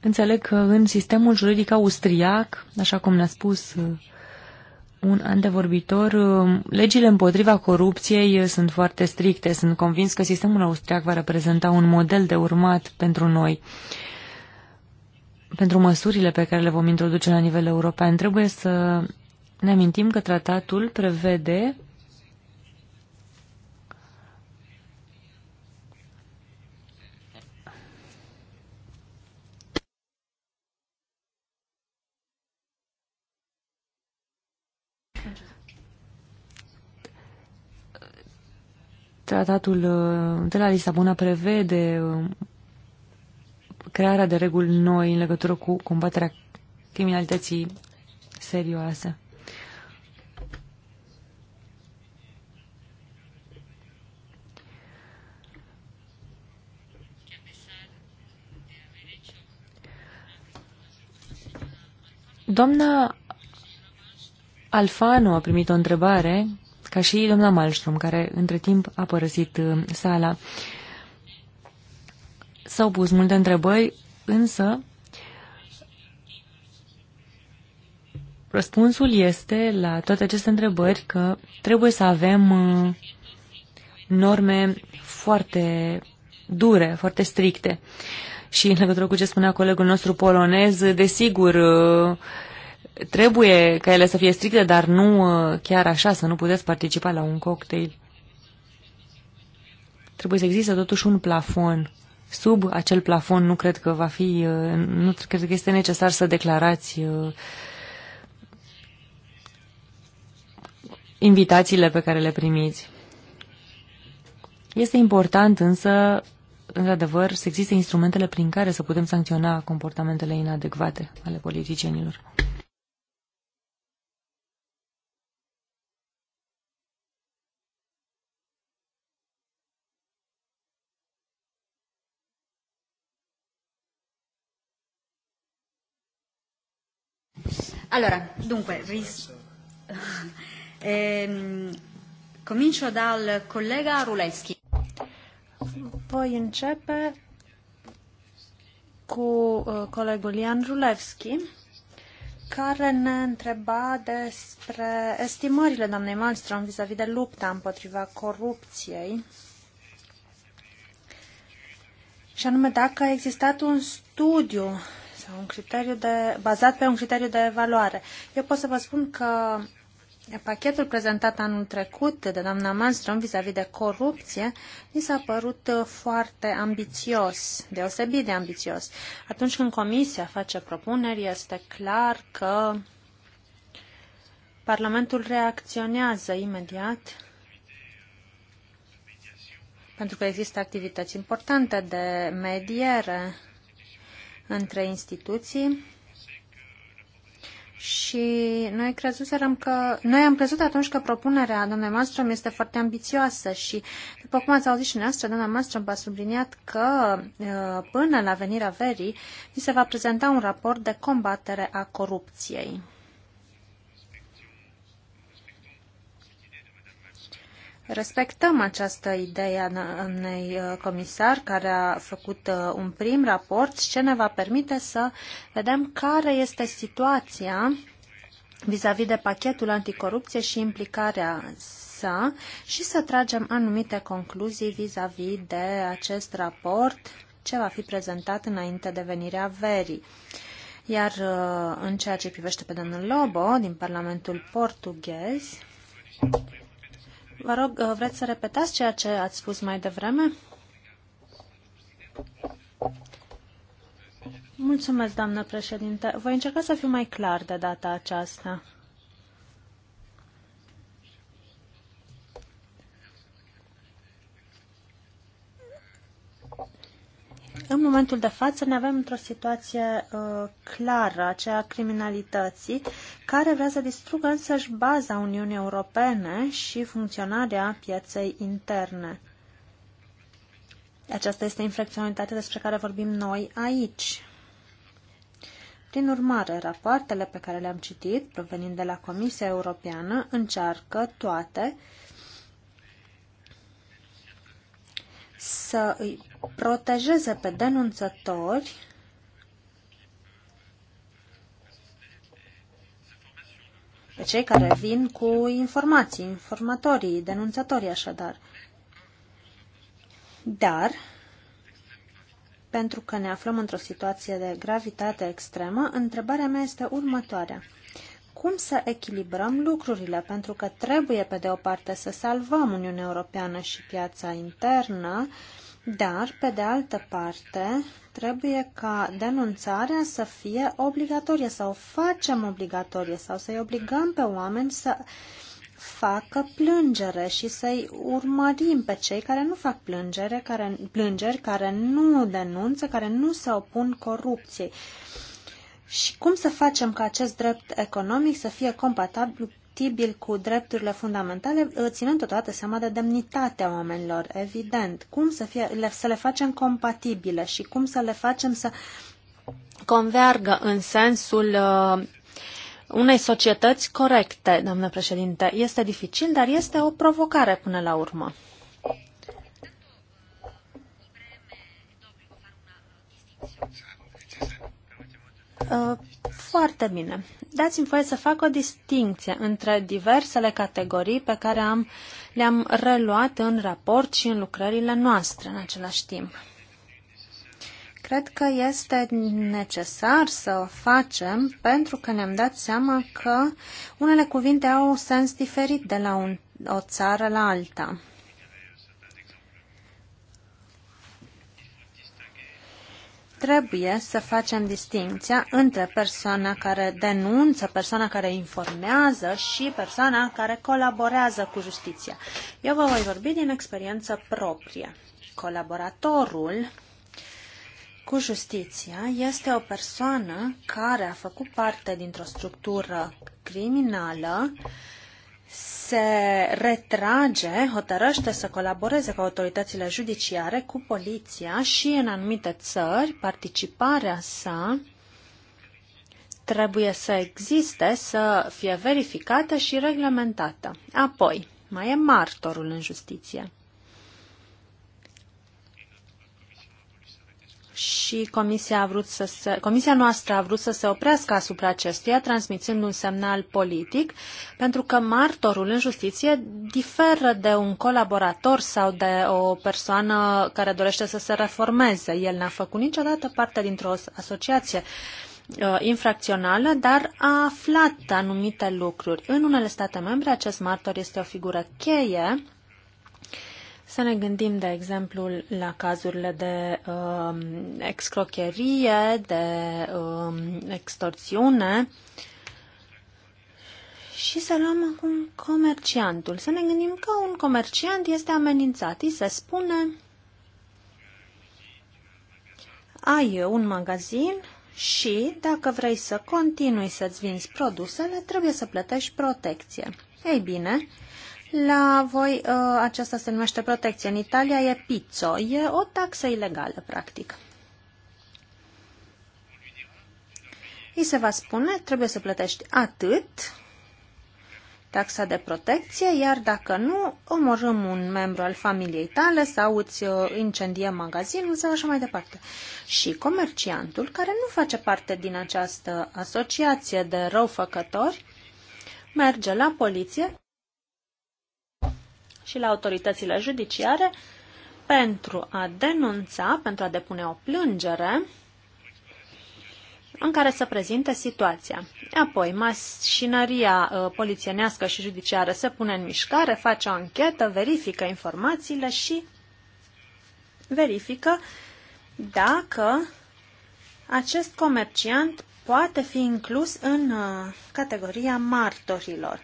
Înțeleg că în sistemul juridic austriac, așa cum ne-a spus uh, un antevorbitor, uh, legile împotriva corupției uh, sunt foarte stricte. Sunt convins că sistemul austriac va reprezenta un model de urmat pentru noi pentru măsurile pe care le vom introduce la nivel european, trebuie să ne amintim că tratatul prevede Tratatul de la Lisabona prevede crearea de reguli noi în legătură cu combaterea criminalității serioase. Doamna Alfano a primit o întrebare, ca și doamna Malström, care între timp a părăsit uh, sala. Uh, S-au pus multe întrebări, însă răspunsul este la toate aceste întrebări că trebuie să avem uh, norme foarte dure, foarte stricte. Și în legătură cu ce spunea colegul nostru polonez, desigur, uh, trebuie ca ele să fie stricte, dar nu uh, chiar așa, să nu puteți participa la un cocktail. Trebuie să existe totuși un plafon sub acel plafon nu cred că va fi, uh, nu cred că este necesar să declarați uh, invitațiile pe care le primiți. Este important însă, într-adevăr, să existe instrumentele prin care să putem sancționa comportamentele inadecvate ale politicienilor. Allora, dunque, ris- ehm, comincio dal collega Ruleschi. Poi incepe cu uh, colegul Ian Rulevski, care ne întreba despre estimările doamnei Malmström vis-a-vis de lupta împotriva corupției și anume dacă a existat un studiu un criteriu de, bazat pe un criteriu de evaluare. Eu pot să vă spun că pachetul prezentat anul trecut de doamna Manström vis-a-vis de corupție mi s-a părut uh, foarte ambițios, deosebit de ambițios. Atunci când Comisia face propuneri, este clar că Parlamentul reacționează imediat pentru că există activități importante de mediere între instituții și noi crezuserăm că noi am crezut atunci că propunerea domnului Malmström este foarte ambițioasă și după cum ați auzit și noastră, domnul Malmström a subliniat că uh, până la venirea verii ni se va prezenta un raport de combatere a corupției. Respectăm această idee a unei uh, comisar care a făcut uh, un prim raport, ce ne va permite să vedem care este situația vis-a-vis -vis de pachetul anticorupție și implicarea sa și să tragem anumite concluzii vis-a-vis -vis de acest raport ce va fi prezentat înainte de venirea verii. Iar uh, în ceea ce privește pe domnul Lobo din Parlamentul portughez, Vă rog, uh, vreți să repetați ceea ce ați spus mai devreme? Mulțumesc, doamnă președinte. Voi încerca să fiu mai clar de data aceasta. În momentul de față ne avem într-o situație uh, clară, aceea criminalității, care vrea să distrugă însăși baza Uniunii Europene și funcționarea pieței interne. Aceasta este infracționalitatea despre care vorbim noi aici. Prin urmare, rapoartele pe care le-am citit, provenind de la Comisia Europeană, încearcă toate uh, să îi protejeze pe denunțători pe cei care vin cu informații, informatorii, denunțătorii așadar. Dar, pentru că ne aflăm într-o situație de gravitate extremă, întrebarea mea este următoarea cum să echilibrăm lucrurile, pentru că trebuie, pe de o parte, să salvăm Uniunea Europeană și piața internă, dar, pe de altă parte, trebuie ca denunțarea să fie obligatorie sau o facem obligatorie sau să-i obligăm pe oameni să facă plângere și să-i urmărim pe cei care nu fac plângere, care, plângeri, care nu denunță, care nu se opun corupției. Și cum să facem ca acest drept economic să fie compatibil cu drepturile fundamentale, ținând totodată seama de demnitatea oamenilor, evident. Cum să, fie, le, să le facem compatibile și cum să le facem să convergă în sensul uh, unei societăți corecte, doamnă președinte. Este dificil, dar este o provocare până la urmă. Thank Uh, foarte bine. Dați-mi voie să fac o distinție între diversele categorii pe care am, le-am reluat în raport și în lucrările noastre în același timp. Cred că este necesar să o facem pentru că ne-am dat seama că unele cuvinte au un sens diferit de la un, o țară la alta. trebuie să facem distinția între persoana care denunță, persoana care informează și persoana care colaborează cu justiția. Eu vă voi vorbi din experiență proprie. Colaboratorul cu justiția este o persoană care a făcut parte dintr-o structură criminală uh, se retrage, hotărăște să colaboreze cu autoritățile judiciare, cu poliția și în anumite țări participarea sa trebuie să existe, să fie verificată și reglementată. Apoi, mai e martorul în justiție. și comisia, a vrut să se, comisia noastră a vrut să se oprească asupra acestuia, transmițând un semnal politic, pentru că martorul în justiție diferă de un colaborator sau de o persoană care dorește să se reformeze. El n-a făcut niciodată parte dintr-o asociație uh, infracțională, dar a aflat anumite lucruri. În unele state membre, acest martor este o figură cheie să ne gândim, de exemplu, la cazurile de uh, excrocherie, de uh, extorsiune și să luăm acum comerciantul. Să ne gândim că un comerciant este amenințat. Îi se spune, ai un magazin și, dacă vrei să continui să-ți vinzi produsele, trebuie să plătești protecție. Ei bine, la voi uh, aceasta se numește protecție. În Italia e pizzo. E o taxă ilegală, practic. Îi se va spune, trebuie să plătești atât taxa de protecție, iar dacă nu, omorâm un membru al familiei tale sau îți uh, incendiem magazinul sau așa mai departe. Și comerciantul, care nu face parte din această asociație de răufăcători, merge la poliție și la autoritățile judiciare pentru a denunța, pentru a depune o plângere în care să prezinte situația. Apoi, mașinăria uh, polițienească și judiciară se pune în mișcare, face o anchetă, verifică informațiile și verifică dacă acest comerciant poate fi inclus în uh, categoria martorilor.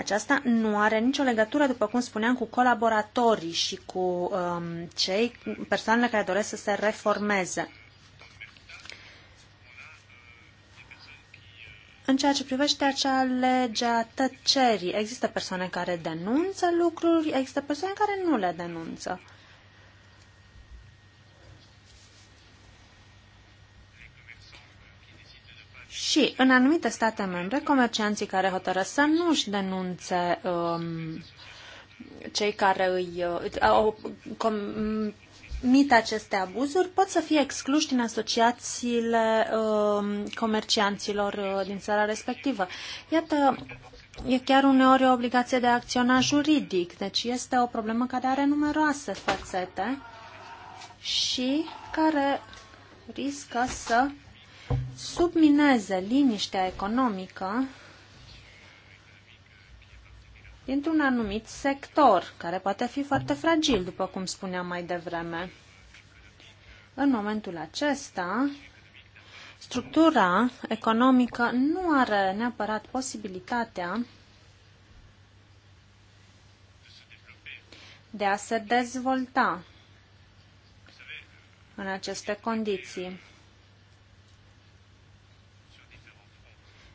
Aceasta nu are nicio legătură, după cum spuneam, cu colaboratorii și cu um, cei, persoanele care doresc să se reformeze. În ceea ce privește acea lege a tăcerii, există persoane care denunță lucruri, există persoane care nu le denunță. Uh, Și în anumite state membre, comercianții care hotărăsc să nu-și denunțe um, cei care îi uh, au, comit aceste abuzuri pot să fie excluși din asociațiile uh, comercianților uh, din țara respectivă. Iată, e chiar uneori o obligație de a acționa juridic, deci este o problemă care are numeroase fațete și care riscă să submineze liniștea economică dintr-un anumit sector, care poate fi foarte fragil, după cum spuneam mai devreme. În momentul acesta, structura economică nu are neapărat posibilitatea de a se dezvolta în aceste condiții.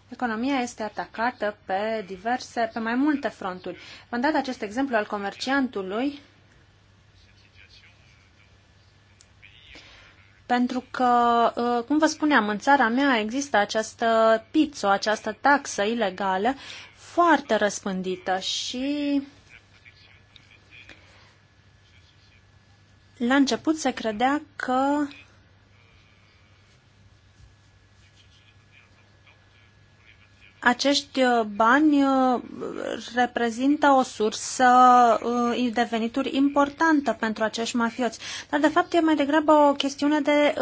Economia este atacată pe diverse, pe mai multe fronturi. V-am dat acest exemplu al comerciantului pentru că, uh, cum vă spuneam, în țara mea există această pizzo, această taxă ilegală foarte răspândită și la început se credea că acești uh, bani uh, reprezintă o sursă uh, de venituri importantă pentru acești mafioți. Dar, de fapt, e mai degrabă o chestiune de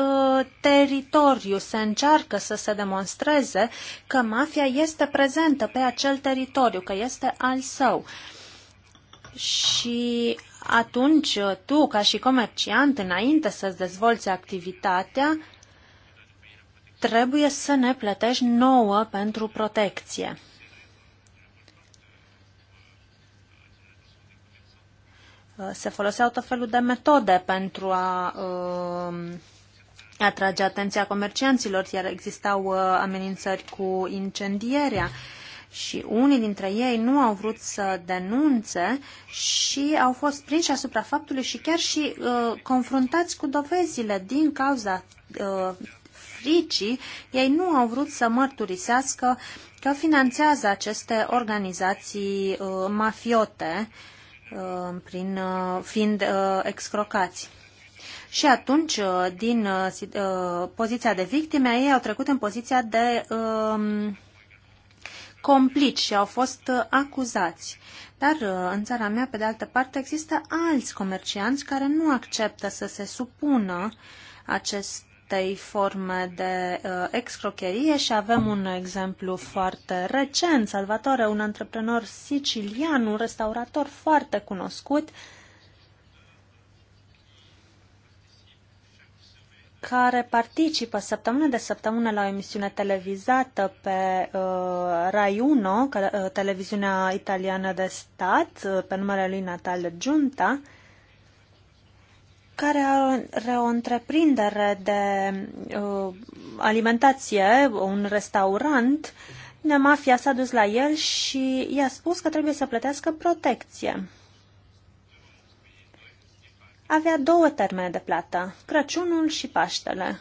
teritoriu. Se încearcă să se demonstreze că mafia este prezentă pe acel teritoriu, că este al său. Și atunci tu, ca și comerciant, înainte să-ți dezvolți activitatea, trebuie să ne plătești nouă pentru protecție. Uh, se foloseau tot felul de metode pentru a uh, atrage atenția comercianților, iar existau uh, amenințări cu incendierea. Și unii dintre ei nu au vrut să denunțe și au fost prinși asupra faptului și chiar și uh, confruntați cu dovezile din cauza uh, fricii, ei nu au vrut să mărturisească că finanțează aceste organizații uh, mafiote uh, prin, uh, fiind uh, excrocați. Și atunci, uh, din uh, uh poziția de victime, ei au trecut în poziția de uh, complici și au fost uh, acuzați. Dar uh, în țara mea, pe de altă parte, există alți comercianți care nu acceptă să se supună acest acestei forme de uh, excrocherie și avem un exemplu foarte recent. Salvatore, un antreprenor sicilian, un restaurator foarte cunoscut, care participă săptămână de săptămână la o emisiune televizată pe uh, Rai 1, uh, televiziunea italiană de stat, uh, pe numele lui Natal Giunta, uh, care are o întreprindere de uh, alimentație, un restaurant, mafia s-a dus la el și i-a spus că trebuie să plătească protecție. Avea două termene de plată, Crăciunul și Paștele.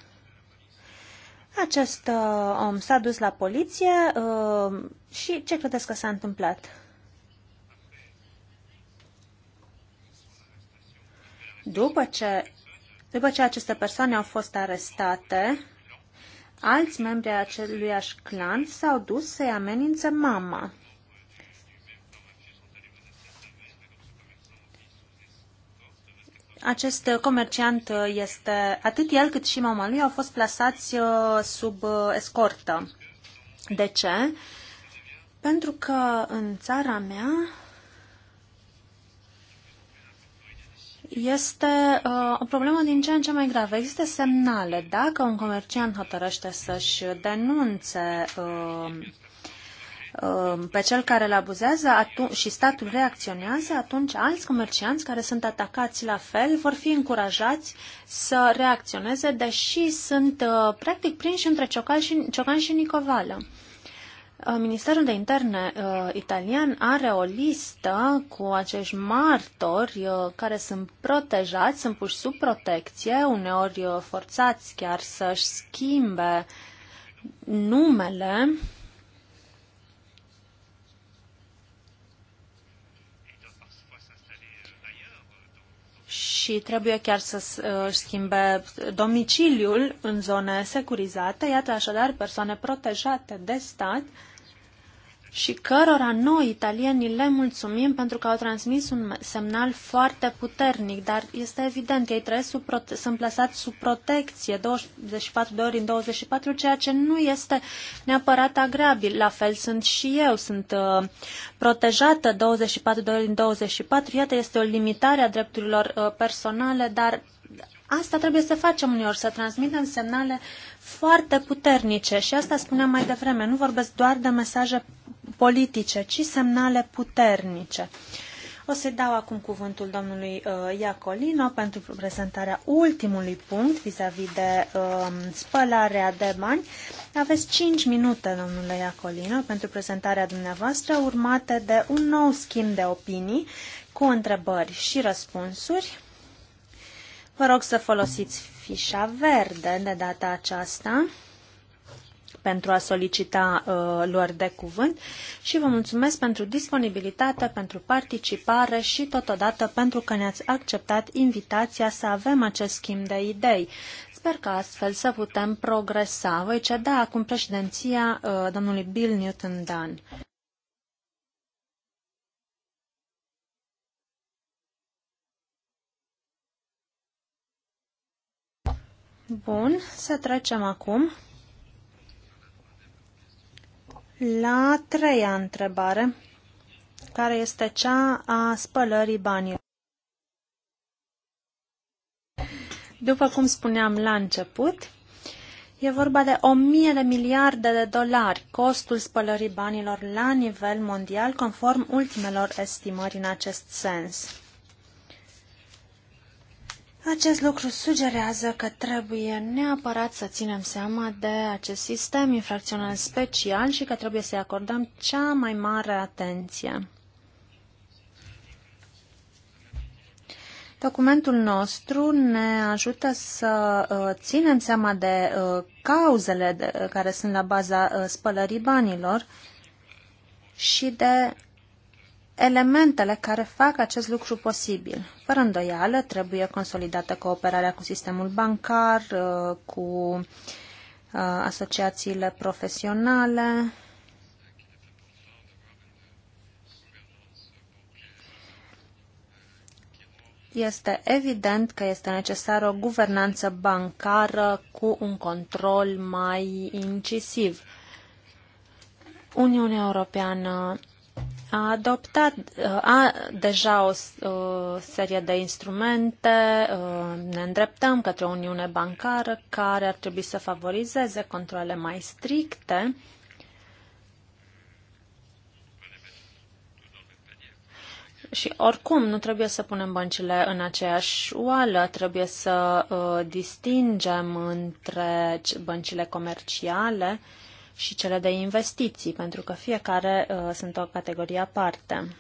Acest uh, om s-a dus la poliție uh, și ce credeți că s-a întâmplat? După ce, după ce aceste persoane au fost arestate, alți membri ai acelui clan s-au dus să-i amenințe mama. Acest comerciant este, atât el cât și mama lui au fost plasați uh, sub uh, escortă. De ce? Pentru că în țara mea este uh, o problemă din ce în ce mai gravă. Există semnale. Dacă un comerciant hotărăște să-și denunțe uh, uh pe cel care îl abuzează și statul reacționează, atunci alți comercianți care sunt atacați la fel vor fi încurajați să reacționeze, deși sunt uh, practic prinși între ciocan și, ciocan și nicovală. Uh, Uh, Ministerul de Interne uh, italian are o listă cu acești martori uh, care sunt protejați, sunt puși sub protecție, uneori uh, forțați chiar să-și schimbe numele. și trebuie chiar să uh, își schimbe domiciliul în zone securizate. Iată așadar persoane protejate de stat uh, și cărora noi, italienii, le mulțumim pentru că au transmis un semnal foarte puternic, dar este evident că ei trăiesc sub sunt plasați sub protecție 24 de ori în 24, ceea ce nu este neapărat agreabil. La fel sunt și eu, sunt uh, protejată 24 de ori în 24, iată, este o limitare a drepturilor uh, personale, dar asta trebuie să facem uneori, să transmitem semnale foarte puternice și asta spuneam mai devreme, nu vorbesc doar de mesaje politice, ci semnale puternice. O să-i dau acum cuvântul domnului uh, Iacolino pentru prezentarea ultimului punct vis-a-vis -vis de uh, spălarea de bani. Aveți 5 minute, domnule Iacolino, pentru prezentarea dumneavoastră, urmate de un nou schimb de opinii cu întrebări și răspunsuri. Vă rog să folosiți fișa verde de data aceasta pentru a solicita uh, de cuvânt și vă mulțumesc pentru disponibilitate, pentru participare și totodată pentru că ne-ați acceptat invitația să avem acest schimb de idei. Sper că astfel să putem progresa. Voi ceda acum președinția uh, domnului Bill Newton Dunn. Bun, să trecem acum la treia întrebare, care este cea a spălării banilor. După cum spuneam la început, e vorba de o mie de miliarde de dolari costul spălării banilor la nivel mondial, conform ultimelor estimări în acest sens. Acest lucru sugerează că trebuie neapărat să ținem seama de acest sistem infracțional special și că trebuie să-i acordăm cea mai mare atenție. Documentul nostru ne ajută să uh, ținem seama de uh, cauzele care sunt la baza uh, spălării banilor și de elementele care fac acest lucru posibil. Fără îndoială, trebuie consolidată cooperarea cu sistemul bancar, uh, cu uh, asociațiile profesionale, Este evident că este necesară o guvernanță bancară cu un control mai incisiv. Uniunea Europeană a adoptat a, deja o serie de instrumente, uh, ne îndreptăm către o uniune bancară care ar trebui să favorizeze controle mai stricte Și oricum nu trebuie să punem băncile în aceeași oală, trebuie să uh, distingem între băncile comerciale uh, și cele de investiții, pentru că fiecare uh, sunt o categorie aparte.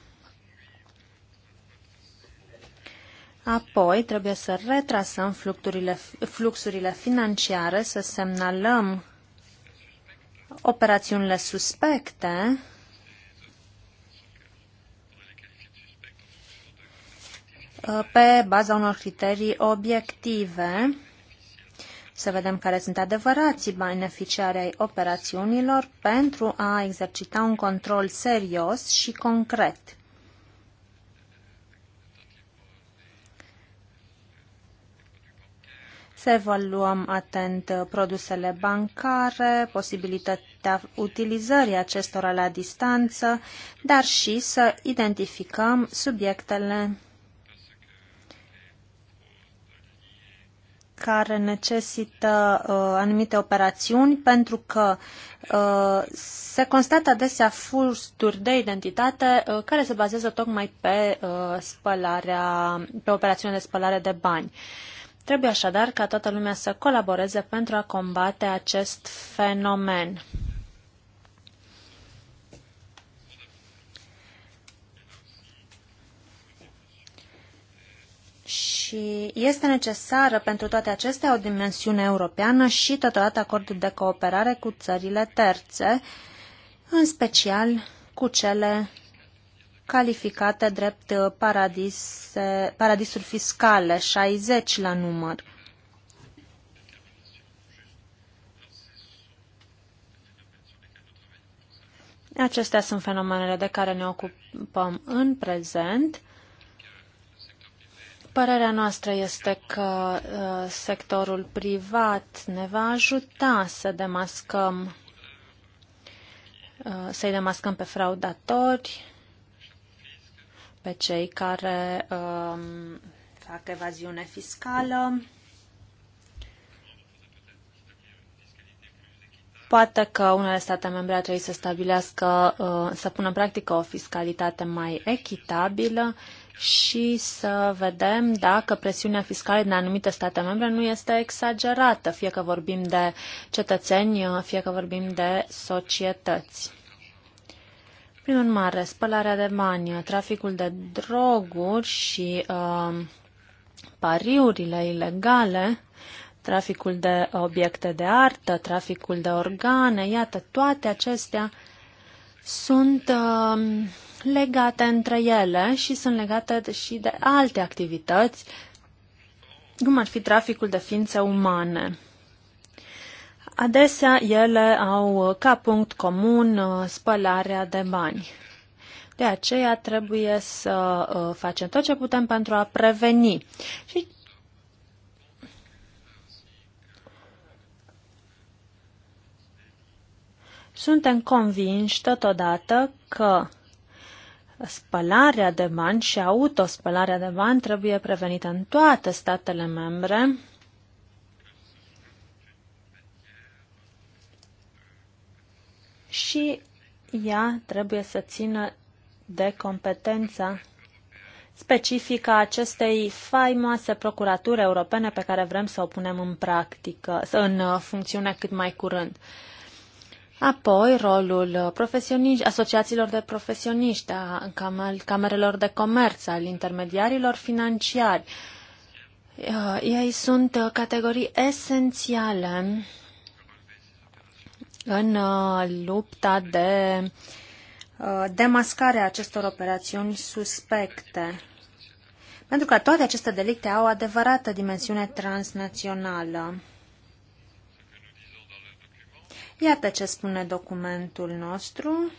Apoi trebuie să retrasăm fluxurile, fluxurile financiare, să semnalăm operațiunile suspecte pe baza unor criterii obiective să vedem care sunt adevărații beneficiari ai operațiunilor pentru a exercita un control serios și concret. Să evaluăm atent produsele bancare, posibilitatea utilizării acestora la distanță, dar și să identificăm subiectele care necesită uh, anumite operațiuni pentru că uh, se constată adesea furturi de identitate uh, care se bazează tocmai pe, uh, spălarea, pe operațiunea de spălare de bani. Trebuie așadar ca toată lumea să colaboreze pentru a combate acest fenomen. și este necesară pentru toate acestea o dimensiune europeană și totodată acordul de cooperare cu țările terțe, în special cu cele calificate drept paradise, paradisuri fiscale, 60 la număr. Acestea sunt fenomenele de care ne ocupăm în prezent Părerea noastră este că uh, sectorul privat ne va ajuta să demascăm uh, să-i demascăm pe fraudatori, pe cei care um, fac evaziune fiscală. Poate că unele state membre ar trebui să stabilească, uh, să pună în practică o fiscalitate mai echitabilă, uh, și să vedem dacă presiunea fiscală din anumite state membre nu este exagerată, fie că vorbim de cetățeni, fie că vorbim de societăți. Prin urmare, spălarea de bani, traficul de droguri și uh, pariurile ilegale, traficul de obiecte de artă, traficul de organe, iată, toate acestea sunt uh, legate între ele și sunt legate și de alte activități, cum ar fi traficul de ființe umane. Adesea ele au ca punct comun uh, spălarea de bani. De aceea trebuie să uh, facem tot ce putem pentru a preveni. Și suntem convinși totodată că Spălarea de bani și autospălarea de bani trebuie prevenită în toate statele membre. Și ea trebuie să țină de competența specifică a acestei faimoase procuraturi europene pe care vrem să o punem în practică, în funcțiune cât mai curând. Apoi, rolul profesioniști, asociațiilor de profesioniști, a camerelor de comerț, al intermediarilor financiari. Uh, ei sunt uh, categorii esențiale în uh, lupta de demascare a acestor operațiuni suspecte. Pentru că toate aceste delicte au o adevărată dimensiune transnațională. Iată ce spune documentul nostru,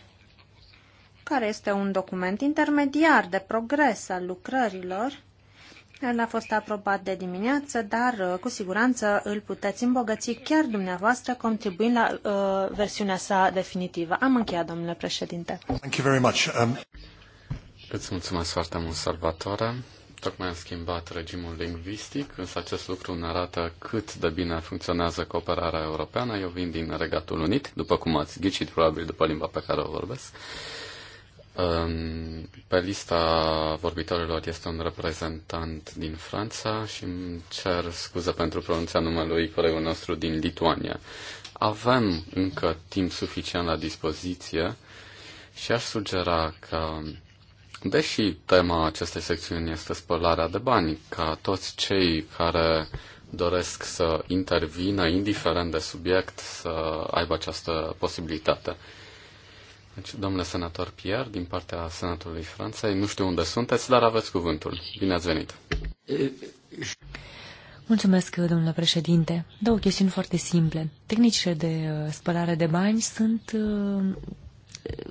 care este un document intermediar de progres al lucrărilor. El a fost aprobat de dimineață, dar uh, cu siguranță îl puteți îmbogăți chiar dumneavoastră, contribuind la uh, versiunea sa definitivă. Am încheiat, domnule președinte. Thank you very much. Um... Îți mulțumesc foarte mult, Salvatore. Tocmai am schimbat regimul lingvistic, însă acest lucru ne arată cât de bine funcționează cooperarea europeană. Eu vin din Regatul Unit, după cum ați ghicit probabil după limba pe care o vorbesc. Pe lista vorbitorilor este un reprezentant din Franța și îmi cer scuze pentru pronunția numelui colegul nostru din Lituania. Avem încă timp suficient la dispoziție și aș sugera că. Deși tema acestei secțiuni este spălarea de bani, ca toți cei care doresc să intervină, indiferent de subiect, să aibă această posibilitate. Deci, domnule senator Pierre, din partea Senatului Franței, nu știu unde sunteți, dar aveți cuvântul. Bine ați venit! Mulțumesc, domnule președinte. Două chestiuni foarte simple. Tehnicile de uh, spălare de bani sunt uh,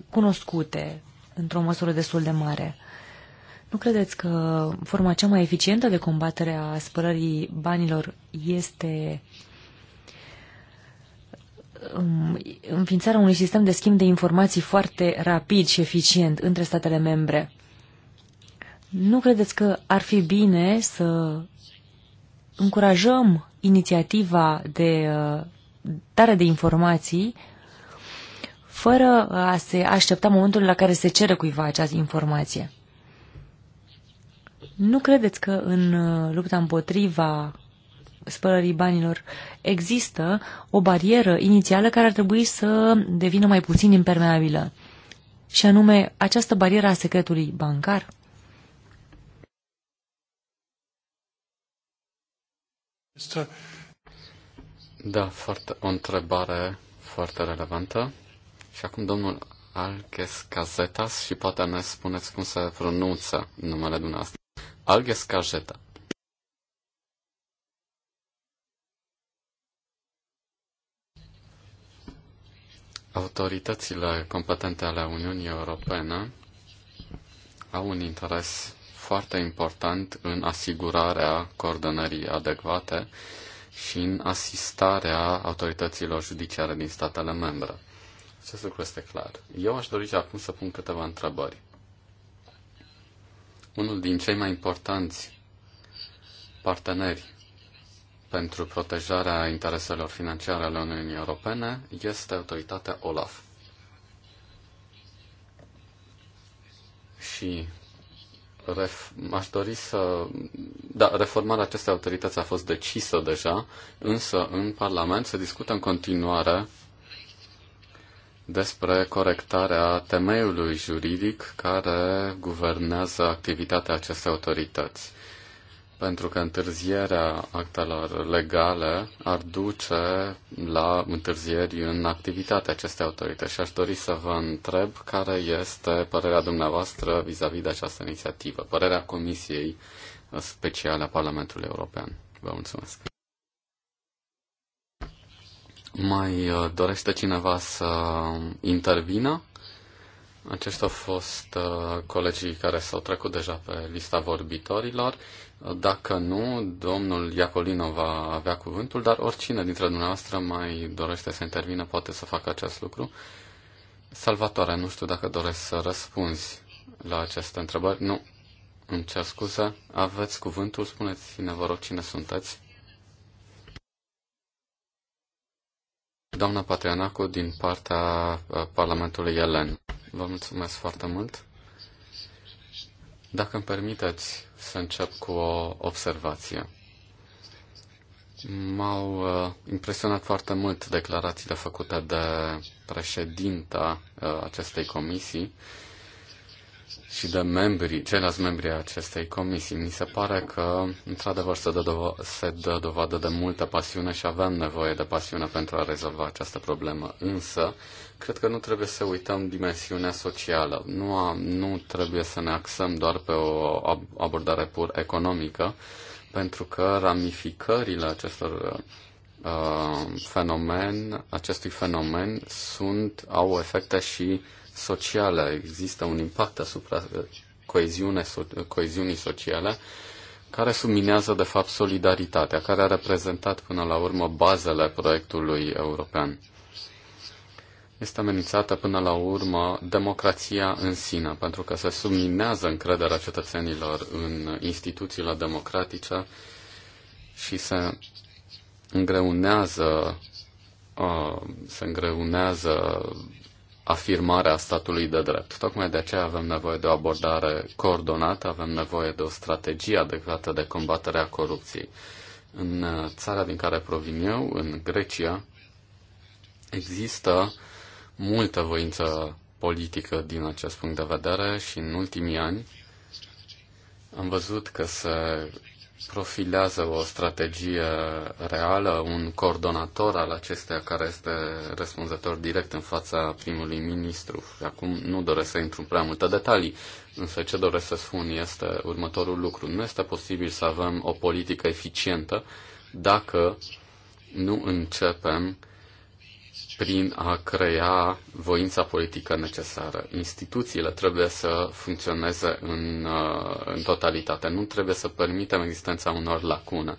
cunoscute într-o măsură destul de mare. Nu credeți că forma cea mai eficientă de combatere a spălării banilor este um, înființarea unui sistem de schimb de informații foarte rapid și eficient între statele membre? Nu credeți că ar fi bine să încurajăm inițiativa de uh, dare de informații fără a se aștepta momentul la care se cere cuiva această informație. Nu credeți că în uh, lupta împotriva spălării banilor există o barieră inițială care ar trebui să devină mai puțin impermeabilă, și anume această barieră a secretului bancar? Da, foarte, o întrebare foarte relevantă. Și acum domnul Alges Cazetas și poate ne spuneți cum se pronunță numele dumneavoastră. Alges Cazeta. Autoritățile competente ale Uniunii Europene au un interes foarte important în asigurarea coordonării adecvate și în asistarea autorităților judiciare din statele membre. Acest lucru este clar. Eu aș dori acum să pun câteva întrebări. Unul din cei mai importanți parteneri pentru protejarea intereselor financiare ale Uniunii Europene este autoritatea OLAF. Și ref, aș dori să... Da, reformarea acestei autorități a fost decisă deja, însă în Parlament se discută în continuare despre corectarea temeiului juridic care guvernează activitatea acestei autorități. Pentru că întârzierea actelor legale ar duce la întârzieri în activitatea acestei autorități. Și aș dori să vă întreb care este părerea dumneavoastră vis-a-vis -vis de această inițiativă, părerea Comisiei Speciale a Parlamentului European. Vă mulțumesc. Mai uh, dorește cineva să intervină? Aceștia au fost uh, colegii care s-au trecut deja pe lista vorbitorilor. Dacă nu, domnul Iacolino va avea cuvântul, dar oricine dintre dumneavoastră mai dorește să intervină poate să facă acest lucru. Salvatore, nu știu dacă doresc să răspunzi la aceste întrebări. Nu, îmi cer scuze. Aveți cuvântul, spuneți-ne, vă rog, cine sunteți. Doamna Patrianacu, din partea uh, Parlamentului Elen, vă mulțumesc foarte mult. Dacă îmi permiteți să încep cu o observație. M-au uh, impresionat foarte mult declarațiile făcute de președinta uh, acestei comisii și de membrii, ceilalți membri ai acestei comisii. Mi se pare că, într-adevăr, se dă, dov- se dă dovadă de multă pasiune și avem nevoie de pasiune pentru a rezolva această problemă. Însă, cred că nu trebuie să uităm dimensiunea socială. Nu, a, nu trebuie să ne axăm doar pe o abordare pur economică, pentru că ramificările acestor uh, fenomen, acestui fenomen sunt, au efecte și uh, socială, există un impact asupra eh, coeziune, eh, coeziunii sociale, care subminează, de fapt, solidaritatea, care a reprezentat până la urmă bazele proiectului european. Este amenințată până la urmă democrația în sine, pentru că se subminează încrederea cetățenilor în instituțiile democratice și se îngreunează uh, se îngreunează afirmarea statului de drept. Tocmai de aceea avem nevoie de o abordare coordonată, avem nevoie de o strategie adecvată de combatere a corupției. În țara din care provin eu, în Grecia, există multă voință politică din acest punct de vedere și în ultimii ani am văzut că se profilează o strategie reală, un coordonator al acesteia care este răspunzător direct în fața primului ministru. Acum nu doresc să intru în prea multe detalii, însă ce doresc să spun este următorul lucru. Nu este posibil să avem o politică eficientă dacă nu începem uh, prin a crea voința politică necesară. Instituțiile trebuie să funcționeze în, uh, în totalitate. Nu trebuie să permitem existența unor lacune.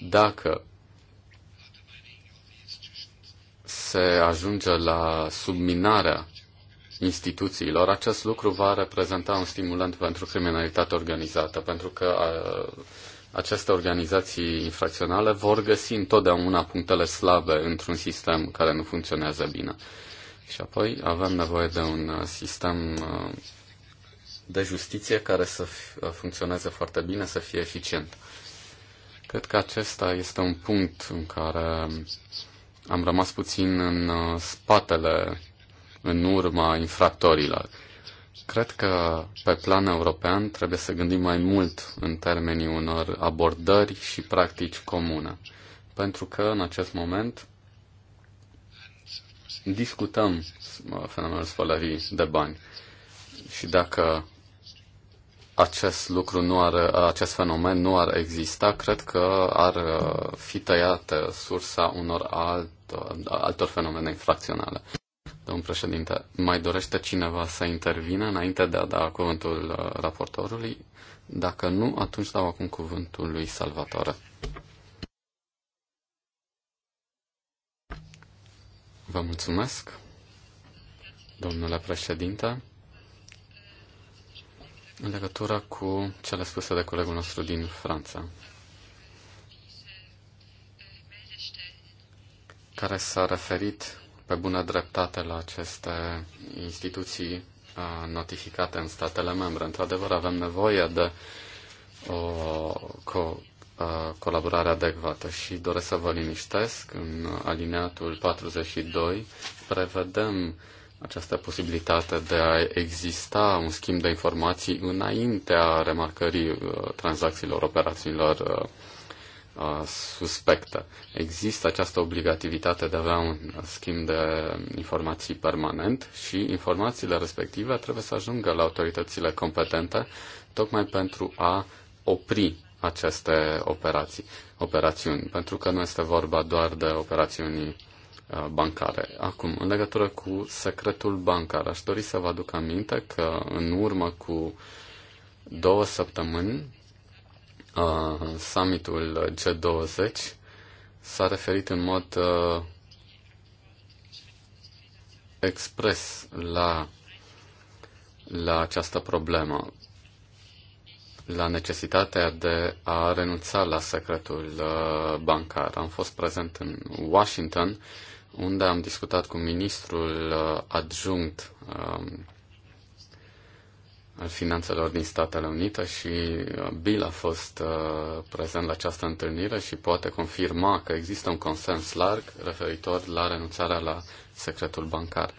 Dacă se ajunge la subminarea instituțiilor, acest lucru va reprezenta un stimulant pentru criminalitatea organizată, pentru că uh, aceste organizații infracționale vor găsi întotdeauna punctele slabe într-un sistem care nu funcționează bine. Și apoi avem nevoie de un uh, sistem uh, de justiție care să uh, funcționeze foarte bine, să fie eficient. Cred că acesta este un punct în care am rămas puțin în spatele, în urma infractorilor. Cred că pe plan european trebuie să gândim mai mult în termenii unor abordări și practici comune. Pentru că în acest moment discutăm uh, fenomenul spălării de bani. Și dacă acest lucru nu ar, acest fenomen nu ar exista, cred că ar uh, fi tăiată sursa unor alt, uh, altor fenomene infracționale. Domnul președinte, mai dorește cineva să intervină înainte de a da cuvântul uh, raportorului? Dacă nu, atunci dau acum cuvântul lui Salvatore. Vă mulțumesc, domnule președinte. În legătură cu cele spuse de colegul nostru din Franța, care s-a referit pe bună dreptate la aceste instituții uh, notificate în statele membre. Într-adevăr, avem nevoie de o co- uh, colaborare adecvată și doresc să vă liniștesc. În alineatul 42 prevedem această posibilitate de a exista un schimb de informații înaintea remarcării uh, tranzacțiilor, operațiilor suspectă. Există această obligativitate de a avea un schimb de informații permanent și informațiile respective trebuie să ajungă la autoritățile competente tocmai pentru a opri aceste operații, operațiuni, pentru că nu este vorba doar de operațiuni bancare. Acum, în legătură cu secretul bancar, aș dori să vă aduc aminte că în urmă cu două săptămâni uh, summitul G20 s-a referit în mod uh, expres la, la această problemă, la necesitatea de a renunța la secretul uh, bancar. Am fost prezent în Washington, unde am discutat cu ministrul uh, adjunct uh, al finanțelor din Statele Unite și uh, Bill a fost uh, prezent la această întâlnire și poate confirma că există un consens larg referitor la renunțarea la secretul bancar.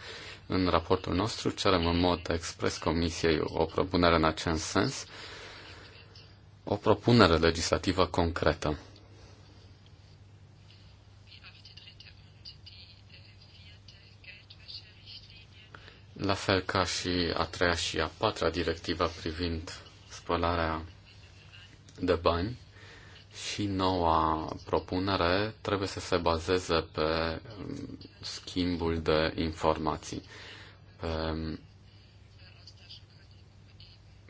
În raportul nostru cerem în mod expres Comisiei o propunere în acest sens, o propunere legislativă concretă. La fel ca și a treia și a patra directivă privind spălarea de bani și noua propunere trebuie să se bazeze pe mm, schimbul de informații, pe mm,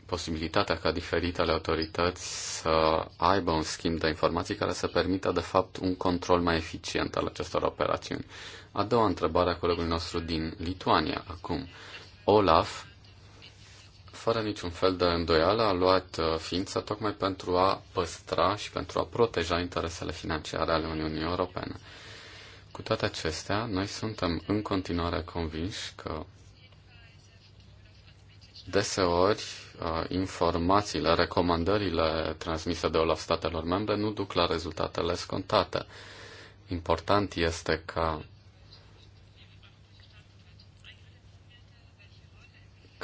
posibilitatea ca diferitele autorități să aibă un schimb de informații care să permită, de fapt, un control mai eficient al acestor operațiuni. A doua întrebare a colegului nostru din Lituania acum. Olaf, fără niciun fel de îndoială, a luat uh, ființa tocmai pentru a păstra și pentru a proteja interesele financiare ale Uniunii Europene. Cu toate acestea, noi suntem în continuare convinși că deseori uh, informațiile, recomandările transmise de Olaf statelor membre nu duc la rezultatele scontate. Important este ca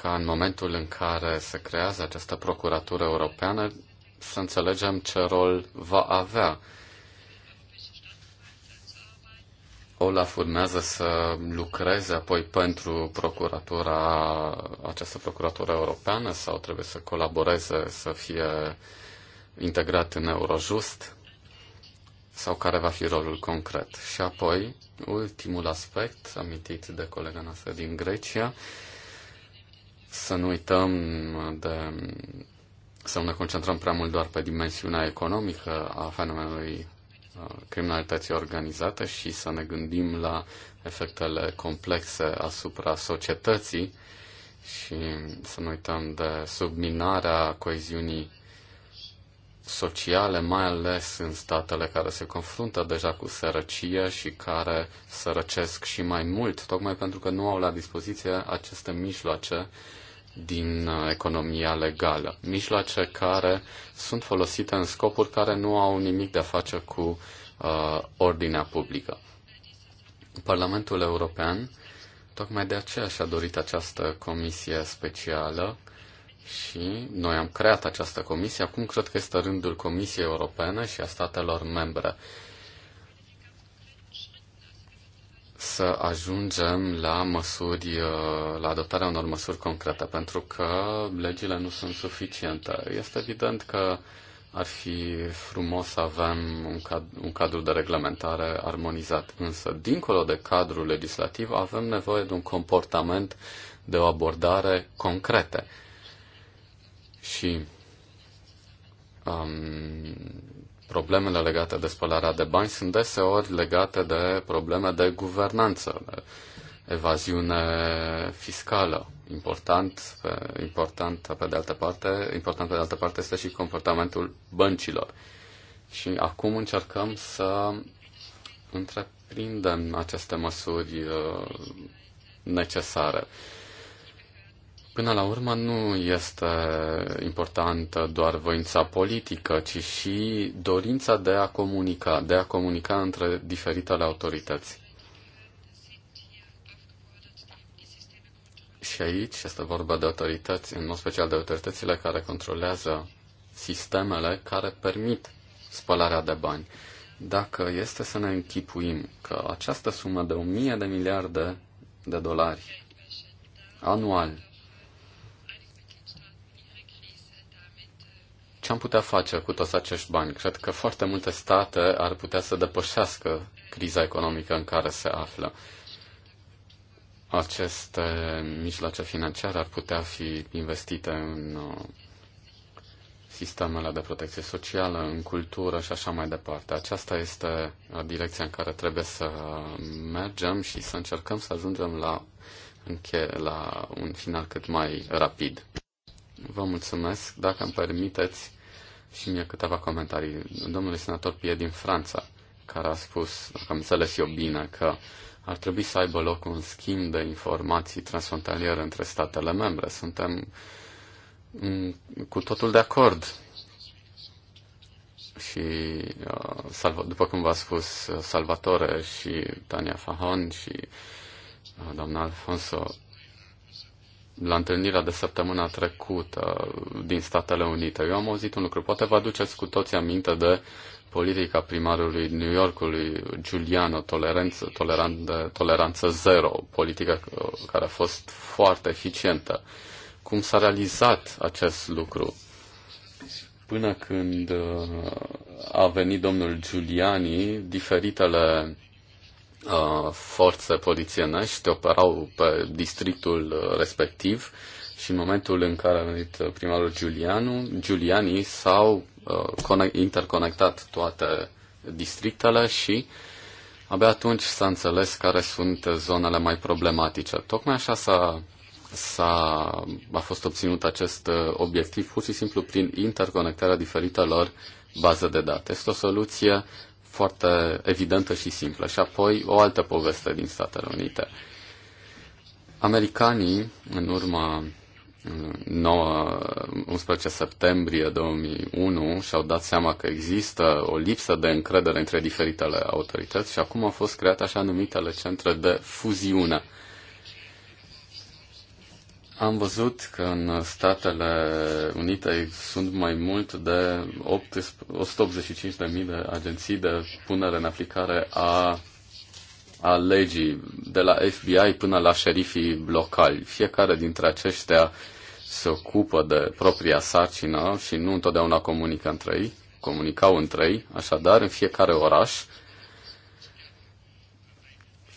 ca în momentul în care se creează această procuratură europeană să înțelegem ce rol va avea. Olaf urmează să lucreze apoi pentru procuratura, această procuratură europeană sau trebuie să colaboreze, să fie integrat în Eurojust sau care va fi rolul concret. Și apoi, ultimul aspect amintit de colega noastră din Grecia, să nu uităm de să nu ne concentrăm prea mult doar pe dimensiunea economică a fenomenului uh, criminalității organizate și să ne gândim la efectele complexe asupra societății și să nu uităm de subminarea coeziunii sociale, mai ales în statele care se confruntă deja cu sărăcie și care sărăcesc și mai mult, tocmai pentru că nu au la dispoziție aceste mijloace din uh, economia legală. Mijloace care sunt folosite în scopuri care nu au nimic de a face cu uh, ordinea publică. Parlamentul European, tocmai de aceea și-a dorit această comisie specială și noi am creat această comisie. Acum cred că este rândul Comisiei Europene și a statelor membre să ajungem la măsuri, la adoptarea unor măsuri concrete, pentru că legile nu sunt suficiente. Este evident că ar fi frumos să avem un, cad- un cadru de reglementare armonizat, însă, dincolo de cadrul legislativ, avem nevoie de un comportament, de o abordare concrete și um, problemele legate de spălarea de bani sunt deseori legate de probleme de guvernanță, de evaziune fiscală. Important, pe, important pe de altă parte, important pe de altă parte este și comportamentul băncilor. Și acum încercăm să întreprindem aceste măsuri uh, necesare. Până la urmă nu este importantă doar voința politică, ci și dorința de a comunica, de a comunica între diferitele autorități. Și aici este vorba de autorități, în mod special de autoritățile care controlează sistemele care permit spălarea de bani. Dacă este să ne închipuim că această sumă de 1000 de miliarde de dolari anual Ce am putea face cu toți acești bani? Cred că foarte multe state ar putea să depășească criza economică în care se află. Aceste mijloace financiare ar putea fi investite în uh, sistemele de protecție socială, în cultură și așa mai departe. Aceasta este uh, direcția în care trebuie să uh, mergem și să încercăm să ajungem la, înche- la un final cât mai rapid. Vă mulțumesc. Dacă îmi permiteți, și mie câteva comentarii. Domnului senator Pie din Franța, care a spus, dacă am înțeles eu bine, că ar trebui să aibă loc un schimb de informații transfrontaliere între statele membre. Suntem cu totul de acord. Și, uh, după cum v-a spus uh, Salvatore și Tania Fahon și uh, doamna Alfonso, la întâlnirea de săptămâna trecută din Statele Unite. Eu am auzit un lucru. Poate vă aduceți cu toții aminte de politica primarului New Yorkului, Giuliano, toleranță, toleran, toleranță zero, politică care a fost foarte eficientă. Cum s-a realizat acest lucru? Până când uh, a venit domnul Giuliani, diferitele Uh, forțe polițienești operau pe districtul uh, respectiv și în momentul în care a venit uh, primarul Giulianu, Giuliani s-au interconectat toate districtele și abia atunci s-a înțeles care sunt zonele mai problematice. Tocmai așa s-a, s-a, a fost obținut acest obiectiv pur și simplu prin interconectarea diferitelor baze de date. Este o soluție foarte evidentă și simplă. Și apoi o altă poveste din Statele Unite. Americanii, în urma 9, 11 septembrie 2001 și-au dat seama că există o lipsă de încredere între diferitele autorități și acum au fost create așa numitele centre de fuziune. Am văzut că în Statele Unite sunt mai mult de 185.000 de agenții de punere în aplicare a, a legii, de la FBI până la șerifii locali. Fiecare dintre aceștia se ocupă de propria sarcină și nu întotdeauna comunică între ei, comunicau între ei, așadar în fiecare oraș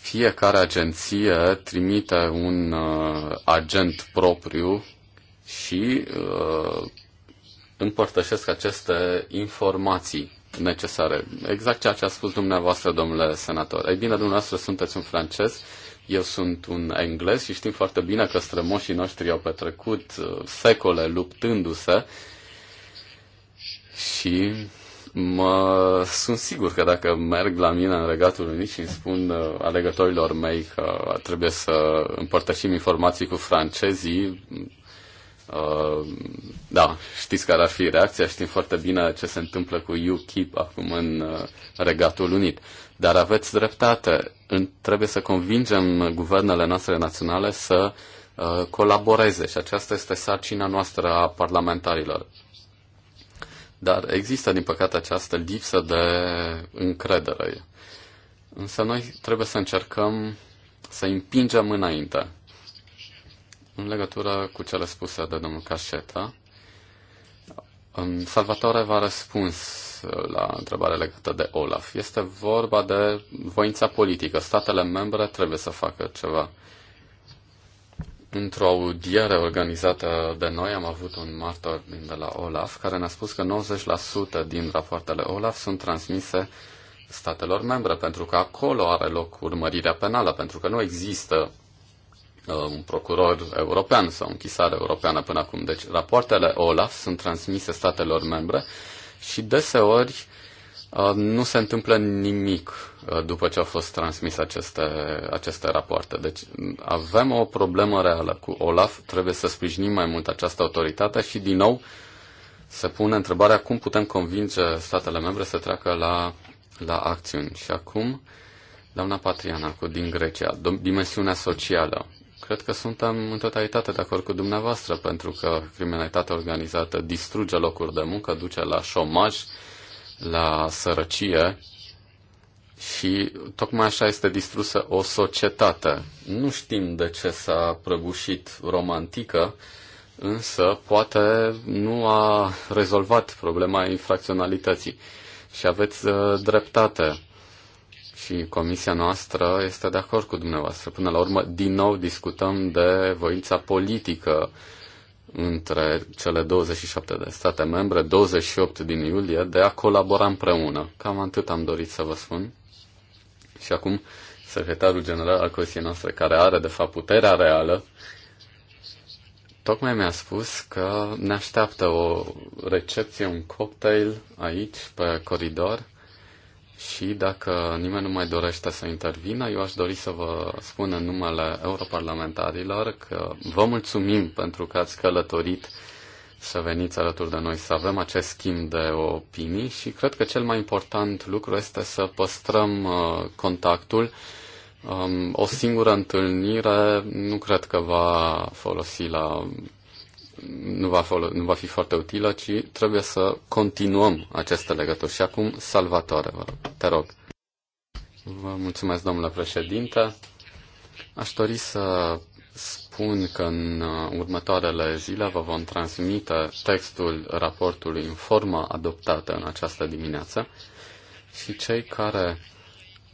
fiecare agenție trimite un uh, agent propriu și uh, împărtășesc aceste informații necesare. Exact ceea ce a spus dumneavoastră, domnule senator. Ei bine, dumneavoastră sunteți un francez, eu sunt un englez și știm foarte bine că strămoșii noștri au petrecut uh, secole luptându-se și mă, sunt sigur că dacă merg la mine în Regatul Unit și îmi spun uh, alegătorilor mei că trebuie să împărtășim informații cu francezii, uh, da, știți care ar fi reacția, știm foarte bine ce se întâmplă cu UKIP acum în uh, Regatul Unit. Dar aveți dreptate, trebuie să convingem guvernele noastre naționale să colaboreze și aceasta este sarcina noastră a parlamentarilor. Dar există, din păcate, această lipsă de încredere. Însă noi trebuie să încercăm să împingem înainte. În legătură cu cele spuse de domnul Cașeta, um, Salvatore v-a răspuns uh, la întrebare legată de Olaf. Este vorba de voința politică. Statele membre trebuie să facă ceva într-o audiere organizată de noi am avut un martor din de la Olaf care ne-a spus că 90% din rapoartele Olaf sunt transmise statelor membre, pentru că acolo are loc urmărirea penală, pentru că nu există uh, un procuror european sau închisare europeană până acum. Deci rapoartele Olaf sunt transmise statelor membre și deseori uh, nu se întâmplă nimic după ce au fost transmise aceste, aceste rapoarte. Deci avem o problemă reală cu Olaf, trebuie să sprijinim mai mult această autoritate și din nou se pune întrebarea cum putem convinge statele membre să treacă la, la acțiuni. Și acum, doamna cu din Grecia, dimensiunea socială. Cred că suntem în totalitate de acord cu dumneavoastră, pentru că criminalitatea organizată distruge locuri de muncă, duce la șomaj, la sărăcie și tocmai așa este distrusă o societate. Nu știm de ce s-a prăbușit romantică, însă poate nu a rezolvat problema infracționalității. Și aveți uh, dreptate. Și comisia noastră este de acord cu dumneavoastră. Până la urmă, din nou discutăm de voința politică între cele 27 de state membre, 28 din iulie, de a colabora împreună. Cam atât am dorit să vă spun. Și acum secretarul general al Comisiei noastre, care are de fapt puterea reală, tocmai mi-a spus că ne așteaptă o recepție, un cocktail aici, pe coridor, și dacă nimeni nu mai dorește să intervină, eu aș dori să vă spun în numele europarlamentarilor că vă mulțumim pentru că ați călătorit să veniți alături de noi, să avem acest schimb de opinii și cred că cel mai important lucru este să păstrăm uh, contactul. Um, o singură întâlnire nu cred că va folosi la nu va, fol- nu va fi foarte utilă, ci trebuie să continuăm aceste legături. Și acum, Salvatore, vă rog, te rog. Vă mulțumesc, domnule președinte. Aș dori să spun că în uh, următoarele zile vă vom transmite textul raportului în formă adoptată în această dimineață și cei care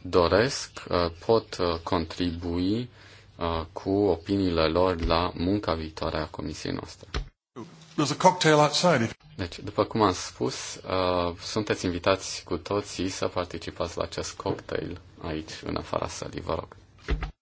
doresc uh, pot uh, contribui cu opiniile lor la munca viitoare a comisiei noastre. Deci, după cum am spus, sunteți invitați cu toții să participați la acest cocktail aici, în afara sălii, vă rog.